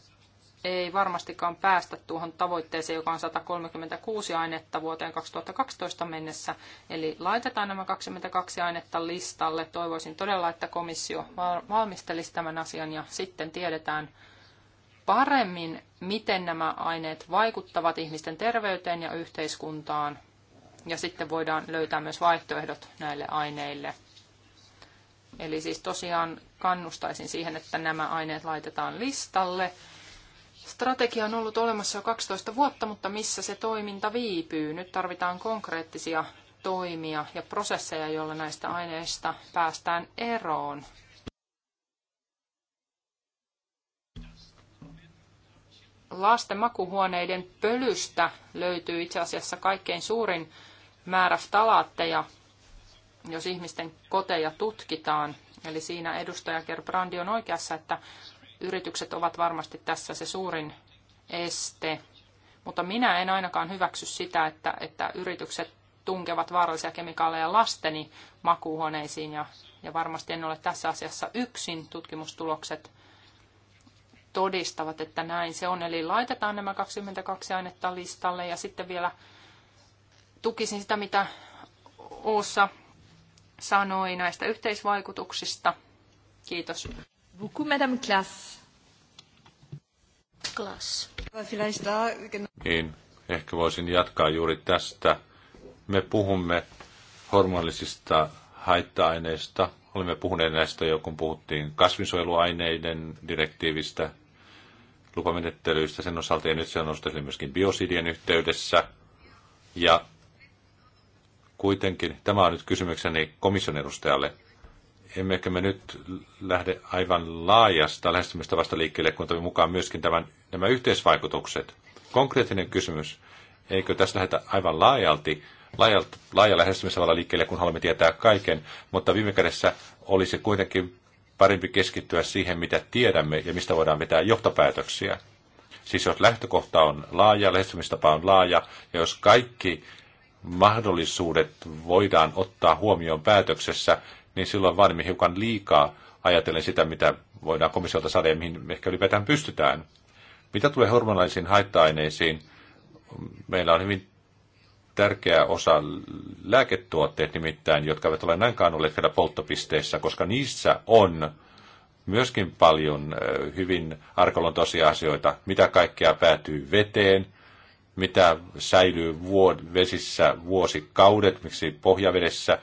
Speaker 4: ei varmastikaan päästä tuohon tavoitteeseen, joka on 136 ainetta vuoteen 2012 mennessä. Eli laitetaan nämä 22 ainetta listalle. Toivoisin todella, että komissio valmistelisi tämän asian ja sitten tiedetään paremmin, miten nämä aineet vaikuttavat ihmisten terveyteen ja yhteiskuntaan. Ja sitten voidaan löytää myös vaihtoehdot näille aineille. Eli siis tosiaan kannustaisin siihen, että nämä aineet laitetaan listalle Strategia on ollut olemassa jo 12 vuotta, mutta missä se toiminta viipyy? Nyt tarvitaan konkreettisia toimia ja prosesseja, joilla näistä aineista päästään eroon. Lasten makuhuoneiden pölystä löytyy itse asiassa kaikkein suurin määrä talaatteja, jos ihmisten koteja tutkitaan. Eli siinä edustaja Gerbrandi on oikeassa, että yritykset ovat varmasti tässä se suurin este. Mutta minä en ainakaan hyväksy sitä, että, että yritykset tunkevat vaarallisia kemikaaleja lasteni makuuhuoneisiin ja, ja varmasti en ole tässä asiassa yksin. Tutkimustulokset todistavat, että näin se on. Eli laitetaan nämä 22 ainetta listalle ja sitten vielä tukisin sitä, mitä Oossa sanoi näistä yhteisvaikutuksista. Kiitos
Speaker 2: beaucoup, Madame Klaas. Klaas.
Speaker 1: Niin, ehkä voisin jatkaa juuri tästä. Me puhumme hormonallisista haitta-aineista. Olemme puhuneet näistä jo, kun puhuttiin kasvinsuojeluaineiden direktiivistä, lupamenettelyistä sen osalta, ja nyt se on nostettu myöskin biosidien yhteydessä. Ja kuitenkin, tämä on nyt kysymykseni komission edustajalle, emmekä me nyt lähde aivan laajasta lähestymistä vasta liikkeelle, kun otamme mukaan myöskin tämän, nämä yhteisvaikutukset. Konkreettinen kysymys, eikö tässä lähdetä aivan laajalti, laajalta, laaja lähestymistavalla liikkeelle, kun haluamme tietää kaiken, mutta viime kädessä olisi kuitenkin parempi keskittyä siihen, mitä tiedämme ja mistä voidaan vetää johtopäätöksiä. Siis jos lähtökohta on laaja, lähestymistapa on laaja, ja jos kaikki mahdollisuudet voidaan ottaa huomioon päätöksessä, niin silloin vaadimme hiukan liikaa ajatellen sitä, mitä voidaan komissiolta saada ja mihin ehkä ylipäätään pystytään. Mitä tulee hormonallisiin haitta-aineisiin, meillä on hyvin tärkeä osa lääketuotteet nimittäin, jotka eivät ole näinkään olleet vielä polttopisteissä, koska niissä on myöskin paljon hyvin arkalon tosiasioita, mitä kaikkea päätyy veteen, mitä säilyy vuod- vesissä vuosikaudet, miksi pohjavedessä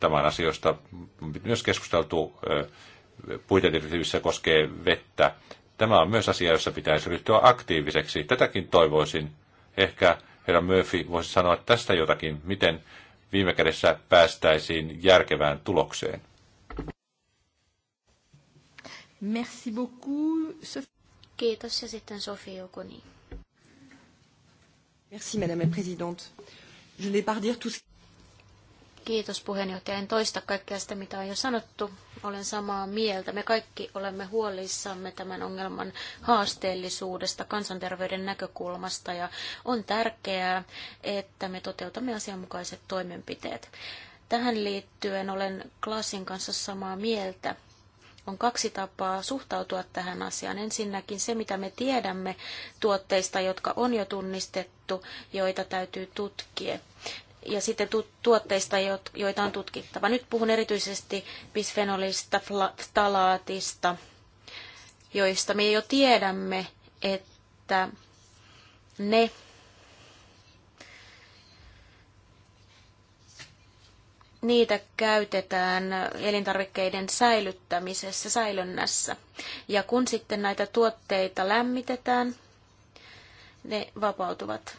Speaker 1: tämän asioista myös keskusteltu puitedirektiivissä koskee vettä. Tämä on myös asia, jossa pitäisi ryhtyä aktiiviseksi. Tätäkin toivoisin. Ehkä herra Murphy voisi sanoa tästä jotakin, miten viime kädessä päästäisiin järkevään tulokseen.
Speaker 3: Merci beaucoup. Kiitos ja sitten Sofi Jokoni.
Speaker 2: Merci madame la présidente. Je ne vais pas redire tout ce
Speaker 3: Kiitos puheenjohtaja. En toista kaikkea sitä, mitä on jo sanottu. Olen samaa mieltä. Me kaikki olemme huolissamme tämän ongelman haasteellisuudesta kansanterveyden näkökulmasta ja on tärkeää, että me toteutamme asianmukaiset toimenpiteet. Tähän liittyen olen Klasin kanssa samaa mieltä. On kaksi tapaa suhtautua tähän asiaan. Ensinnäkin se, mitä me tiedämme tuotteista, jotka on jo tunnistettu, joita täytyy tutkia ja sitten tuotteista, joita on tutkittava. Nyt puhun erityisesti bisfenolista, talaatista, joista me jo tiedämme, että ne niitä käytetään elintarvikkeiden säilyttämisessä, säilönnässä. Ja kun sitten näitä tuotteita lämmitetään, ne vapautuvat.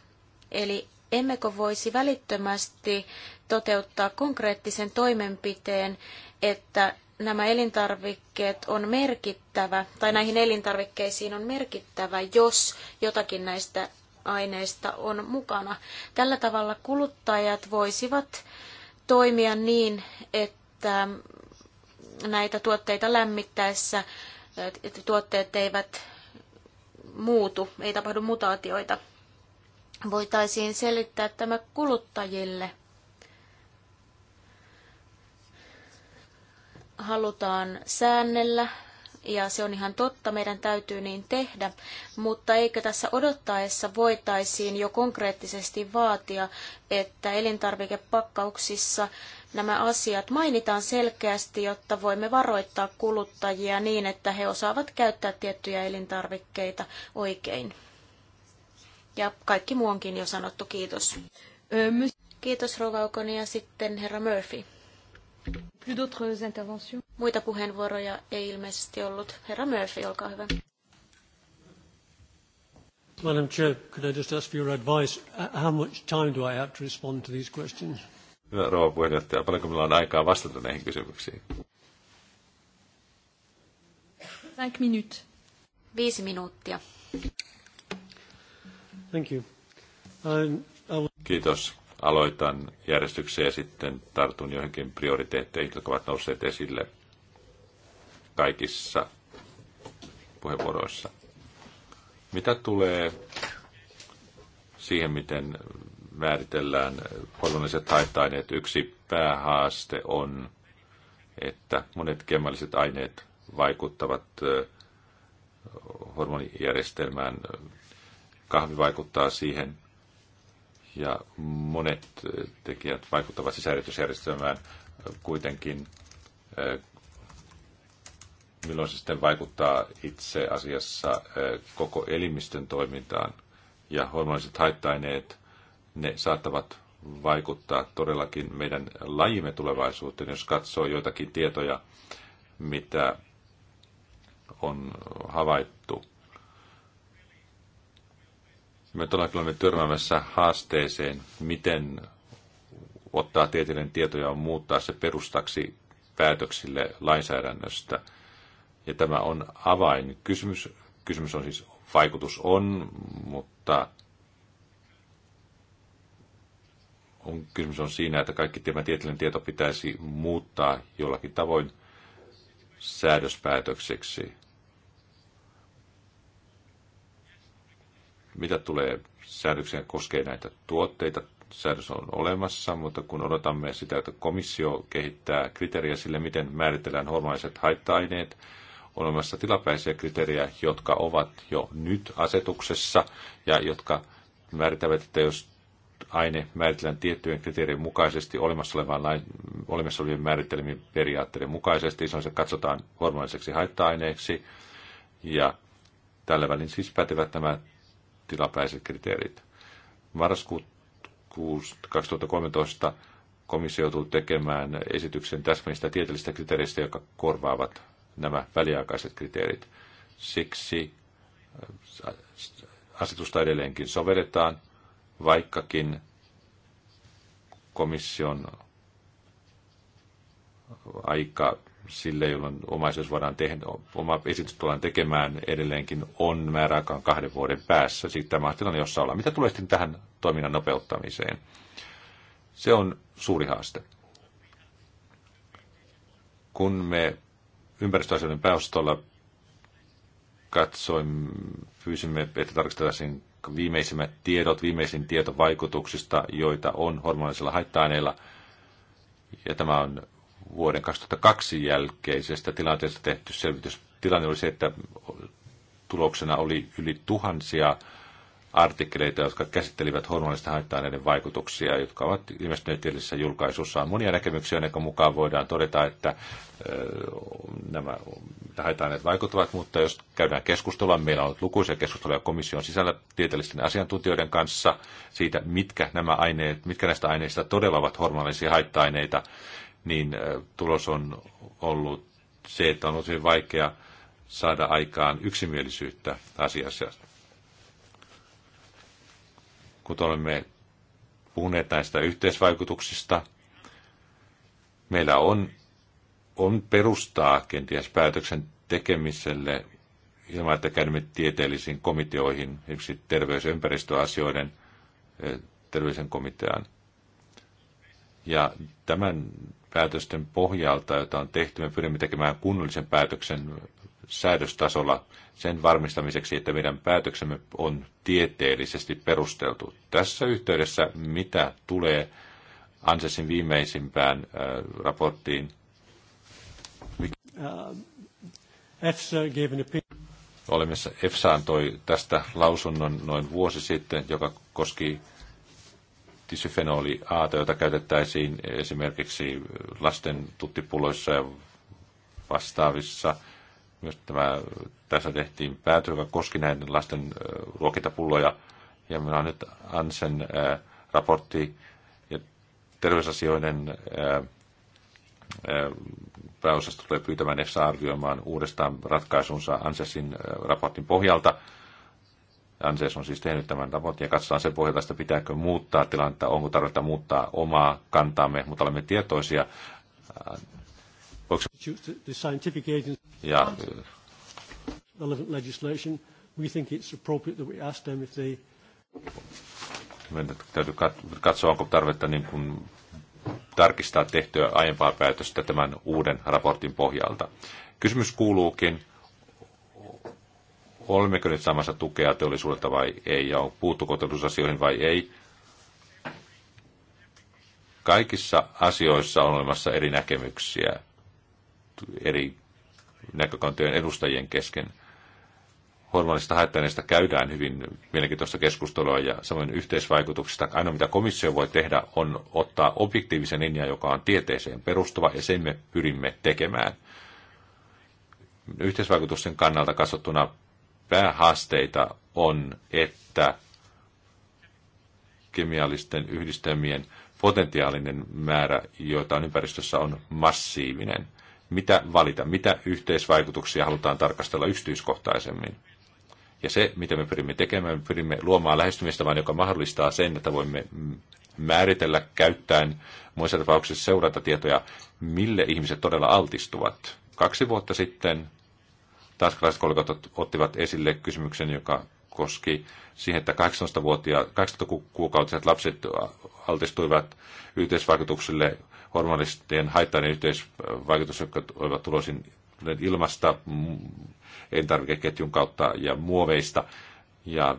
Speaker 3: Eli emmekö voisi välittömästi toteuttaa konkreettisen toimenpiteen, että nämä elintarvikkeet on merkittävä, tai näihin elintarvikkeisiin on merkittävä, jos jotakin näistä aineista on mukana. Tällä tavalla kuluttajat voisivat toimia niin, että näitä tuotteita lämmittäessä tuotteet eivät muutu, ei tapahdu mutaatioita voitaisiin selittää tämä kuluttajille. Halutaan säännellä, ja se on ihan totta, meidän täytyy niin tehdä, mutta eikö tässä odottaessa voitaisiin jo konkreettisesti vaatia, että elintarvikepakkauksissa nämä asiat mainitaan selkeästi, jotta voimme varoittaa kuluttajia niin, että he osaavat käyttää tiettyjä elintarvikkeita oikein. Ja kaikki muu onkin jo sanottu. Kiitos. Kiitos Rova Okoni ja sitten herra Murphy. Muita puheenvuoroja ei ilmeisesti ollut. Herra Murphy, olkaa hyvä. Madam Chair,
Speaker 2: could I just ask for your advice? How much time do I have to respond to these questions?
Speaker 1: Hyvä rouva puheenjohtaja, paljonko meillä on aikaa vastata näihin kysymyksiin?
Speaker 3: Cinq minutes. Viisi minuuttia.
Speaker 2: Thank you. Um,
Speaker 1: Kiitos. Aloitan järjestykseen ja sitten tartun johonkin prioriteetteihin, jotka ovat nousseet esille kaikissa puheenvuoroissa. Mitä tulee siihen, miten määritellään hormonalliset haitta yksi päähaaste on, että monet kemialliset aineet vaikuttavat hormonijärjestelmään kahvi vaikuttaa siihen ja monet eh, tekijät vaikuttavat sisäyritysjärjestelmään kuitenkin. Eh, milloin se sitten vaikuttaa itse asiassa eh, koko elimistön toimintaan ja hormoniset haittaineet, ne saattavat vaikuttaa todellakin meidän lajimme tulevaisuuteen. Jos katsoo joitakin tietoja, mitä on havaittu me todellakin olemme törmäämässä haasteeseen, miten ottaa tieteellinen tieto ja muuttaa se perustaksi päätöksille lainsäädännöstä. Ja tämä on avain. Kysymys, kysymys on siis, vaikutus on, mutta on, kysymys on siinä, että kaikki tämä tieteellinen tieto pitäisi muuttaa jollakin tavoin säädöspäätökseksi. Mitä tulee säädökseen koskee näitä tuotteita, säädös on olemassa, mutta kun odotamme sitä, että komissio kehittää kriteeriä sille, miten määritellään hormonaiset haitta-aineet, on olemassa tilapäisiä kriteerejä, jotka ovat jo nyt asetuksessa ja jotka määritävät, että jos aine määritellään tiettyjen kriteerien mukaisesti olemassa, olevan olemassa olevien määritelmien periaatteiden mukaisesti, silloin se katsotaan hormoniseksi haitta-aineeksi ja tällä välin siis pätevät nämä tilapäiset kriteerit. Marraskuussa 2013 komissio joutuu tekemään esityksen täsmällistä tieteellistä kriteereistä, jotka korvaavat nämä väliaikaiset kriteerit. Siksi äh, asetusta edelleenkin sovelletaan, vaikkakin komission aika sille, jolloin omaisuus voidaan tehdä, oma esitys tullaan tekemään edelleenkin, on määräaikaan kahden vuoden päässä. Sitten tämä tilanne, jossa ollaan. Mitä tulee sitten tähän toiminnan nopeuttamiseen? Se on suuri haaste. Kun me ympäristöasioiden pääosastolla katsoin, pyysimme, että tarkistettaisiin viimeisimmät tiedot, viimeisin tieto vaikutuksista, joita on hormonallisilla haitta-aineilla. Ja tämä on vuoden 2002 jälkeisestä tilanteesta tehty selvitys. Tilanne oli se, että tuloksena oli yli tuhansia artikkeleita, jotka käsittelivät hormonista haitta-aineiden vaikutuksia, jotka ovat ilmestyneet edellisessä julkaisussa. On monia näkemyksiä, joiden mukaan voidaan todeta, että nämä haitta-aineet vaikuttavat, mutta jos käydään keskustelua, meillä on ollut lukuisia keskusteluja komission sisällä tieteellisten asiantuntijoiden kanssa siitä, mitkä, nämä aineet, mitkä näistä aineista todella ovat hormonallisia haitta-aineita, niin tulos on ollut se, että on ollut hyvin vaikea saada aikaan yksimielisyyttä asiassa. Kun olemme puhuneet näistä yhteisvaikutuksista, meillä on, on perustaa kenties päätöksen tekemiselle ilman, että käymme tieteellisiin komiteoihin, esimerkiksi terveys- ja ympäristöasioiden komitean – ja tämän päätösten pohjalta, jota on tehty, me pyrimme tekemään kunnollisen päätöksen säädöstasolla sen varmistamiseksi, että meidän päätöksemme on tieteellisesti perusteltu. Tässä yhteydessä, mitä tulee Ansesin viimeisimpään äh, raporttiin? Uh, Olemme, EFSA antoi tästä lausunnon noin vuosi sitten, joka koski tysyfenoli A, jota käytettäisiin esimerkiksi lasten tuttipulloissa ja vastaavissa. Myös tämä, tässä tehtiin päätö, joka koski näiden lasten ruokintapulloja. Ja minä on nyt Ansen raportti ja terveysasioiden ää, pääosasto tulee pyytämään EFSA arvioimaan uudestaan ratkaisunsa Ansesin raportin pohjalta – Anses on siis tehnyt tämän raportin ja katsotaan sen pohjalta, että pitääkö muuttaa tilannetta, onko tarvetta muuttaa omaa kantaamme, mutta olemme tietoisia. Äh, ja, uh, Meidän täytyy katsoa, onko tarvetta niin kuin tarkistaa tehtyä aiempaa päätöstä tämän uuden raportin pohjalta. Kysymys kuuluukin, olemmeko nyt saamassa tukea teollisuudelta vai ei, ja on puuttuko teollisuusasioihin vai ei. Kaikissa asioissa on olemassa eri näkemyksiä eri näkökantojen edustajien kesken. Hormonista haittaneista käydään hyvin mielenkiintoista keskustelua ja samoin yhteisvaikutuksista. Ainoa mitä komissio voi tehdä on ottaa objektiivisen linjan, joka on tieteeseen perustuva ja sen me pyrimme tekemään. Yhteisvaikutusten kannalta katsottuna päähaasteita on, että kemiallisten yhdistelmien potentiaalinen määrä, joita on ympäristössä, on massiivinen. Mitä valita, mitä yhteisvaikutuksia halutaan tarkastella yksityiskohtaisemmin. Ja se, mitä me pyrimme tekemään, me pyrimme luomaan lähestymistavan, joka mahdollistaa sen, että voimme määritellä käyttäen muissa tapauksissa seurata tietoja, mille ihmiset todella altistuvat. Kaksi vuotta sitten Tanskalaiset kollegat ottivat esille kysymyksen, joka koski siihen, että 18 kuukautiset lapset altistuivat yhteisvaikutuksille hormonistien haittainen yhteisvaikutus, jotka olivat tulosin ilmasta, mm, elintarvikeketjun kautta ja muoveista. Ja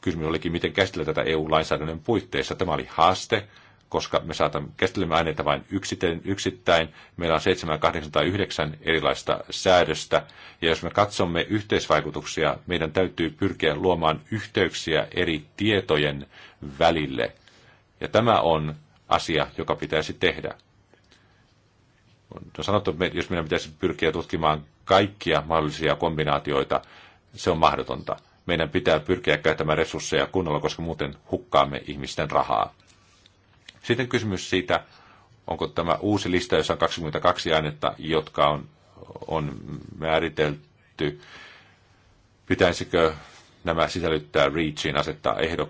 Speaker 1: kysymys olikin, miten käsitellä tätä EU-lainsäädännön puitteissa. Tämä oli haaste, koska me saatamme, käsittelemme aineita vain yksittäin, Meillä on 7, 8 tai 9 erilaista säädöstä. Ja jos me katsomme yhteisvaikutuksia, meidän täytyy pyrkiä luomaan yhteyksiä eri tietojen välille. Ja tämä on asia, joka pitäisi tehdä. On sanottu, että jos meidän pitäisi pyrkiä tutkimaan kaikkia mahdollisia kombinaatioita, se on mahdotonta. Meidän pitää pyrkiä käyttämään resursseja kunnolla, koska muuten hukkaamme ihmisten rahaa. Sitten kysymys siitä, onko tämä uusi lista, jossa on 22 ainetta, jotka on, on määritelty, pitäisikö nämä sisällyttää REACHin asettaa ehdo,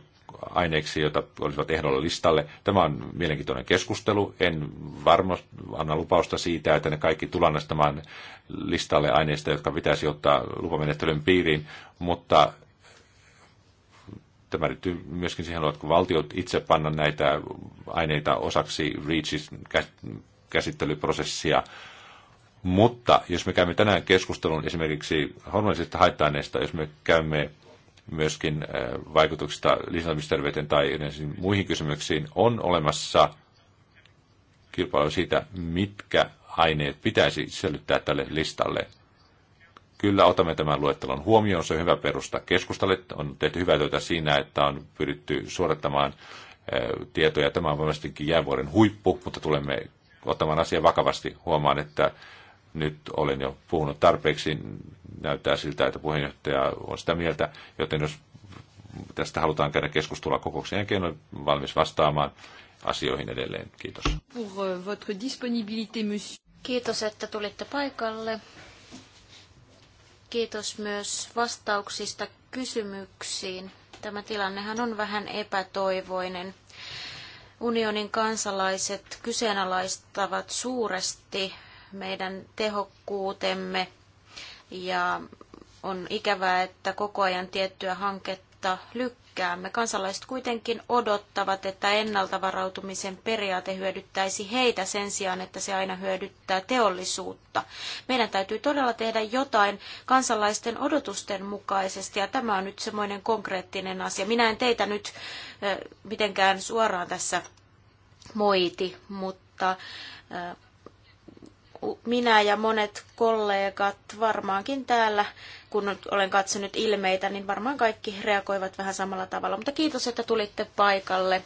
Speaker 1: aineiksi, joita olisivat ehdolla listalle. Tämä on mielenkiintoinen keskustelu. En varmasti anna lupausta siitä, että ne kaikki tulannastamaan listalle aineista, jotka pitäisi ottaa lupamenettelyn piiriin, mutta Tämä liittyy myöskin siihen, kun valtiot itse panna näitä aineita osaksi REACHin käsittelyprosessia. Mutta jos me käymme tänään keskustelun esimerkiksi hormonallisista haitta-aineista, jos me käymme myöskin äh, vaikutuksista lisääntymisterveyteen tai muihin kysymyksiin, on olemassa kilpailu siitä, mitkä aineet pitäisi sisällyttää tälle listalle. Kyllä otamme tämän luettelon huomioon, se on hyvä perusta keskustalle. On tehty hyvää työtä siinä, että on pyritty suorittamaan tietoja. Tämä on varmastikin jäävuoren huippu, mutta tulemme ottamaan asian vakavasti. Huomaan, että nyt olen jo puhunut tarpeeksi. Näyttää siltä, että puheenjohtaja on sitä mieltä, joten jos tästä halutaan käydä keskustelua kokouksen jälkeen, olen valmis vastaamaan asioihin edelleen. Kiitos.
Speaker 3: Euh, Kiitos, että tulitte paikalle. Kiitos myös vastauksista kysymyksiin. Tämä tilannehan on vähän epätoivoinen. Unionin kansalaiset kyseenalaistavat suuresti meidän tehokkuutemme ja on ikävää, että koko ajan tiettyä hanketta lykkää lykkäämme. Kansalaiset kuitenkin odottavat, että ennalta varautumisen periaate hyödyttäisi heitä sen sijaan, että se aina hyödyttää teollisuutta. Meidän täytyy todella tehdä jotain kansalaisten odotusten mukaisesti, ja tämä on nyt semmoinen konkreettinen asia. Minä en teitä nyt eh, mitenkään suoraan tässä moiti, mutta eh, minä ja monet kollegat varmaankin täällä, kun olen katsonut ilmeitä, niin varmaan kaikki reagoivat vähän samalla tavalla. Mutta kiitos, että tulitte paikalle.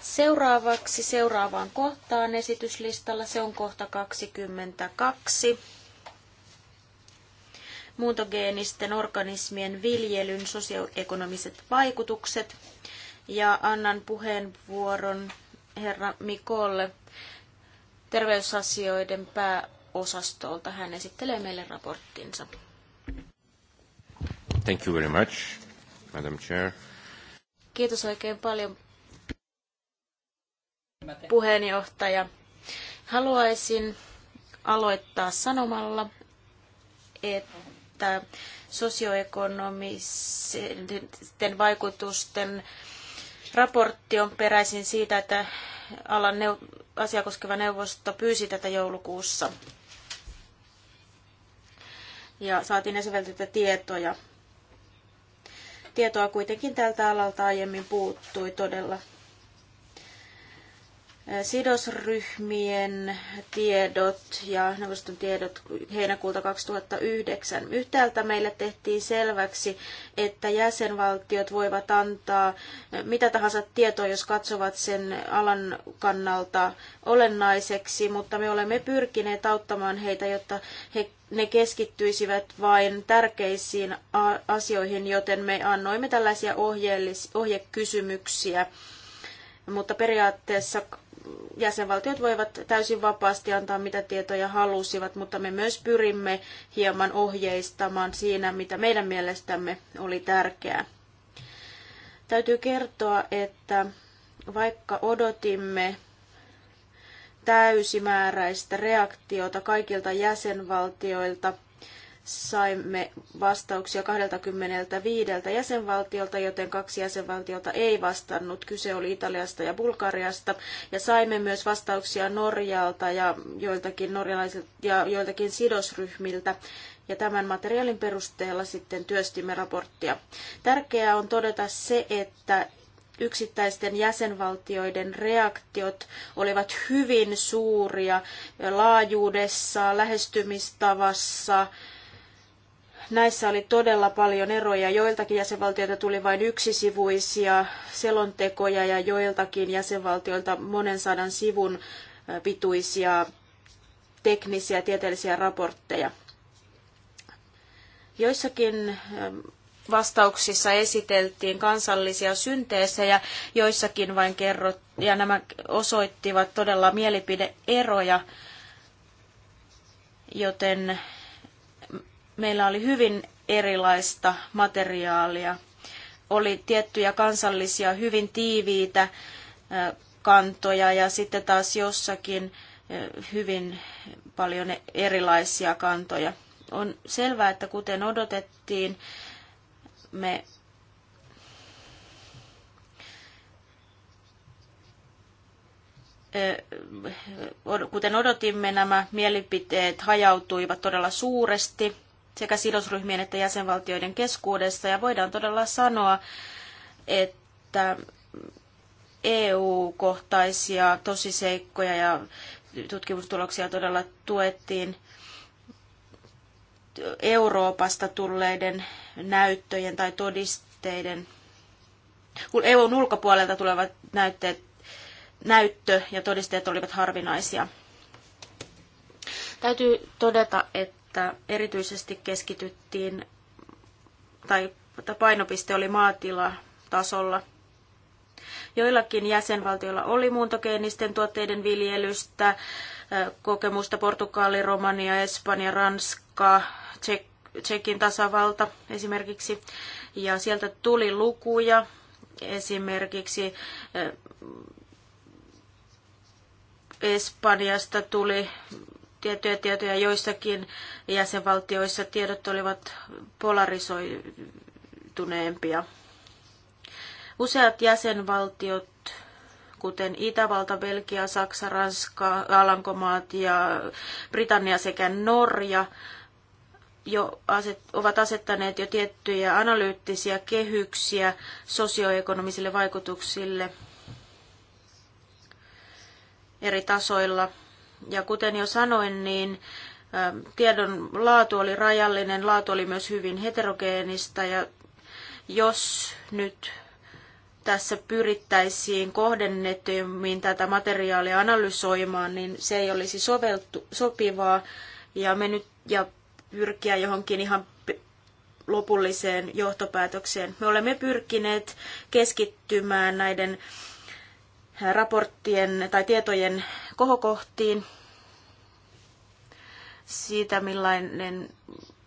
Speaker 3: Seuraavaksi seuraavaan kohtaan esityslistalla. Se on kohta 22. Muuntogeenisten organismien viljelyn sosioekonomiset vaikutukset. Ja annan puheenvuoron herra Mikolle terveysasioiden pääosastolta. Hän esittelee meille raporttinsa.
Speaker 1: Thank you very much, Madam Chair.
Speaker 3: Kiitos oikein paljon, puheenjohtaja. Haluaisin aloittaa sanomalla, että sosioekonomisten vaikutusten Raportti on peräisin siitä, että alan neu- asia koskeva neuvosto pyysi tätä joulukuussa. Ja saatiin esiveltyitä tietoja. Tietoa kuitenkin tältä alalta aiemmin puuttui todella sidosryhmien tiedot ja neuvoston tiedot heinäkuulta 2009. Yhtäältä meille tehtiin selväksi, että jäsenvaltiot voivat antaa mitä tahansa tietoa, jos katsovat sen alan kannalta olennaiseksi, mutta me olemme pyrkineet auttamaan heitä, jotta he, ne keskittyisivät vain tärkeisiin asioihin, joten me annoimme tällaisia ohjeellis, ohjekysymyksiä mutta periaatteessa jäsenvaltiot voivat täysin vapaasti antaa mitä tietoja halusivat, mutta me myös pyrimme hieman ohjeistamaan siinä, mitä meidän mielestämme oli tärkeää. Täytyy kertoa, että vaikka odotimme täysimääräistä reaktiota kaikilta jäsenvaltioilta, saimme vastauksia 25 jäsenvaltiolta, joten kaksi jäsenvaltiota ei vastannut. Kyse oli Italiasta ja Bulgariasta. Ja saimme myös vastauksia Norjalta ja joiltakin, norjalaisilta ja joiltakin sidosryhmiltä. Ja tämän materiaalin perusteella sitten työstimme raporttia. Tärkeää on todeta se, että yksittäisten jäsenvaltioiden reaktiot olivat hyvin suuria laajuudessa, lähestymistavassa, Näissä oli todella paljon eroja. Joiltakin jäsenvaltioilta tuli vain yksisivuisia selontekoja ja joiltakin jäsenvaltioilta monen sadan sivun pituisia teknisiä ja tieteellisiä raportteja. Joissakin vastauksissa esiteltiin kansallisia synteesejä, joissakin vain kerrot, ja nämä osoittivat todella mielipideeroja, joten meillä oli hyvin erilaista materiaalia. Oli tiettyjä kansallisia hyvin tiiviitä kantoja ja sitten taas jossakin hyvin paljon erilaisia kantoja. On selvää, että kuten odotettiin, me kuten odotimme, nämä mielipiteet hajautuivat todella suuresti sekä sidosryhmien että jäsenvaltioiden keskuudessa. Ja voidaan todella sanoa, että EU-kohtaisia tosiseikkoja ja tutkimustuloksia todella tuettiin Euroopasta tulleiden näyttöjen tai todisteiden, kun EUn ulkopuolelta tulevat näytteet, näyttö ja todisteet olivat harvinaisia. Täytyy todeta, että että erityisesti keskityttiin tai painopiste oli maatilatasolla. Joillakin jäsenvaltioilla oli muuntogeenisten tuotteiden viljelystä, kokemusta Portugali, Romania, Espanja, Ranska, Tsek, Tsekin tasavalta esimerkiksi. Ja sieltä tuli lukuja esimerkiksi Espanjasta tuli tiettyjä tietoja joissakin jäsenvaltioissa tiedot olivat polarisoituneempia. Useat jäsenvaltiot, kuten Itävalta, Belgia, Saksa, Ranska, Alankomaat ja Britannia sekä Norja, jo aset, ovat asettaneet jo tiettyjä analyyttisiä kehyksiä sosioekonomisille vaikutuksille eri tasoilla – ja kuten jo sanoin, niin tiedon laatu oli rajallinen, laatu oli myös hyvin heterogeenista ja jos nyt tässä pyrittäisiin kohdennetummin tätä materiaalia analysoimaan, niin se ei olisi soveltu, sopivaa ja, me nyt, ja pyrkiä johonkin ihan lopulliseen johtopäätökseen. Me olemme pyrkineet keskittymään näiden raporttien tai tietojen kohokohtiin siitä, millainen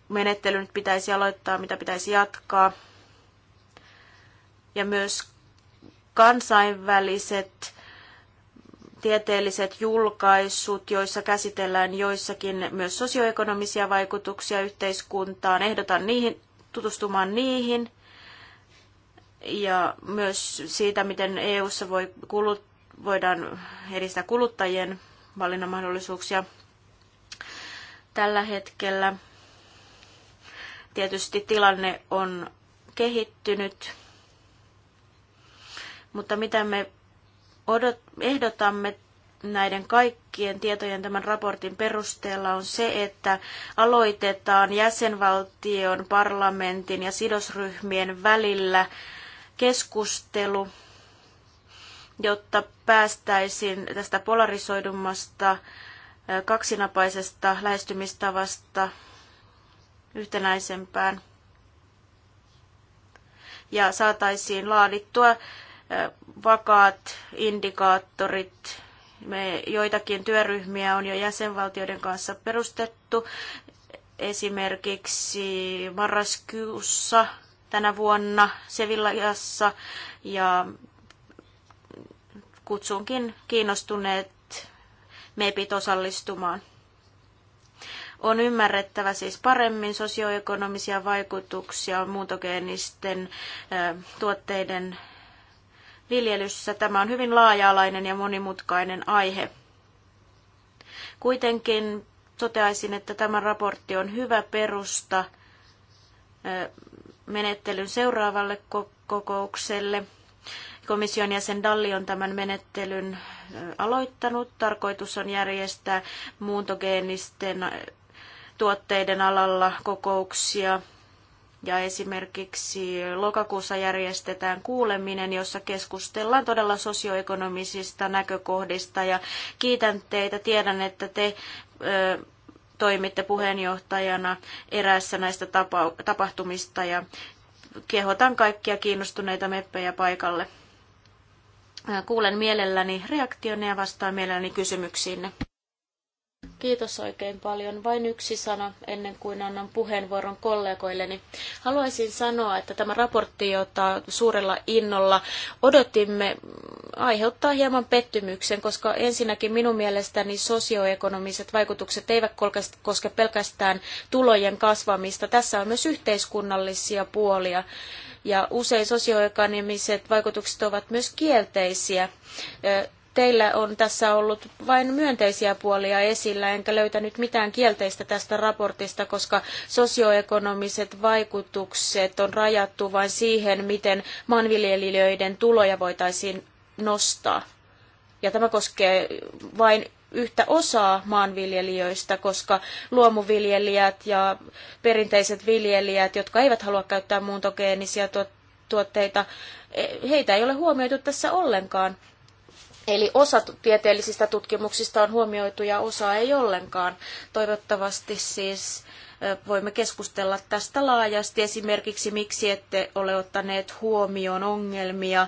Speaker 3: menettely nyt pitäisi aloittaa, mitä pitäisi jatkaa. Ja myös kansainväliset tieteelliset julkaisut, joissa käsitellään joissakin myös sosioekonomisia vaikutuksia yhteiskuntaan. Ehdotan niihin, tutustumaan niihin ja myös siitä, miten EU-ssa voi kulut voidaan edistää kuluttajien valinnanmahdollisuuksia tällä hetkellä. Tietysti tilanne on kehittynyt, mutta mitä me odot, ehdotamme näiden kaikkien tietojen tämän raportin perusteella on se, että aloitetaan jäsenvaltion, parlamentin ja sidosryhmien välillä keskustelu jotta päästäisiin tästä polarisoidummasta kaksinapaisesta lähestymistavasta yhtenäisempään ja saataisiin laadittua vakaat indikaattorit. Me joitakin työryhmiä on jo jäsenvaltioiden kanssa perustettu. Esimerkiksi marraskuussa tänä vuonna Sevillassa ja kutsunkin kiinnostuneet meepit osallistumaan. On ymmärrettävä siis paremmin sosioekonomisia vaikutuksia muuntogeenisten tuotteiden viljelyssä. Tämä on hyvin laaja-alainen ja monimutkainen aihe. Kuitenkin toteaisin, että tämä raportti on hyvä perusta menettelyn seuraavalle kokoukselle – Komission jäsen Dalli on tämän menettelyn aloittanut. Tarkoitus on järjestää muuntogeenisten tuotteiden alalla kokouksia ja esimerkiksi lokakuussa järjestetään kuuleminen, jossa keskustellaan todella sosioekonomisista näkökohdista. Ja kiitän teitä. Tiedän, että te ö, toimitte puheenjohtajana eräässä näistä tapa- tapahtumista ja kehotan kaikkia kiinnostuneita meppejä paikalle. Kuulen mielelläni reaktionne ja vastaan mielelläni kysymyksiinne. Kiitos oikein paljon. Vain yksi sana ennen kuin annan puheenvuoron kollegoilleni. Haluaisin sanoa, että tämä raportti, jota suurella innolla odotimme, aiheuttaa hieman pettymyksen, koska ensinnäkin minun mielestäni sosioekonomiset vaikutukset eivät koske pelkästään tulojen kasvamista. Tässä on myös yhteiskunnallisia puolia ja usein sosioekonomiset vaikutukset ovat myös kielteisiä. Teillä on tässä ollut vain myönteisiä puolia esillä, enkä löytänyt mitään kielteistä tästä raportista, koska sosioekonomiset vaikutukset on rajattu vain siihen, miten maanviljelijöiden tuloja voitaisiin nostaa. Ja tämä koskee vain yhtä osaa maanviljelijöistä, koska luomuviljelijät ja perinteiset viljelijät, jotka eivät halua käyttää muuntogeenisiä tuotteita, e, heitä ei ole huomioitu tässä ollenkaan. Eli osa tieteellisistä tutkimuksista on huomioitu ja osa ei ollenkaan. Toivottavasti siis e, voimme keskustella tästä laajasti. Esimerkiksi miksi ette ole ottaneet huomioon ongelmia,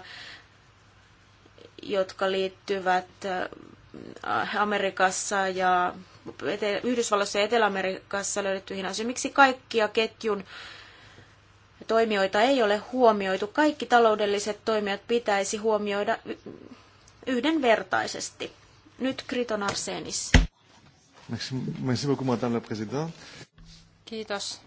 Speaker 3: jotka liittyvät e, Äh, Amerikassa ja Yhdysvalloissa ja Etelä-Amerikassa löydettyihin asioihin. Miksi kaikkia ketjun toimijoita ei ole huomioitu? Kaikki taloudelliset toimijat pitäisi huomioida yhdenvertaisesti. Nyt Kriton Arsenis.
Speaker 2: Merci, beaucoup, madame la présidente.
Speaker 3: Kiitos.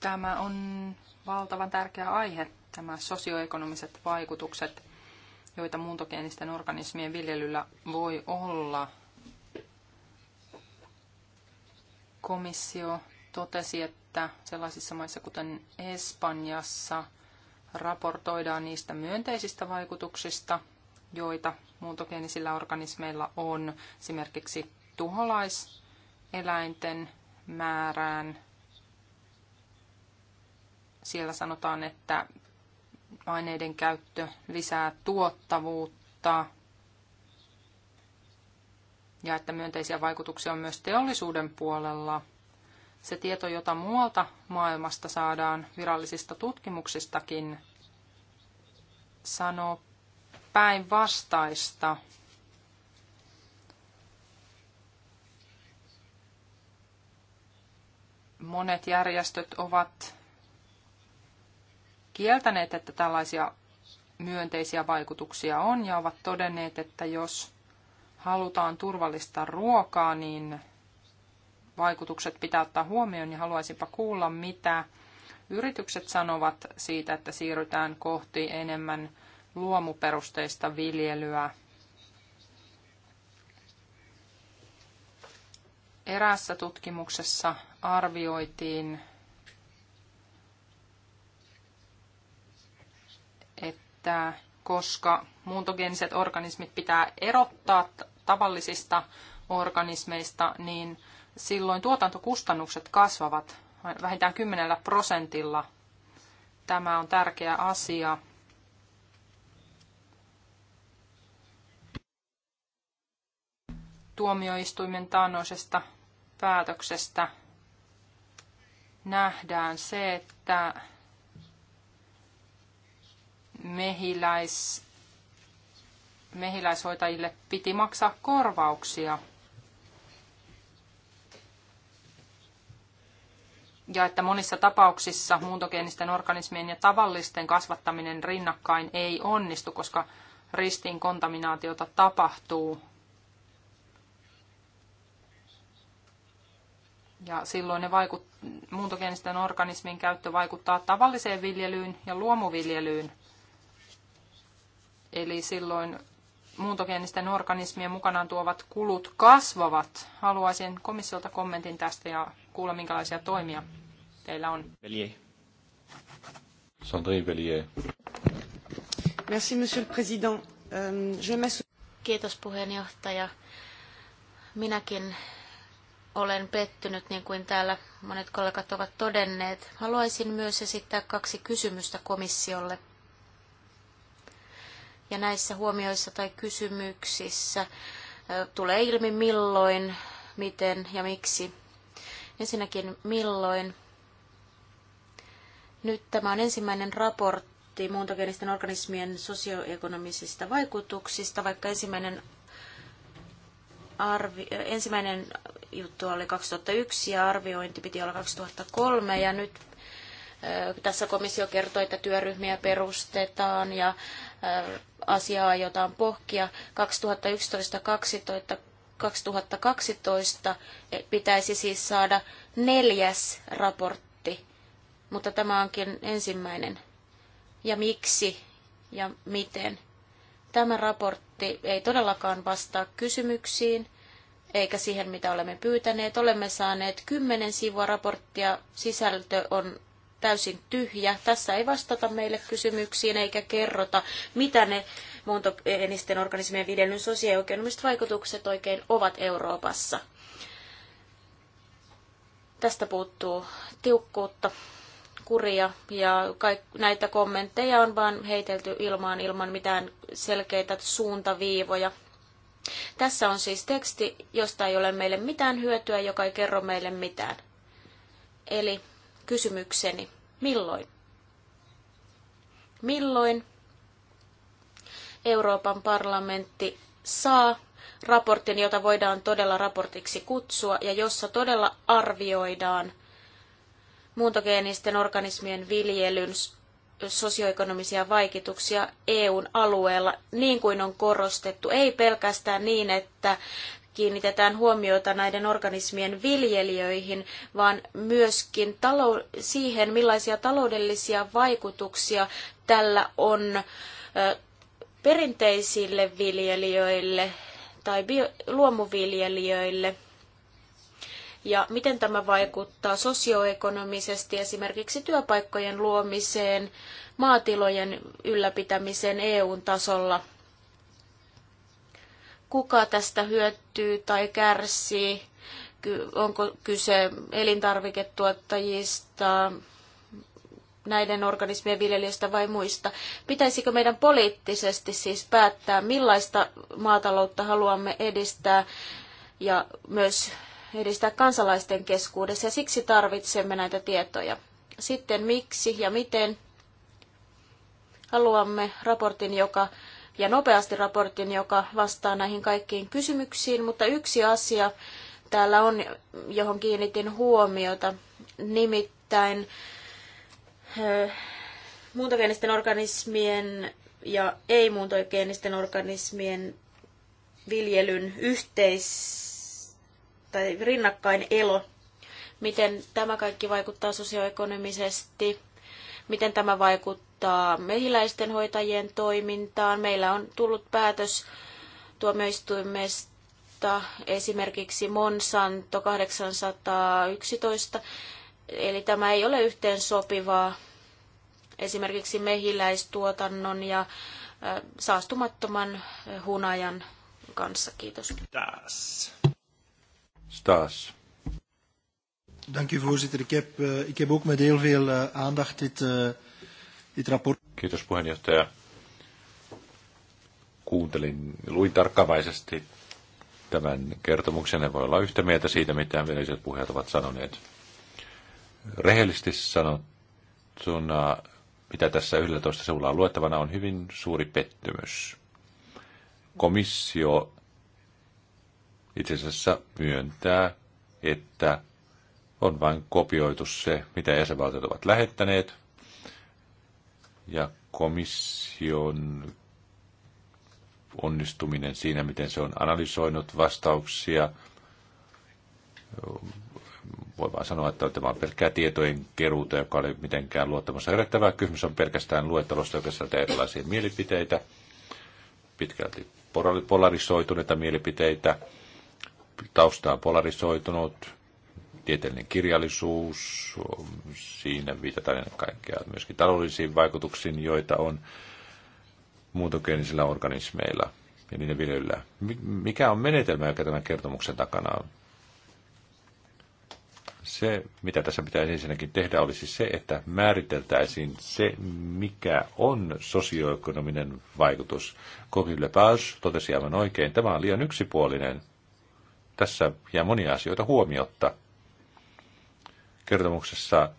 Speaker 4: Tämä on valtavan tärkeä aihe nämä sosioekonomiset vaikutukset, joita muuntogeenisten organismien viljelyllä voi olla. Komissio totesi, että sellaisissa maissa kuten Espanjassa raportoidaan niistä myönteisistä vaikutuksista, joita muuntogeenisillä organismeilla on esimerkiksi tuholaiseläinten määrään. Siellä sanotaan, että aineiden käyttö lisää tuottavuutta ja että myönteisiä vaikutuksia on myös teollisuuden puolella. Se tieto, jota muualta maailmasta saadaan virallisista tutkimuksistakin, sanoo päinvastaista. Monet järjestöt ovat kieltäneet, että tällaisia myönteisiä vaikutuksia on ja ovat todenneet, että jos halutaan turvallista ruokaa, niin vaikutukset pitää ottaa huomioon ja haluaisinpa kuulla, mitä yritykset sanovat siitä, että siirrytään kohti enemmän luomuperusteista viljelyä. Eräässä tutkimuksessa arvioitiin selittää, koska muuntogeeniset organismit pitää erottaa tavallisista organismeista, niin silloin tuotantokustannukset kasvavat vähintään 10 prosentilla. Tämä on tärkeä asia. Tuomioistuimen taannoisesta päätöksestä nähdään se, että mehiläis, mehiläishoitajille piti maksaa korvauksia. Ja että monissa tapauksissa muuntogeenisten organismien ja tavallisten kasvattaminen rinnakkain ei onnistu, koska ristiin kontaminaatiota tapahtuu. Ja silloin ne vaikut, muuntogeenisten organismien käyttö vaikuttaa tavalliseen viljelyyn ja luomuviljelyyn – Eli silloin muuntogeenisten organismien mukanaan tuovat kulut kasvavat. Haluaisin komissiolta kommentin tästä ja kuulla, minkälaisia toimia teillä on.
Speaker 1: Velier. Sandrine Velier.
Speaker 3: Merci, monsieur le président. Euh, Kiitos puheenjohtaja. Minäkin olen pettynyt, niin kuin täällä monet kollegat ovat todenneet. Haluaisin myös esittää kaksi kysymystä komissiolle. Ja näissä huomioissa tai kysymyksissä tulee ilmi milloin, miten ja miksi. Ensinnäkin milloin. Nyt tämä on ensimmäinen raportti muuntogeenisten organismien sosioekonomisista vaikutuksista, vaikka ensimmäinen, arvi, ensimmäinen juttu oli 2001 ja arviointi piti olla 2003 ja nyt tässä komissio kertoi, että työryhmiä perustetaan ja asiaa aiotaan pohkia. 2011 12, 2012 pitäisi siis saada neljäs raportti, mutta tämä onkin ensimmäinen. Ja miksi ja miten? Tämä raportti ei todellakaan vastaa kysymyksiin, eikä siihen, mitä olemme pyytäneet. Olemme saaneet kymmenen sivua raporttia, sisältö on täysin tyhjä. Tässä ei vastata meille kysymyksiin eikä kerrota, mitä ne muuntogeenisten organismien viljelyn sosiaalioikeudelliset vaikutukset oikein ovat Euroopassa. Tästä puuttuu tiukkuutta, kuria ja kaik- näitä kommentteja on vain heitelty ilmaan ilman mitään selkeitä suuntaviivoja. Tässä on siis teksti, josta ei ole meille mitään hyötyä, joka ei kerro meille mitään. Eli kysymykseni. Milloin? Milloin Euroopan parlamentti saa raportin, jota voidaan todella raportiksi kutsua ja jossa todella arvioidaan muuntogeenisten organismien viljelyn sosioekonomisia vaikutuksia EUn alueella, niin kuin on korostettu, ei pelkästään niin, että kiinnitetään huomiota näiden organismien viljelijöihin, vaan myöskin talou- siihen, millaisia taloudellisia vaikutuksia tällä on perinteisille viljelijöille tai bio- luomuviljelijöille ja miten tämä vaikuttaa sosioekonomisesti esimerkiksi työpaikkojen luomiseen, maatilojen ylläpitämiseen EUn tasolla – kuka tästä hyötyy tai kärsii, onko kyse elintarviketuottajista, näiden organismien viljelijöistä vai muista. Pitäisikö meidän poliittisesti siis päättää, millaista maataloutta haluamme edistää ja myös edistää kansalaisten keskuudessa ja siksi tarvitsemme näitä tietoja. Sitten miksi ja miten haluamme raportin, joka ja nopeasti raportin, joka vastaa näihin kaikkiin kysymyksiin, mutta yksi asia täällä on, johon kiinnitin huomiota, nimittäin muuntogeenisten organismien ja ei-muuntogeenisten organismien viljelyn yhteis- tai rinnakkain elo. Miten tämä kaikki vaikuttaa sosioekonomisesti miten tämä vaikuttaa mehiläisten hoitajien toimintaan. Meillä on tullut päätös tuomioistuimesta esimerkiksi Monsanto 811, eli tämä ei ole yhteen sopivaa esimerkiksi mehiläistuotannon ja saastumattoman hunajan kanssa. Kiitos. Taas.
Speaker 1: Taas.
Speaker 2: Dank u voorzitter. Ik heb, uh, ik heb ook met heel veel uh, aandacht dit, uh, dit rapport.
Speaker 1: Kiitos puheenjohtaja. Kuuntelin, luin tarkkaavaisesti tämän kertomuksen. Ne voi olla yhtä mieltä siitä, mitä edelliset puheet ovat sanoneet. Rehellisesti sanottuna, mitä tässä 11 sivulla on luettavana, on hyvin suuri pettymys. Komissio itse asiassa myöntää, että on vain kopioitu se, mitä jäsenvaltiot ovat lähettäneet. Ja komission onnistuminen siinä, miten se on analysoinut vastauksia, voi vaan sanoa, että tämä on pelkkää tietojen keruuta, joka oli mitenkään luottamassa herättävää. Kysymys on pelkästään luettelosta, joka sisältää erilaisia mielipiteitä, pitkälti polarisoituneita mielipiteitä, taustaa polarisoitunut, tieteellinen kirjallisuus, siinä viitataan ennen kaikkea myöskin taloudellisiin vaikutuksiin, joita on muuntogeenisillä organismeilla ja niiden viljelyllä. Mikä on menetelmä, joka tämän kertomuksen takana on? Se, mitä tässä pitäisi ensinnäkin tehdä, olisi se, että määriteltäisiin se, mikä on sosioekonominen vaikutus. Corinne Lepage totesi aivan oikein, tämä on liian yksipuolinen. Tässä jää monia asioita huomiotta – kertomuksessa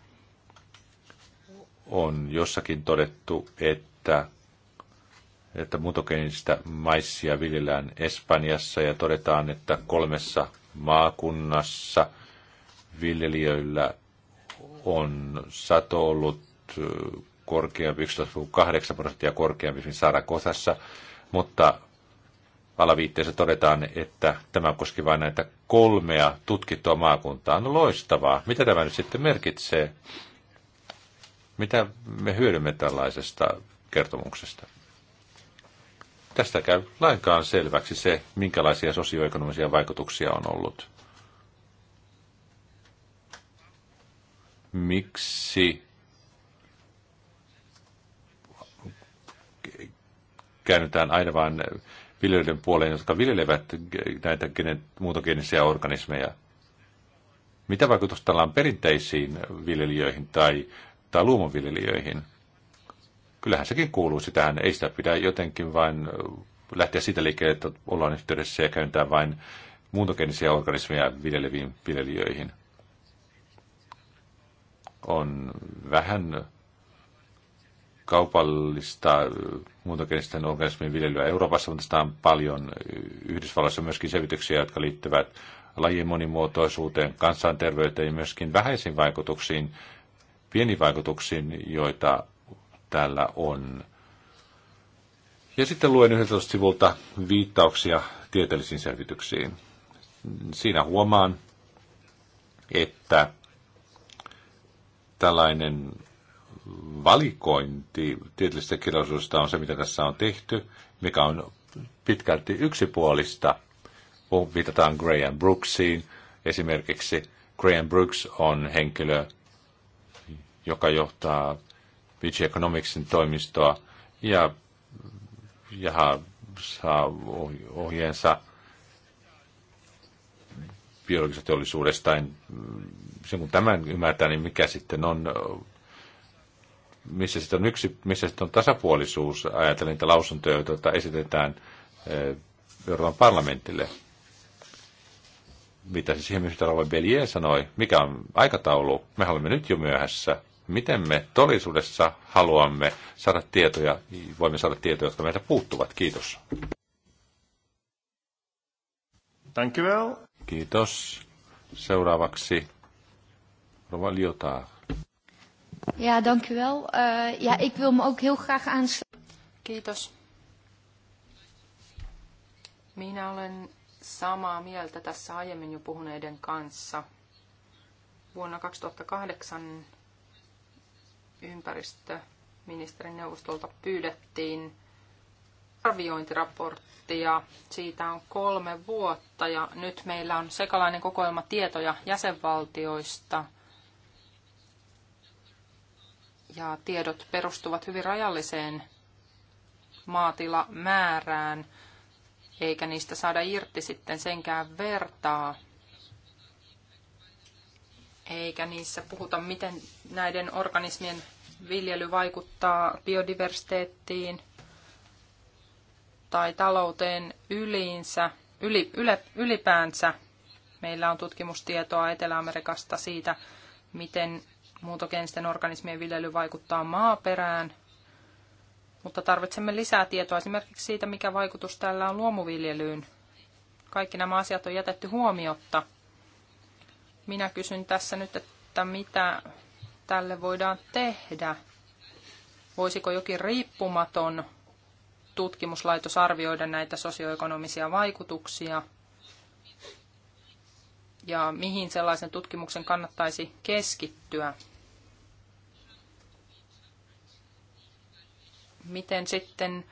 Speaker 1: on jossakin todettu, että, että mutogeenistä maissia viljellään Espanjassa ja todetaan, että kolmessa maakunnassa viljelijöillä on sato ollut korkeampi, 11,8 prosenttia korkeampi kuin Sarakosassa, mutta alaviitteessä todetaan, että tämä koski vain näitä kolmea tutkittua maakuntaa. No loistavaa. Mitä tämä nyt sitten merkitsee? Mitä me hyödymme tällaisesta kertomuksesta? Tästä käy lainkaan selväksi se, minkälaisia sosioekonomisia vaikutuksia on ollut. Miksi käännytään aina vain viljelijöiden puoleen, jotka viljelevät näitä muuntogeenisiä organismeja? Mitä vaikutusta tällä on perinteisiin viljelijöihin tai, tai luomuviljelijöihin? Kyllähän sekin kuuluu sitähän. Ei sitä pidä jotenkin vain lähteä siitä liikkeelle, että ollaan yhteydessä ja käyntää vain muuntogeenisiä organismeja viljeleviin viljelijöihin. On vähän kaupallista äh, muuntogeenisten organismien viljelyä Euroopassa, mutta sitä on paljon Yhdysvalloissa myöskin selvityksiä, jotka liittyvät lajien monimuotoisuuteen, kansanterveyteen ja myöskin vähäisiin vaikutuksiin, pieniin vaikutuksiin, joita täällä on. Ja sitten luen 11 sivulta viittauksia tieteellisiin selvityksiin. Siinä huomaan, että tällainen valikointi tieteellisestä kirjallisuudesta on se, mitä tässä on tehty, mikä on pitkälti yksipuolista. Viitataan Graham Brooksiin esimerkiksi. Graham Brooks on henkilö, joka johtaa BG Economicsin toimistoa ja, ja saa ohjeensa biologisesta teollisuudesta. En, sen kun tämän ymmärtää, niin mikä sitten on missä sitten on, yksi, missä sitten on tasapuolisuus, ajatellen niitä lausuntoja, joita tota esitetään eh, Euroopan parlamentille. Mitä siis siihen, mistä Rauha Belier sanoi, mikä on aikataulu, me olemme nyt jo myöhässä, miten me todellisuudessa haluamme saada tietoja, voimme saada tietoja, jotka meiltä puuttuvat. Kiitos. Thank you well. Kiitos. Seuraavaksi Rova Liotard.
Speaker 2: Ja, dank u wel. Uh, ja, ik wil me ook heel graag aansluiten. Kiitos.
Speaker 4: Minä olen samaa mieltä tässä aiemmin jo puhuneiden kanssa. Vuonna 2008 ympäristöministerin neuvostolta pyydettiin arviointiraporttia. Siitä on kolme vuotta ja nyt meillä on sekalainen kokoelma tietoja jäsenvaltioista – ja tiedot perustuvat hyvin rajalliseen maatilamäärään, eikä niistä saada irti sitten senkään vertaa. Eikä niissä puhuta, miten näiden organismien viljely vaikuttaa biodiversiteettiin tai talouteen yliinsä, yli, yle, ylipäänsä. Meillä on tutkimustietoa Etelä-Amerikasta siitä, miten muuntogeenisten organismien viljely vaikuttaa maaperään, mutta tarvitsemme lisää tietoa esimerkiksi siitä, mikä vaikutus tällä on luomuviljelyyn. Kaikki nämä asiat on jätetty huomiotta. Minä kysyn tässä nyt, että mitä tälle voidaan tehdä. Voisiko jokin riippumaton tutkimuslaitos arvioida näitä sosioekonomisia vaikutuksia – ja mihin sellaisen tutkimuksen kannattaisi keskittyä. Miten sitten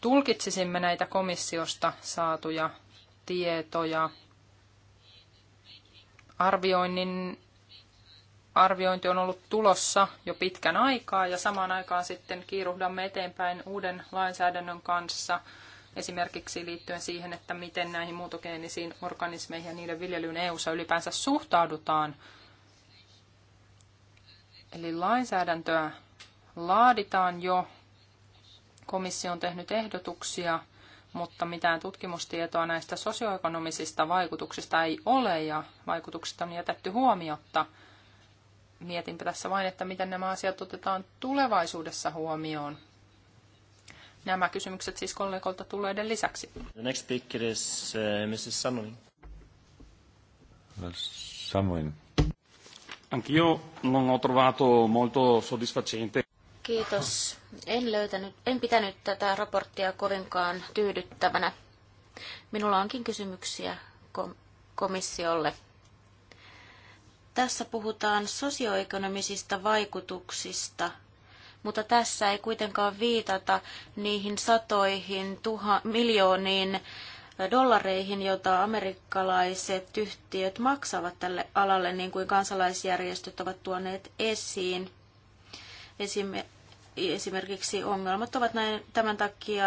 Speaker 4: tulkitsisimme näitä komissiosta saatuja tietoja? Arvioinnin arviointi on ollut tulossa jo pitkän aikaa ja samaan aikaan sitten kiiruhdamme eteenpäin uuden lainsäädännön kanssa – esimerkiksi liittyen siihen, että miten näihin muutogeenisiin organismeihin ja niiden viljelyyn EU-ssa ylipäänsä suhtaudutaan. Eli lainsäädäntöä laaditaan jo, komissio on tehnyt ehdotuksia, mutta mitään tutkimustietoa näistä sosioekonomisista vaikutuksista ei ole ja vaikutukset on jätetty huomiotta. Mietinpä tässä vain, että miten nämä asiat otetaan tulevaisuudessa huomioon Nämä kysymykset siis kollegolta tulleiden lisäksi.
Speaker 2: The next speaker is uh, Mrs. Samoin.
Speaker 1: Samoin. Anch'io non ho trovato molto soddisfacente.
Speaker 3: Kiitos. En, löytänyt, en pitänyt tätä raporttia kovinkaan tyydyttävänä. Minulla onkin kysymyksiä komissiolle. Tässä puhutaan sosioekonomisista vaikutuksista mutta tässä ei kuitenkaan viitata niihin satoihin tuha, miljooniin dollareihin, joita amerikkalaiset yhtiöt maksavat tälle alalle, niin kuin kansalaisjärjestöt ovat tuoneet esiin. esimerkiksi ongelmat ovat näin, tämän takia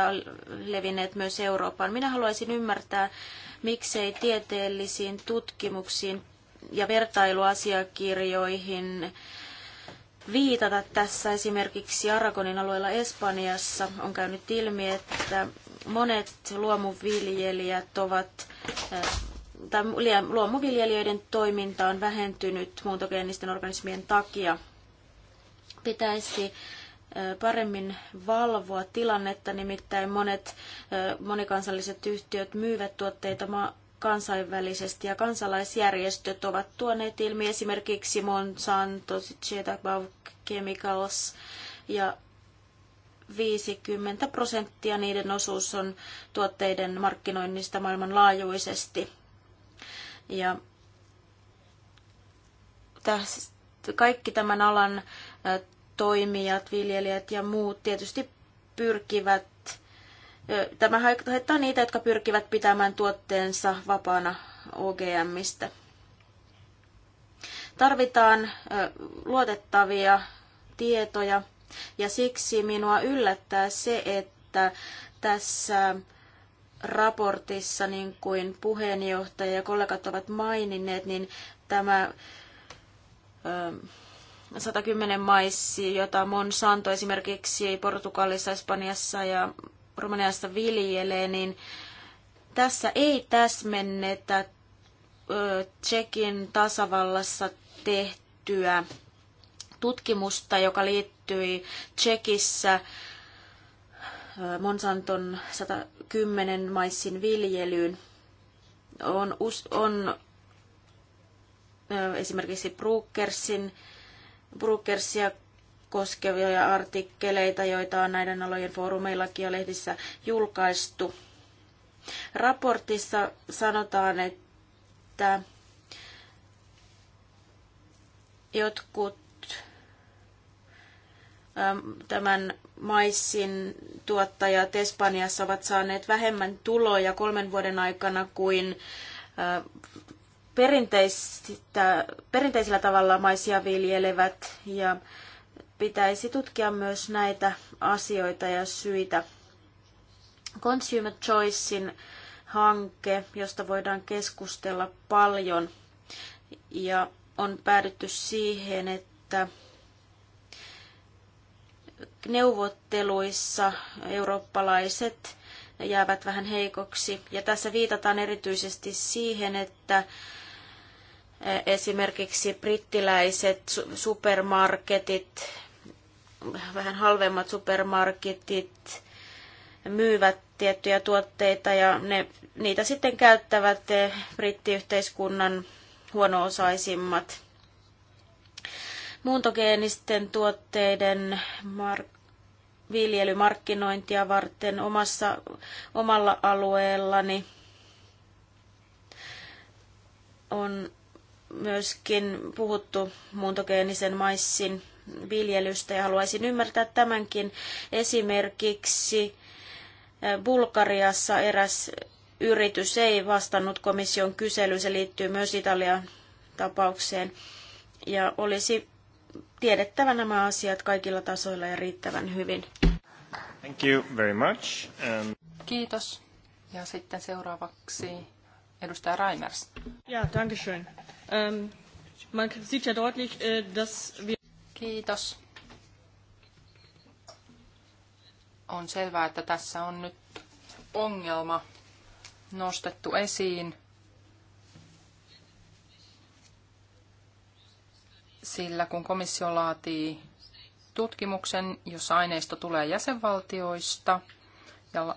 Speaker 3: levinneet myös Eurooppaan. Minä haluaisin ymmärtää, miksei tieteellisiin tutkimuksiin ja vertailuasiakirjoihin viitata tässä. Esimerkiksi Aragonin alueella Espanjassa on käynyt ilmi, että monet luomuviljelijät ovat eh, tai luomuviljelijöiden toiminta on vähentynyt muuntogeenisten organismien takia. Pitäisi eh, paremmin valvoa tilannetta, nimittäin monet eh, monikansalliset yhtiöt myyvät tuotteita kansainvälisesti ja kansalaisjärjestöt ovat tuoneet ilmi esimerkiksi Monsanto, Chetabau Chemicals ja 50 prosenttia niiden osuus on tuotteiden markkinoinnista maailmanlaajuisesti. Ja tästä kaikki tämän alan toimijat, viljelijät ja muut tietysti pyrkivät Tämä haittaa niitä, jotka pyrkivät pitämään tuotteensa vapaana OGMistä. Tarvitaan luotettavia tietoja ja siksi minua yllättää se, että tässä raportissa, niin kuin puheenjohtaja ja kollegat ovat maininneet, niin tämä 110 maissi, jota Monsanto esimerkiksi Portugalissa, Espanjassa ja Romaniassa viljelee, niin tässä ei täsmennetä Tsekin tasavallassa tehtyä tutkimusta, joka liittyi Tsekissä Monsanton 110 maissin viljelyyn. On, on esimerkiksi Brookersin, Brookersia koskevia artikkeleita, joita on näiden alojen foorumeillakin ja lehdissä julkaistu. Raportissa sanotaan, että jotkut ähm, tämän maissin tuottajat Espanjassa ovat saaneet vähemmän tuloja kolmen vuoden aikana kuin äh, perinteisillä tavalla maisia viljelevät ja pitäisi tutkia myös näitä asioita ja syitä. Consumer Choicein hanke, josta voidaan keskustella paljon. Ja on päädytty siihen, että neuvotteluissa eurooppalaiset jäävät vähän heikoksi. Ja tässä viitataan erityisesti siihen, että esimerkiksi brittiläiset supermarketit vähän halvemmat supermarketit myyvät tiettyjä tuotteita ja ne, niitä sitten käyttävät eh, brittiyhteiskunnan huono-osaisimmat. Muuntogeenisten tuotteiden mark- viljelymarkkinointia varten omassa, omalla alueellani on myöskin puhuttu muuntogeenisen maissin viljelystä ja haluaisin ymmärtää tämänkin esimerkiksi Bulgariassa eräs yritys ei vastannut komission kyselyyn, se liittyy myös Italian tapaukseen. Ja olisi tiedettävä nämä asiat kaikilla tasoilla ja riittävän hyvin.
Speaker 2: Thank you very much. Um...
Speaker 3: Kiitos. Ja sitten seuraavaksi edustaja Reimers.
Speaker 4: Ja, danke schön. Um, man sieht ja deutlich, äh, dass wir... Kiitos. On selvää, että tässä on nyt ongelma nostettu esiin, sillä kun komissio laatii tutkimuksen, jos aineisto tulee jäsenvaltioista ja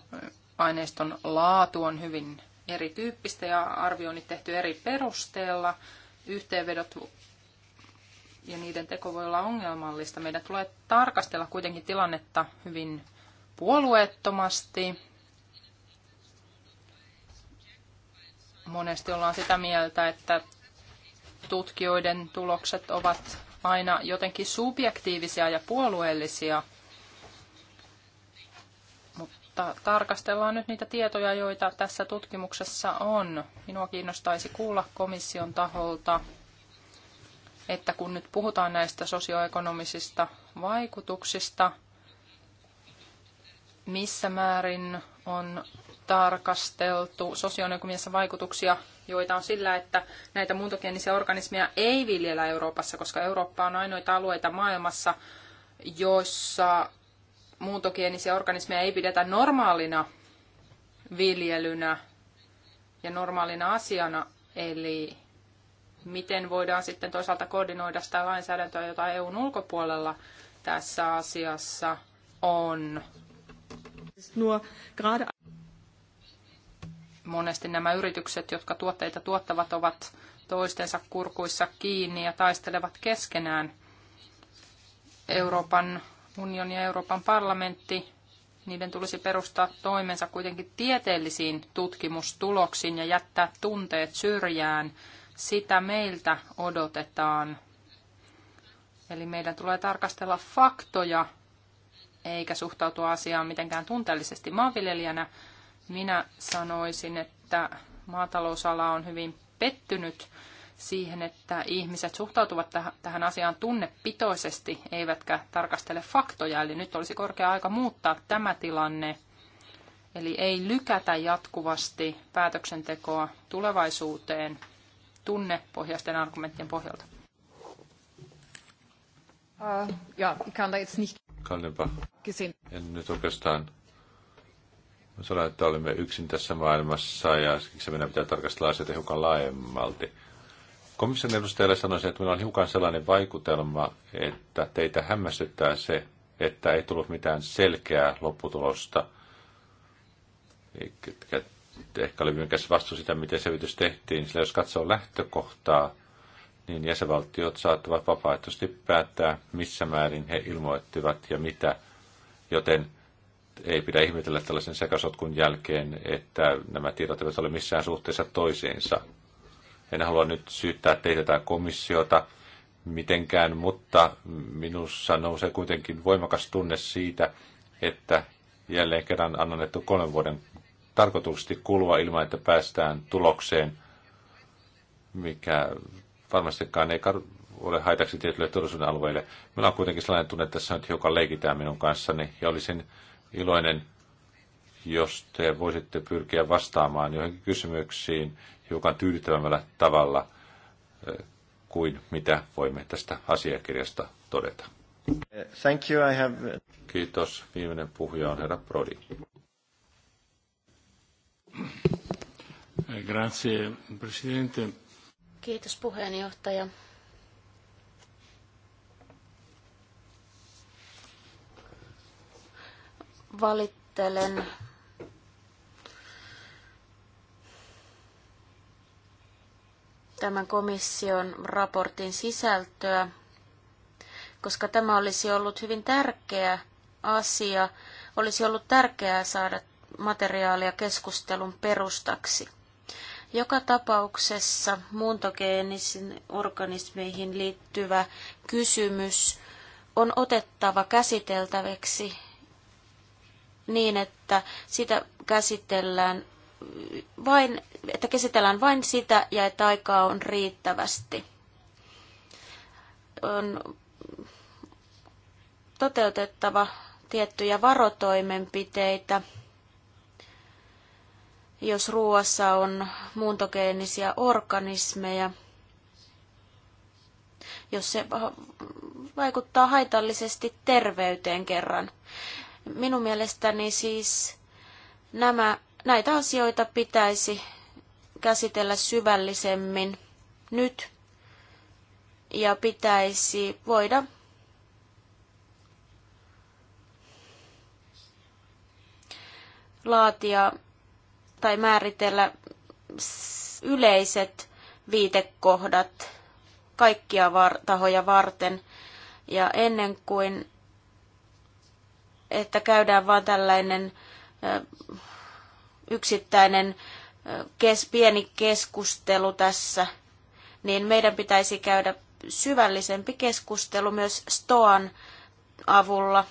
Speaker 4: aineiston laatu on hyvin erityyppistä ja arvioinnit tehty eri perusteella, yhteenvedot ja niiden teko voi olla ongelmallista. Meidän tulee tarkastella kuitenkin tilannetta hyvin puolueettomasti. Monesti ollaan sitä mieltä, että tutkijoiden tulokset ovat aina jotenkin subjektiivisia ja puolueellisia. Mutta tarkastellaan nyt niitä tietoja, joita tässä tutkimuksessa on. Minua kiinnostaisi kuulla komission taholta että kun nyt puhutaan näistä sosioekonomisista vaikutuksista, missä määrin on tarkasteltu sosioekonomisia vaikutuksia, joita on sillä, että näitä muuntogeenisiä organismeja ei viljellä Euroopassa, koska Eurooppa on ainoita alueita maailmassa, joissa muuntogeenisiä organismeja ei pidetä normaalina viljelynä ja normaalina asiana, eli miten voidaan sitten toisaalta koordinoida sitä lainsäädäntöä, jota EUn ulkopuolella tässä asiassa on. Monesti nämä yritykset, jotka tuotteita tuottavat, ovat toistensa kurkuissa kiinni ja taistelevat keskenään. Euroopan unioni ja Euroopan parlamentti, niiden tulisi perustaa toimensa kuitenkin tieteellisiin tutkimustuloksiin ja jättää tunteet syrjään sitä meiltä odotetaan. Eli meidän tulee tarkastella faktoja, eikä suhtautua asiaan mitenkään tunteellisesti maanviljelijänä. Minä sanoisin, että maatalousala on hyvin pettynyt siihen, että ihmiset suhtautuvat tähän asiaan tunnepitoisesti, eivätkä tarkastele faktoja. Eli nyt olisi korkea aika muuttaa tämä tilanne. Eli ei lykätä jatkuvasti päätöksentekoa tulevaisuuteen – tunnepohjaisten argumenttien pohjalta. Uh, ja, kann da jetzt nicht...
Speaker 1: En nyt oikeastaan sano, että olemme yksin tässä maailmassa ja siksi meidän pitää tarkastella asioita hiukan laajemmalti. Komission edustajalle sanoisin, että meillä on hiukan sellainen vaikutelma, että teitä hämmästyttää se, että ei tullut mitään selkeää lopputulosta, eikä ehkä oli myös vastu sitä, miten selvitys tehtiin, sillä jos katsoo lähtökohtaa, niin jäsenvaltiot saattavat vapaaehtoisesti päättää, missä määrin he ilmoittivat ja mitä, joten ei pidä ihmetellä tällaisen sekasotkun jälkeen, että nämä tiedot eivät ole missään suhteessa toisiinsa. En halua nyt syyttää teitä tai komissiota mitenkään, mutta minussa nousee kuitenkin voimakas tunne siitä, että jälleen kerran annettu kolmen vuoden Tarkoituksesti kulua ilman, että päästään tulokseen, mikä varmastikaan ei ole haitaksi tietylle turvallisuuden alueille. Minulla on kuitenkin sellainen tunne, että tässä nyt hiukan leikitään minun kanssani ja olisin iloinen, jos te voisitte pyrkiä vastaamaan joihinkin kysymyksiin hiukan tyydyttävämmällä tavalla eh, kuin mitä voimme tästä asiakirjasta todeta.
Speaker 2: Thank you, I have...
Speaker 1: Kiitos. Viimeinen puhuja on herra Prodi. Eh,
Speaker 3: Kiitos puheenjohtaja. Valittelen tämän komission raportin sisältöä, koska tämä olisi ollut hyvin tärkeä asia. Olisi ollut tärkeää saada materiaalia keskustelun perustaksi. Joka tapauksessa muuntogeenisiin organismeihin liittyvä kysymys on otettava käsiteltäväksi niin, että sitä käsitellään vain, että käsitellään vain sitä ja että aikaa on riittävästi. On toteutettava tiettyjä varotoimenpiteitä jos ruoassa on muuntogeenisiä organismeja, jos se vaikuttaa haitallisesti terveyteen kerran. Minun mielestäni siis nämä, näitä asioita pitäisi käsitellä syvällisemmin nyt ja pitäisi voida laatia tai määritellä yleiset viitekohdat kaikkia var- tahoja varten. Ja ennen kuin, että käydään vain tällainen yksittäinen kes- pieni keskustelu tässä, niin meidän pitäisi käydä syvällisempi keskustelu myös STOAN avulla.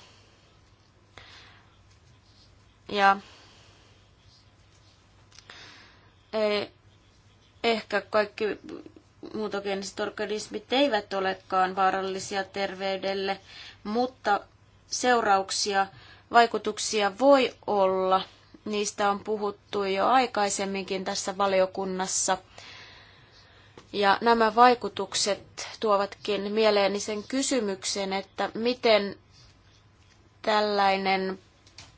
Speaker 3: Ja ei, ehkä kaikki muutogeeniset organismit eivät olekaan vaarallisia terveydelle, mutta seurauksia, vaikutuksia voi olla. Niistä on puhuttu jo aikaisemminkin tässä valiokunnassa. Ja nämä vaikutukset tuovatkin mieleeni sen kysymyksen, että miten tällainen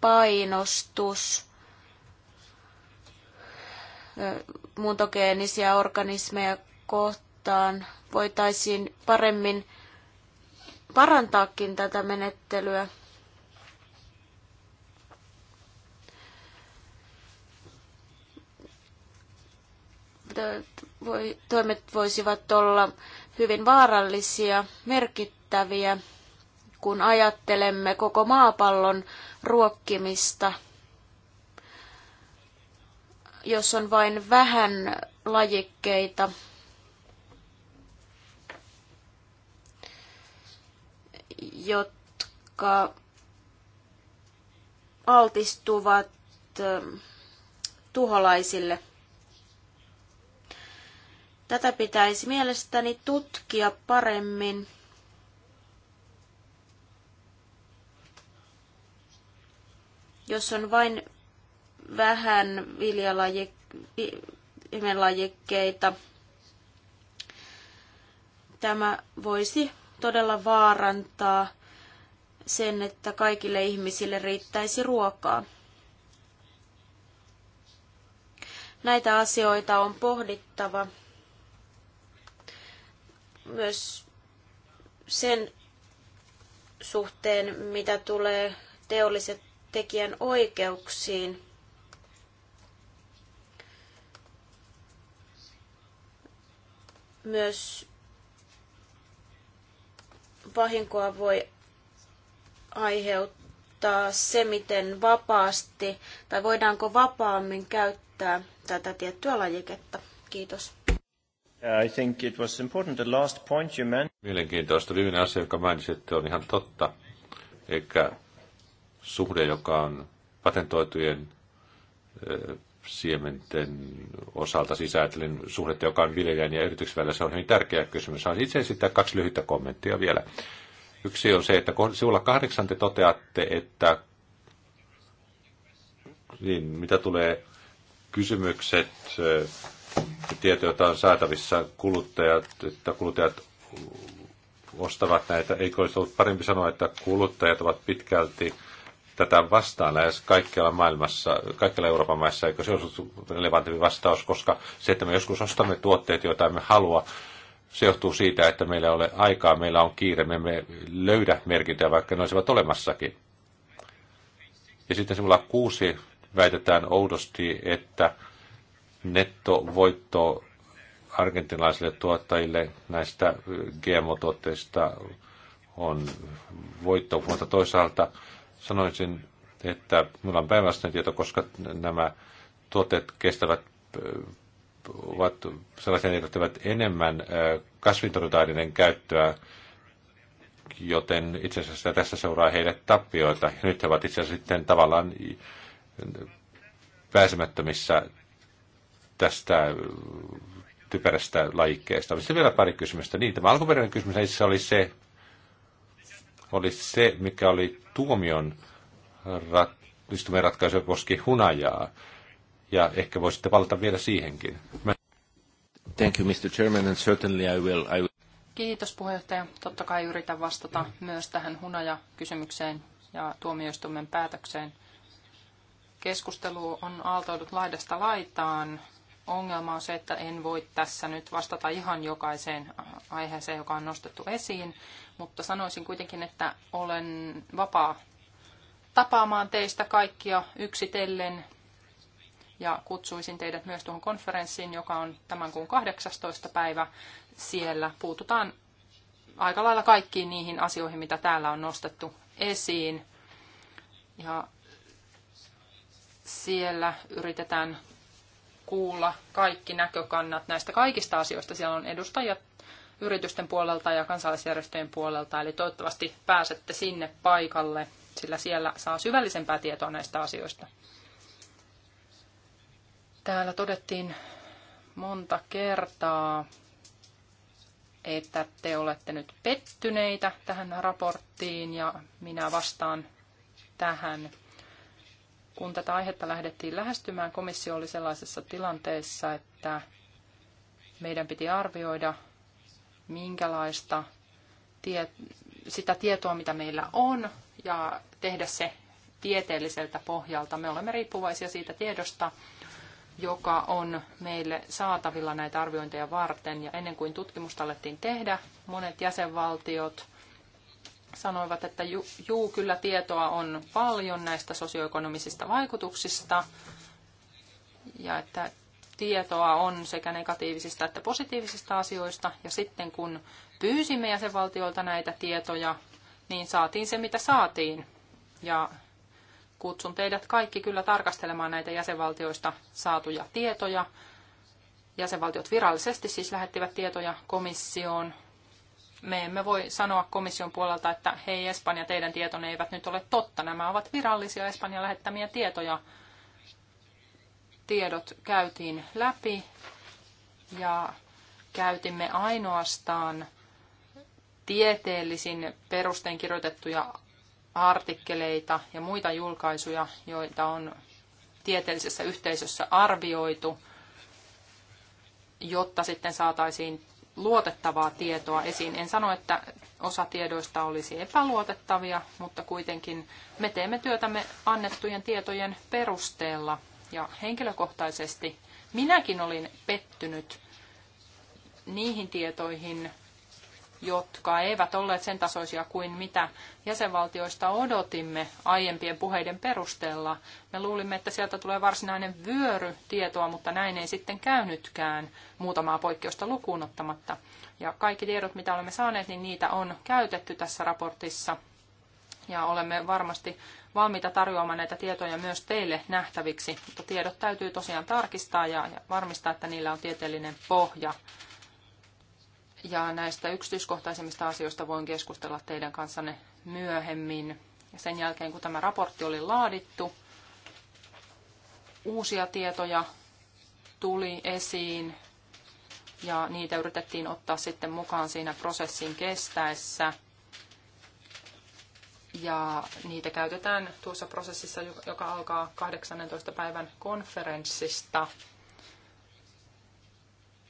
Speaker 3: painostus muuntogeenisiä organismeja kohtaan voitaisiin paremmin parantaakin tätä menettelyä. Toimet voisivat olla hyvin vaarallisia, merkittäviä, kun ajattelemme koko maapallon ruokkimista – jos on vain vähän lajikkeita. jotka altistuvat ähm, tuholaisille. Tätä pitäisi mielestäni tutkia paremmin. Jos on vain vähän viljalajikkeita. Tämä voisi todella vaarantaa sen, että kaikille ihmisille riittäisi ruokaa. Näitä asioita on pohdittava myös sen suhteen, mitä tulee teolliset tekijän oikeuksiin. myös vahinkoa voi aiheuttaa se, miten vapaasti tai voidaanko vapaammin käyttää tätä tiettyä lajiketta. Kiitos.
Speaker 1: I think it was important the last
Speaker 2: point you mentioned.
Speaker 1: Mielenkiintoista. Viimeinen asia, joka että on ihan totta. Eli suhde, joka on patentoitujen eh, siementen osalta sisäilin suhdetta, joka on viljelijän ja yrityksen välillä. Se on hyvin tärkeä kysymys. Saan itse esittää kaksi lyhyttä kommenttia vielä. Yksi on se, että kun sivulla kahdeksan te toteatte, että niin, mitä tulee kysymykset, tietoja, joita on saatavissa kuluttajat, että kuluttajat ostavat näitä. Eikö olisi ollut parempi sanoa, että kuluttajat ovat pitkälti tätä vastaan lähes kaikkialla maailmassa, kaikkialla Euroopan maissa, eikö se ole relevantimpi vastaus, koska se, että me joskus ostamme tuotteet, joita emme halua, se johtuu siitä, että meillä ei ole aikaa, meillä on kiire, me emme löydä merkintöjä, vaikka ne olisivat olemassakin. Ja sitten sivulla kuusi väitetään oudosti, että nettovoitto argentinalaisille tuottajille näistä GMO-tuotteista on voitto, mutta toisaalta Sanoisin, että minulla on päinvastainen tieto, koska nämä tuotteet kestävät ovat sellaisia, jotka tekevät enemmän kasvintorjunta käyttöä, joten itse asiassa tässä seuraa heille tappioita. Ja nyt he ovat itse asiassa sitten tavallaan pääsemättömissä tästä typerästä lajikkeesta. Sitten vielä pari kysymystä. Niin, tämä alkuperäinen kysymys itse oli se, oli se, mikä oli tuomion rat, istumen ratkaisu koski hunajaa. Ja ehkä voisitte valita vielä siihenkin. Mä... Thank you, Mr. Chairman, and certainly I will. I will.
Speaker 4: Kiitos puheenjohtaja. Totta kai yritän vastata myös tähän hunaja-kysymykseen ja tuomioistuimen päätökseen. Keskustelu on aaltoidut laidasta laitaan. Ongelma on se, että en voi tässä nyt vastata ihan jokaiseen aiheeseen, joka on nostettu esiin mutta sanoisin kuitenkin, että olen vapaa tapaamaan teistä kaikkia yksitellen ja kutsuisin teidät myös tuohon konferenssiin, joka on tämän kuun 18. päivä. Siellä puututaan aika lailla kaikkiin niihin asioihin, mitä täällä on nostettu esiin. Ja siellä yritetään kuulla kaikki näkökannat näistä kaikista asioista. Siellä on edustajat yritysten puolelta ja kansalaisjärjestöjen puolelta, eli toivottavasti pääsette sinne paikalle, sillä siellä saa syvällisempää tietoa näistä asioista. Täällä todettiin monta kertaa, että te olette nyt pettyneitä tähän raporttiin ja minä vastaan tähän. Kun tätä aihetta lähdettiin lähestymään, komissio oli sellaisessa tilanteessa, että meidän piti arvioida minkälaista tie, sitä tietoa, mitä meillä on, ja tehdä se tieteelliseltä pohjalta. Me olemme riippuvaisia siitä tiedosta, joka on meille saatavilla näitä arviointeja varten. Ja ennen kuin tutkimusta alettiin tehdä, monet jäsenvaltiot sanoivat, että ju- juu kyllä tietoa on paljon näistä sosioekonomisista vaikutuksista ja että tietoa on sekä negatiivisista että positiivisista asioista. Ja sitten kun pyysimme jäsenvaltioilta näitä tietoja, niin saatiin se, mitä saatiin. Ja kutsun teidät kaikki kyllä tarkastelemaan näitä jäsenvaltioista saatuja tietoja. Jäsenvaltiot virallisesti siis lähettivät tietoja komissioon. Me emme voi sanoa komission puolelta, että hei Espanja, teidän tietonne eivät nyt ole totta. Nämä ovat virallisia Espanjan lähettämiä tietoja tiedot käytiin läpi ja käytimme ainoastaan tieteellisin perustein kirjoitettuja artikkeleita ja muita julkaisuja, joita on tieteellisessä yhteisössä arvioitu, jotta sitten saataisiin luotettavaa tietoa esiin. En sano, että osa tiedoista olisi epäluotettavia, mutta kuitenkin me teemme työtämme annettujen tietojen perusteella ja henkilökohtaisesti minäkin olin pettynyt niihin tietoihin, jotka eivät olleet sen tasoisia kuin mitä jäsenvaltioista odotimme aiempien puheiden perusteella. Me luulimme, että sieltä tulee varsinainen vyöry tietoa, mutta näin ei sitten käynytkään muutamaa poikkeusta lukuun ottamatta. Ja kaikki tiedot, mitä olemme saaneet, niin niitä on käytetty tässä raportissa – ja olemme varmasti valmiita tarjoamaan näitä tietoja myös teille nähtäviksi, mutta tiedot täytyy tosiaan tarkistaa ja, ja varmistaa, että niillä on tieteellinen pohja. Ja näistä yksityiskohtaisemmista asioista voin keskustella teidän kanssanne myöhemmin. Ja sen jälkeen, kun tämä raportti oli laadittu, uusia tietoja tuli esiin ja niitä yritettiin ottaa sitten mukaan siinä prosessin kestäessä – ja niitä käytetään tuossa prosessissa, joka alkaa 18. päivän konferenssista.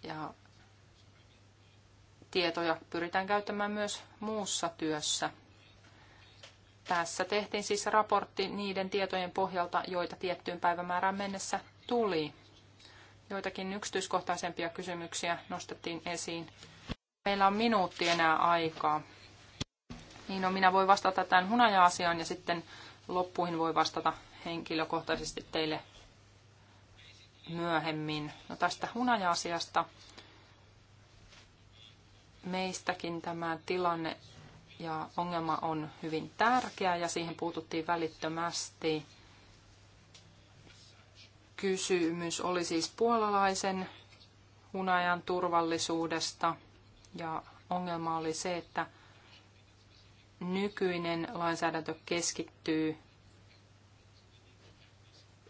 Speaker 4: Ja tietoja pyritään käyttämään myös muussa työssä. Tässä tehtiin siis raportti niiden tietojen pohjalta, joita tiettyyn päivämäärään mennessä tuli. Joitakin yksityiskohtaisempia kysymyksiä nostettiin esiin. Meillä on minuutti enää aikaa. Niin no, minä voin vastata tämän hunaja-asiaan ja sitten loppuihin voi vastata henkilökohtaisesti teille myöhemmin. No tästä hunaja-asiasta meistäkin tämä tilanne ja ongelma on hyvin tärkeä ja siihen puututtiin välittömästi. Kysymys oli siis puolalaisen hunajan turvallisuudesta ja ongelma oli se, että nykyinen lainsäädäntö keskittyy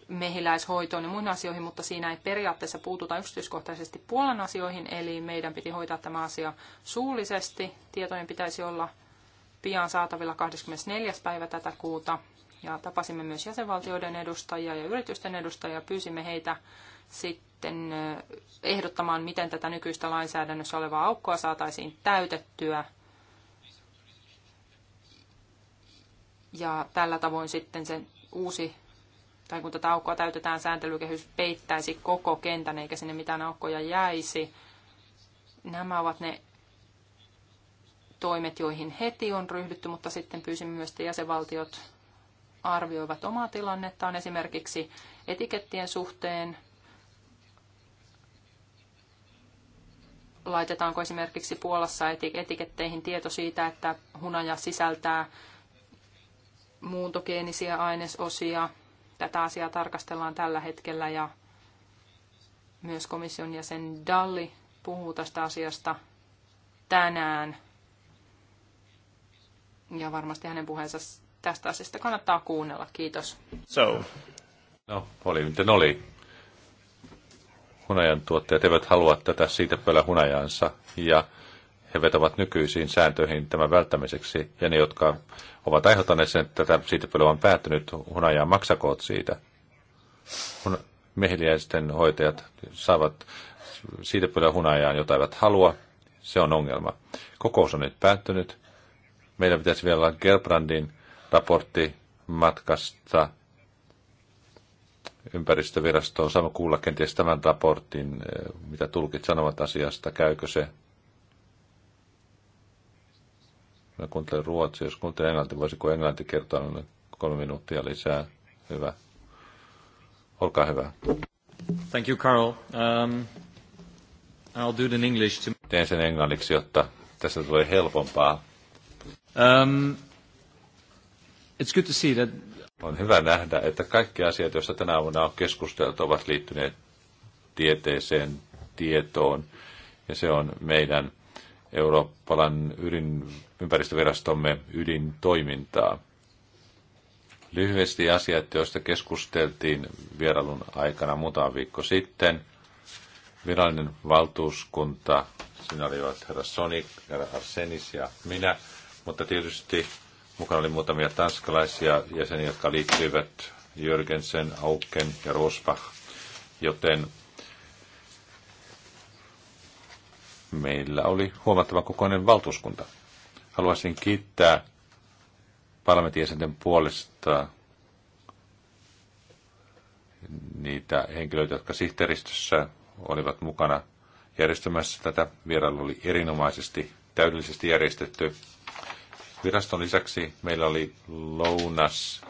Speaker 4: mehiläishoitoon ja muihin asioihin, mutta siinä ei periaatteessa puututa yksityiskohtaisesti Puolan asioihin, eli meidän piti hoitaa tämä asia suullisesti. Tietojen pitäisi olla pian saatavilla 24. päivä tätä kuuta. Ja tapasimme myös jäsenvaltioiden edustajia ja yritysten edustajia. Pyysimme heitä sitten ehdottamaan, miten tätä nykyistä lainsäädännössä olevaa aukkoa saataisiin täytettyä – Ja tällä tavoin sitten sen uusi, tai kun tätä aukkoa täytetään, sääntelykehys peittäisi koko kentän, eikä sinne mitään aukkoja jäisi. Nämä ovat ne toimet, joihin heti on ryhdytty, mutta sitten pyysin myös, että jäsenvaltiot arvioivat omaa tilannettaan esimerkiksi etikettien suhteen. Laitetaanko esimerkiksi Puolassa etiketteihin tieto siitä, että hunaja sisältää muuntogeenisiä ainesosia. Tätä asiaa tarkastellaan tällä hetkellä ja myös komission jäsen Dalli puhuu tästä asiasta tänään. Ja varmasti hänen puheensa tästä asiasta kannattaa kuunnella. Kiitos.
Speaker 1: So. No, oli miten oli. Hunajan tuottajat eivät halua tätä siitä pöllä hunajansa. Ja he vetovat nykyisiin sääntöihin tämän välttämiseksi, ja ne, jotka ovat aiheuttaneet sen, että tätä siitepölyä on päättynyt, hunajaa maksakoot siitä. Hun- mehiliäisten hoitajat saavat siitepölyä hunajaan, jota eivät halua. Se on ongelma. Kokous on nyt päättynyt. Meidän pitäisi vielä olla Gerbrandin raportti matkasta ympäristövirastoon. Saamme kuulla kenties tämän raportin, eh, mitä tulkit sanovat asiasta, käykö se Mä kuuntelen ruotsi, Jos kuuntelen englanti voisiko englanti kertoa noin kolme minuuttia lisää? Hyvä. Olkaa hyvä. Thank you, Carl. Um, I'll do it in English. To... Teen sen englanniksi, jotta tässä tulee helpompaa. Um, it's good to see that... On hyvä nähdä, että kaikki asiat, joista tänä aamuna on keskusteltu, ovat liittyneet tieteeseen, tietoon, ja se on meidän – Euroopan ydin, ympäristövirastomme ydintoimintaa. Lyhyesti asiat, joista keskusteltiin vierailun aikana muutama viikko sitten. Virallinen valtuuskunta, siinä olivat herra Sonic, herra Arsenis ja minä, mutta tietysti mukana oli muutamia tanskalaisia jäseniä, jotka liittyivät Jörgensen, Auken ja Rosbach, joten meillä oli huomattava kokoinen valtuuskunta. Haluaisin kiittää parlamentin puolesta niitä henkilöitä, jotka sihteeristössä olivat mukana järjestämässä tätä. Vierailu oli erinomaisesti, täydellisesti järjestetty. Viraston lisäksi meillä oli lounas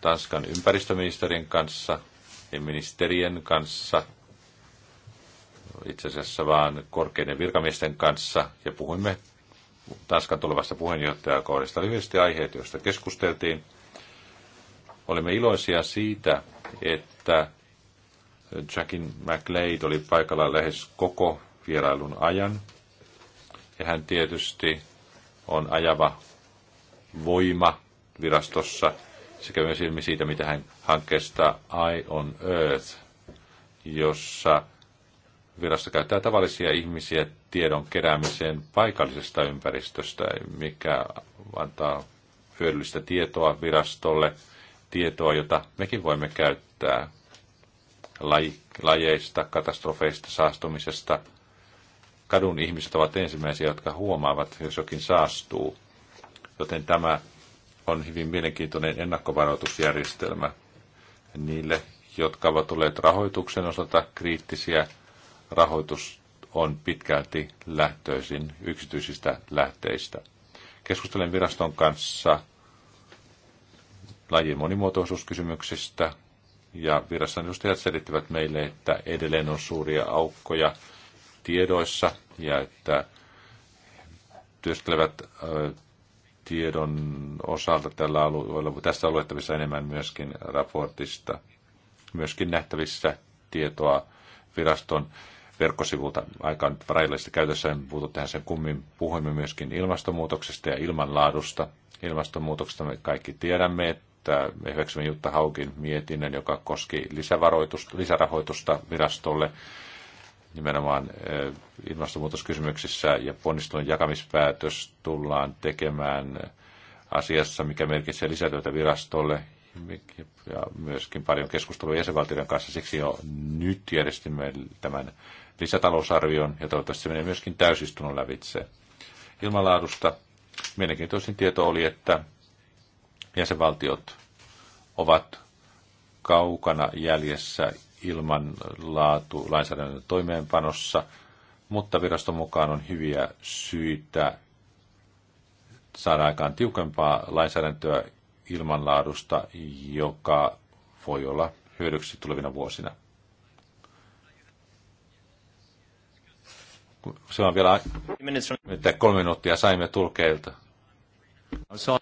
Speaker 1: Tanskan ympäristöministerin kanssa ja ministerien kanssa – itse asiassa vaan korkeiden virkamiesten kanssa ja puhuimme Tanskan tulevasta puheenjohtajakaudesta lyhyesti aiheet, joista keskusteltiin. Olimme iloisia siitä, että Jackin McLeod oli paikalla lähes koko vierailun ajan. Ja hän tietysti on ajava voima virastossa sekä myös ilmi siitä, mitä hän hankkeesta Eye on Earth, jossa virasto käyttää tavallisia ihmisiä tiedon keräämiseen paikallisesta ympäristöstä, mikä antaa hyödyllistä tietoa virastolle, tietoa, jota mekin voimme käyttää lajeista, katastrofeista, saastumisesta. Kadun ihmiset ovat ensimmäisiä, jotka huomaavat, jos jokin saastuu. Joten tämä on hyvin mielenkiintoinen ennakkovaroitusjärjestelmä niille, jotka ovat tulleet rahoituksen osalta kriittisiä – rahoitus on pitkälti lähtöisin yksityisistä lähteistä. Keskustelen viraston kanssa lajin monimuotoisuuskysymyksistä, ja viraston edustajat selittivät meille, että edelleen on suuria aukkoja tiedoissa, ja että työskentelevät tiedon osalta tällä alueella. Tässä on luettavissa enemmän myöskin raportista, myöskin nähtävissä tietoa viraston verkkosivulta aikaan rajallisesti käytössä, en puutu tähän sen kummin. Puhuimme myöskin ilmastonmuutoksesta ja ilmanlaadusta. Ilmastonmuutoksesta me kaikki tiedämme, että me hyväksymme Jutta Haukin mietinnön, joka koski lisärahoitusta virastolle nimenomaan eh, ilmastonmuutoskysymyksissä ja ponnistelun jakamispäätös tullaan tekemään asiassa, mikä merkitsee lisätyötä virastolle ja myöskin paljon keskustelua jäsenvaltioiden kanssa. Siksi jo nyt järjestimme tämän lisätalousarvion ja toivottavasti se menee myöskin täysistunnon lävitse. Ilmanlaadusta mielenkiintoisin tieto oli, että jäsenvaltiot ovat kaukana jäljessä ilmanlaatu lainsäädännön toimeenpanossa, mutta viraston mukaan on hyviä syitä saada aikaan tiukempaa lainsäädäntöä ilmanlaadusta, joka voi olla hyödyksi tulevina vuosina. se on vielä että kolme minuuttia saimme tulkeilta.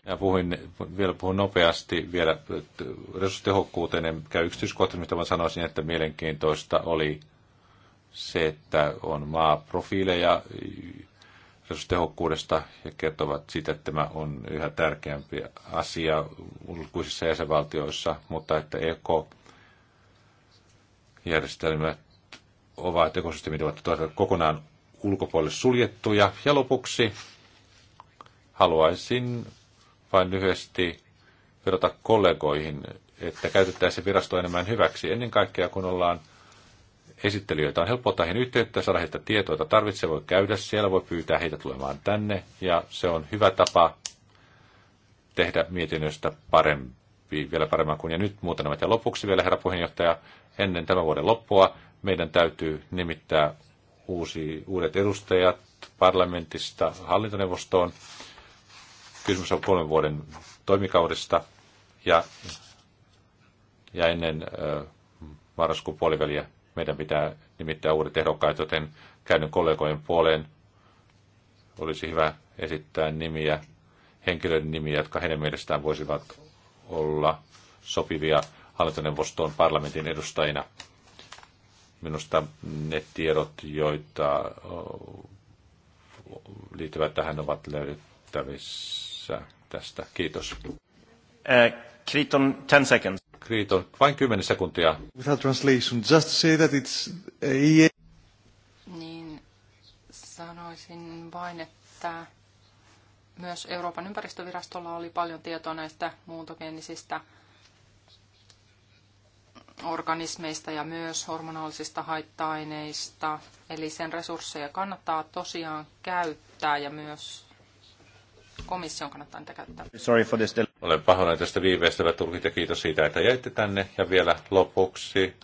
Speaker 1: Ja puhuin, vielä puhun nopeasti vielä resurssitehokkuuteen, mikä yksityiskohtaisesti, mitä mä sanoisin, että mielenkiintoista oli se, että on maaprofiileja resurssitehokkuudesta ja kertovat siitä, että tämä on yhä tärkeämpi asia ulkoisissa jäsenvaltioissa, mutta että ekojärjestelmät ovat ekosysteemit ovat tuota kokonaan ulkopuolelle suljettuja. Ja lopuksi haluaisin vain lyhyesti vedota kollegoihin, että käytettäisiin virasto enemmän hyväksi. Ennen kaikkea, kun ollaan esittelijöitä, on helppo ottaa yhteyttä, saada heitä tietoa, että tarvitsee, voi käydä siellä, voi pyytää heitä tulemaan tänne, ja se on hyvä tapa tehdä mietinnöstä parempi, vielä paremmin kuin ja nyt muuten. Ja lopuksi vielä, herra puheenjohtaja, ennen tämän vuoden loppua meidän täytyy nimittää uusi, uudet edustajat parlamentista hallintoneuvostoon. Kysymys on kolmen vuoden toimikaudesta ja, ja ennen äh, marraskuun puoliväliä meidän pitää nimittää uudet ehdokkaat, joten käynyt kollegojen puoleen. Olisi hyvä esittää nimiä, henkilöiden nimiä, jotka heidän mielestään voisivat olla sopivia hallintoneuvostoon parlamentin edustajina. Minusta ne tiedot, joita liittyvät tähän, ovat löydettävissä tästä. Kiitos. Eh, Kriton, 10 seconds. Kriton, vain 10 sekuntia. Without translation,
Speaker 2: just say that it's EA. Eh, e niin
Speaker 4: sanoisin vain, että myös Euroopan ympäristövirastolla oli paljon tietoa näistä muuntogeenisistä organismeista ja myös hormonaalisista haitta-aineista. Eli sen resursseja kannattaa tosiaan käyttää ja myös komission kannattaa niitä
Speaker 1: käyttää. Sorry for this. Olen pahoillani tästä viiveestä, tulkit ja kiitos siitä, että jäitte tänne. Ja vielä lopuksi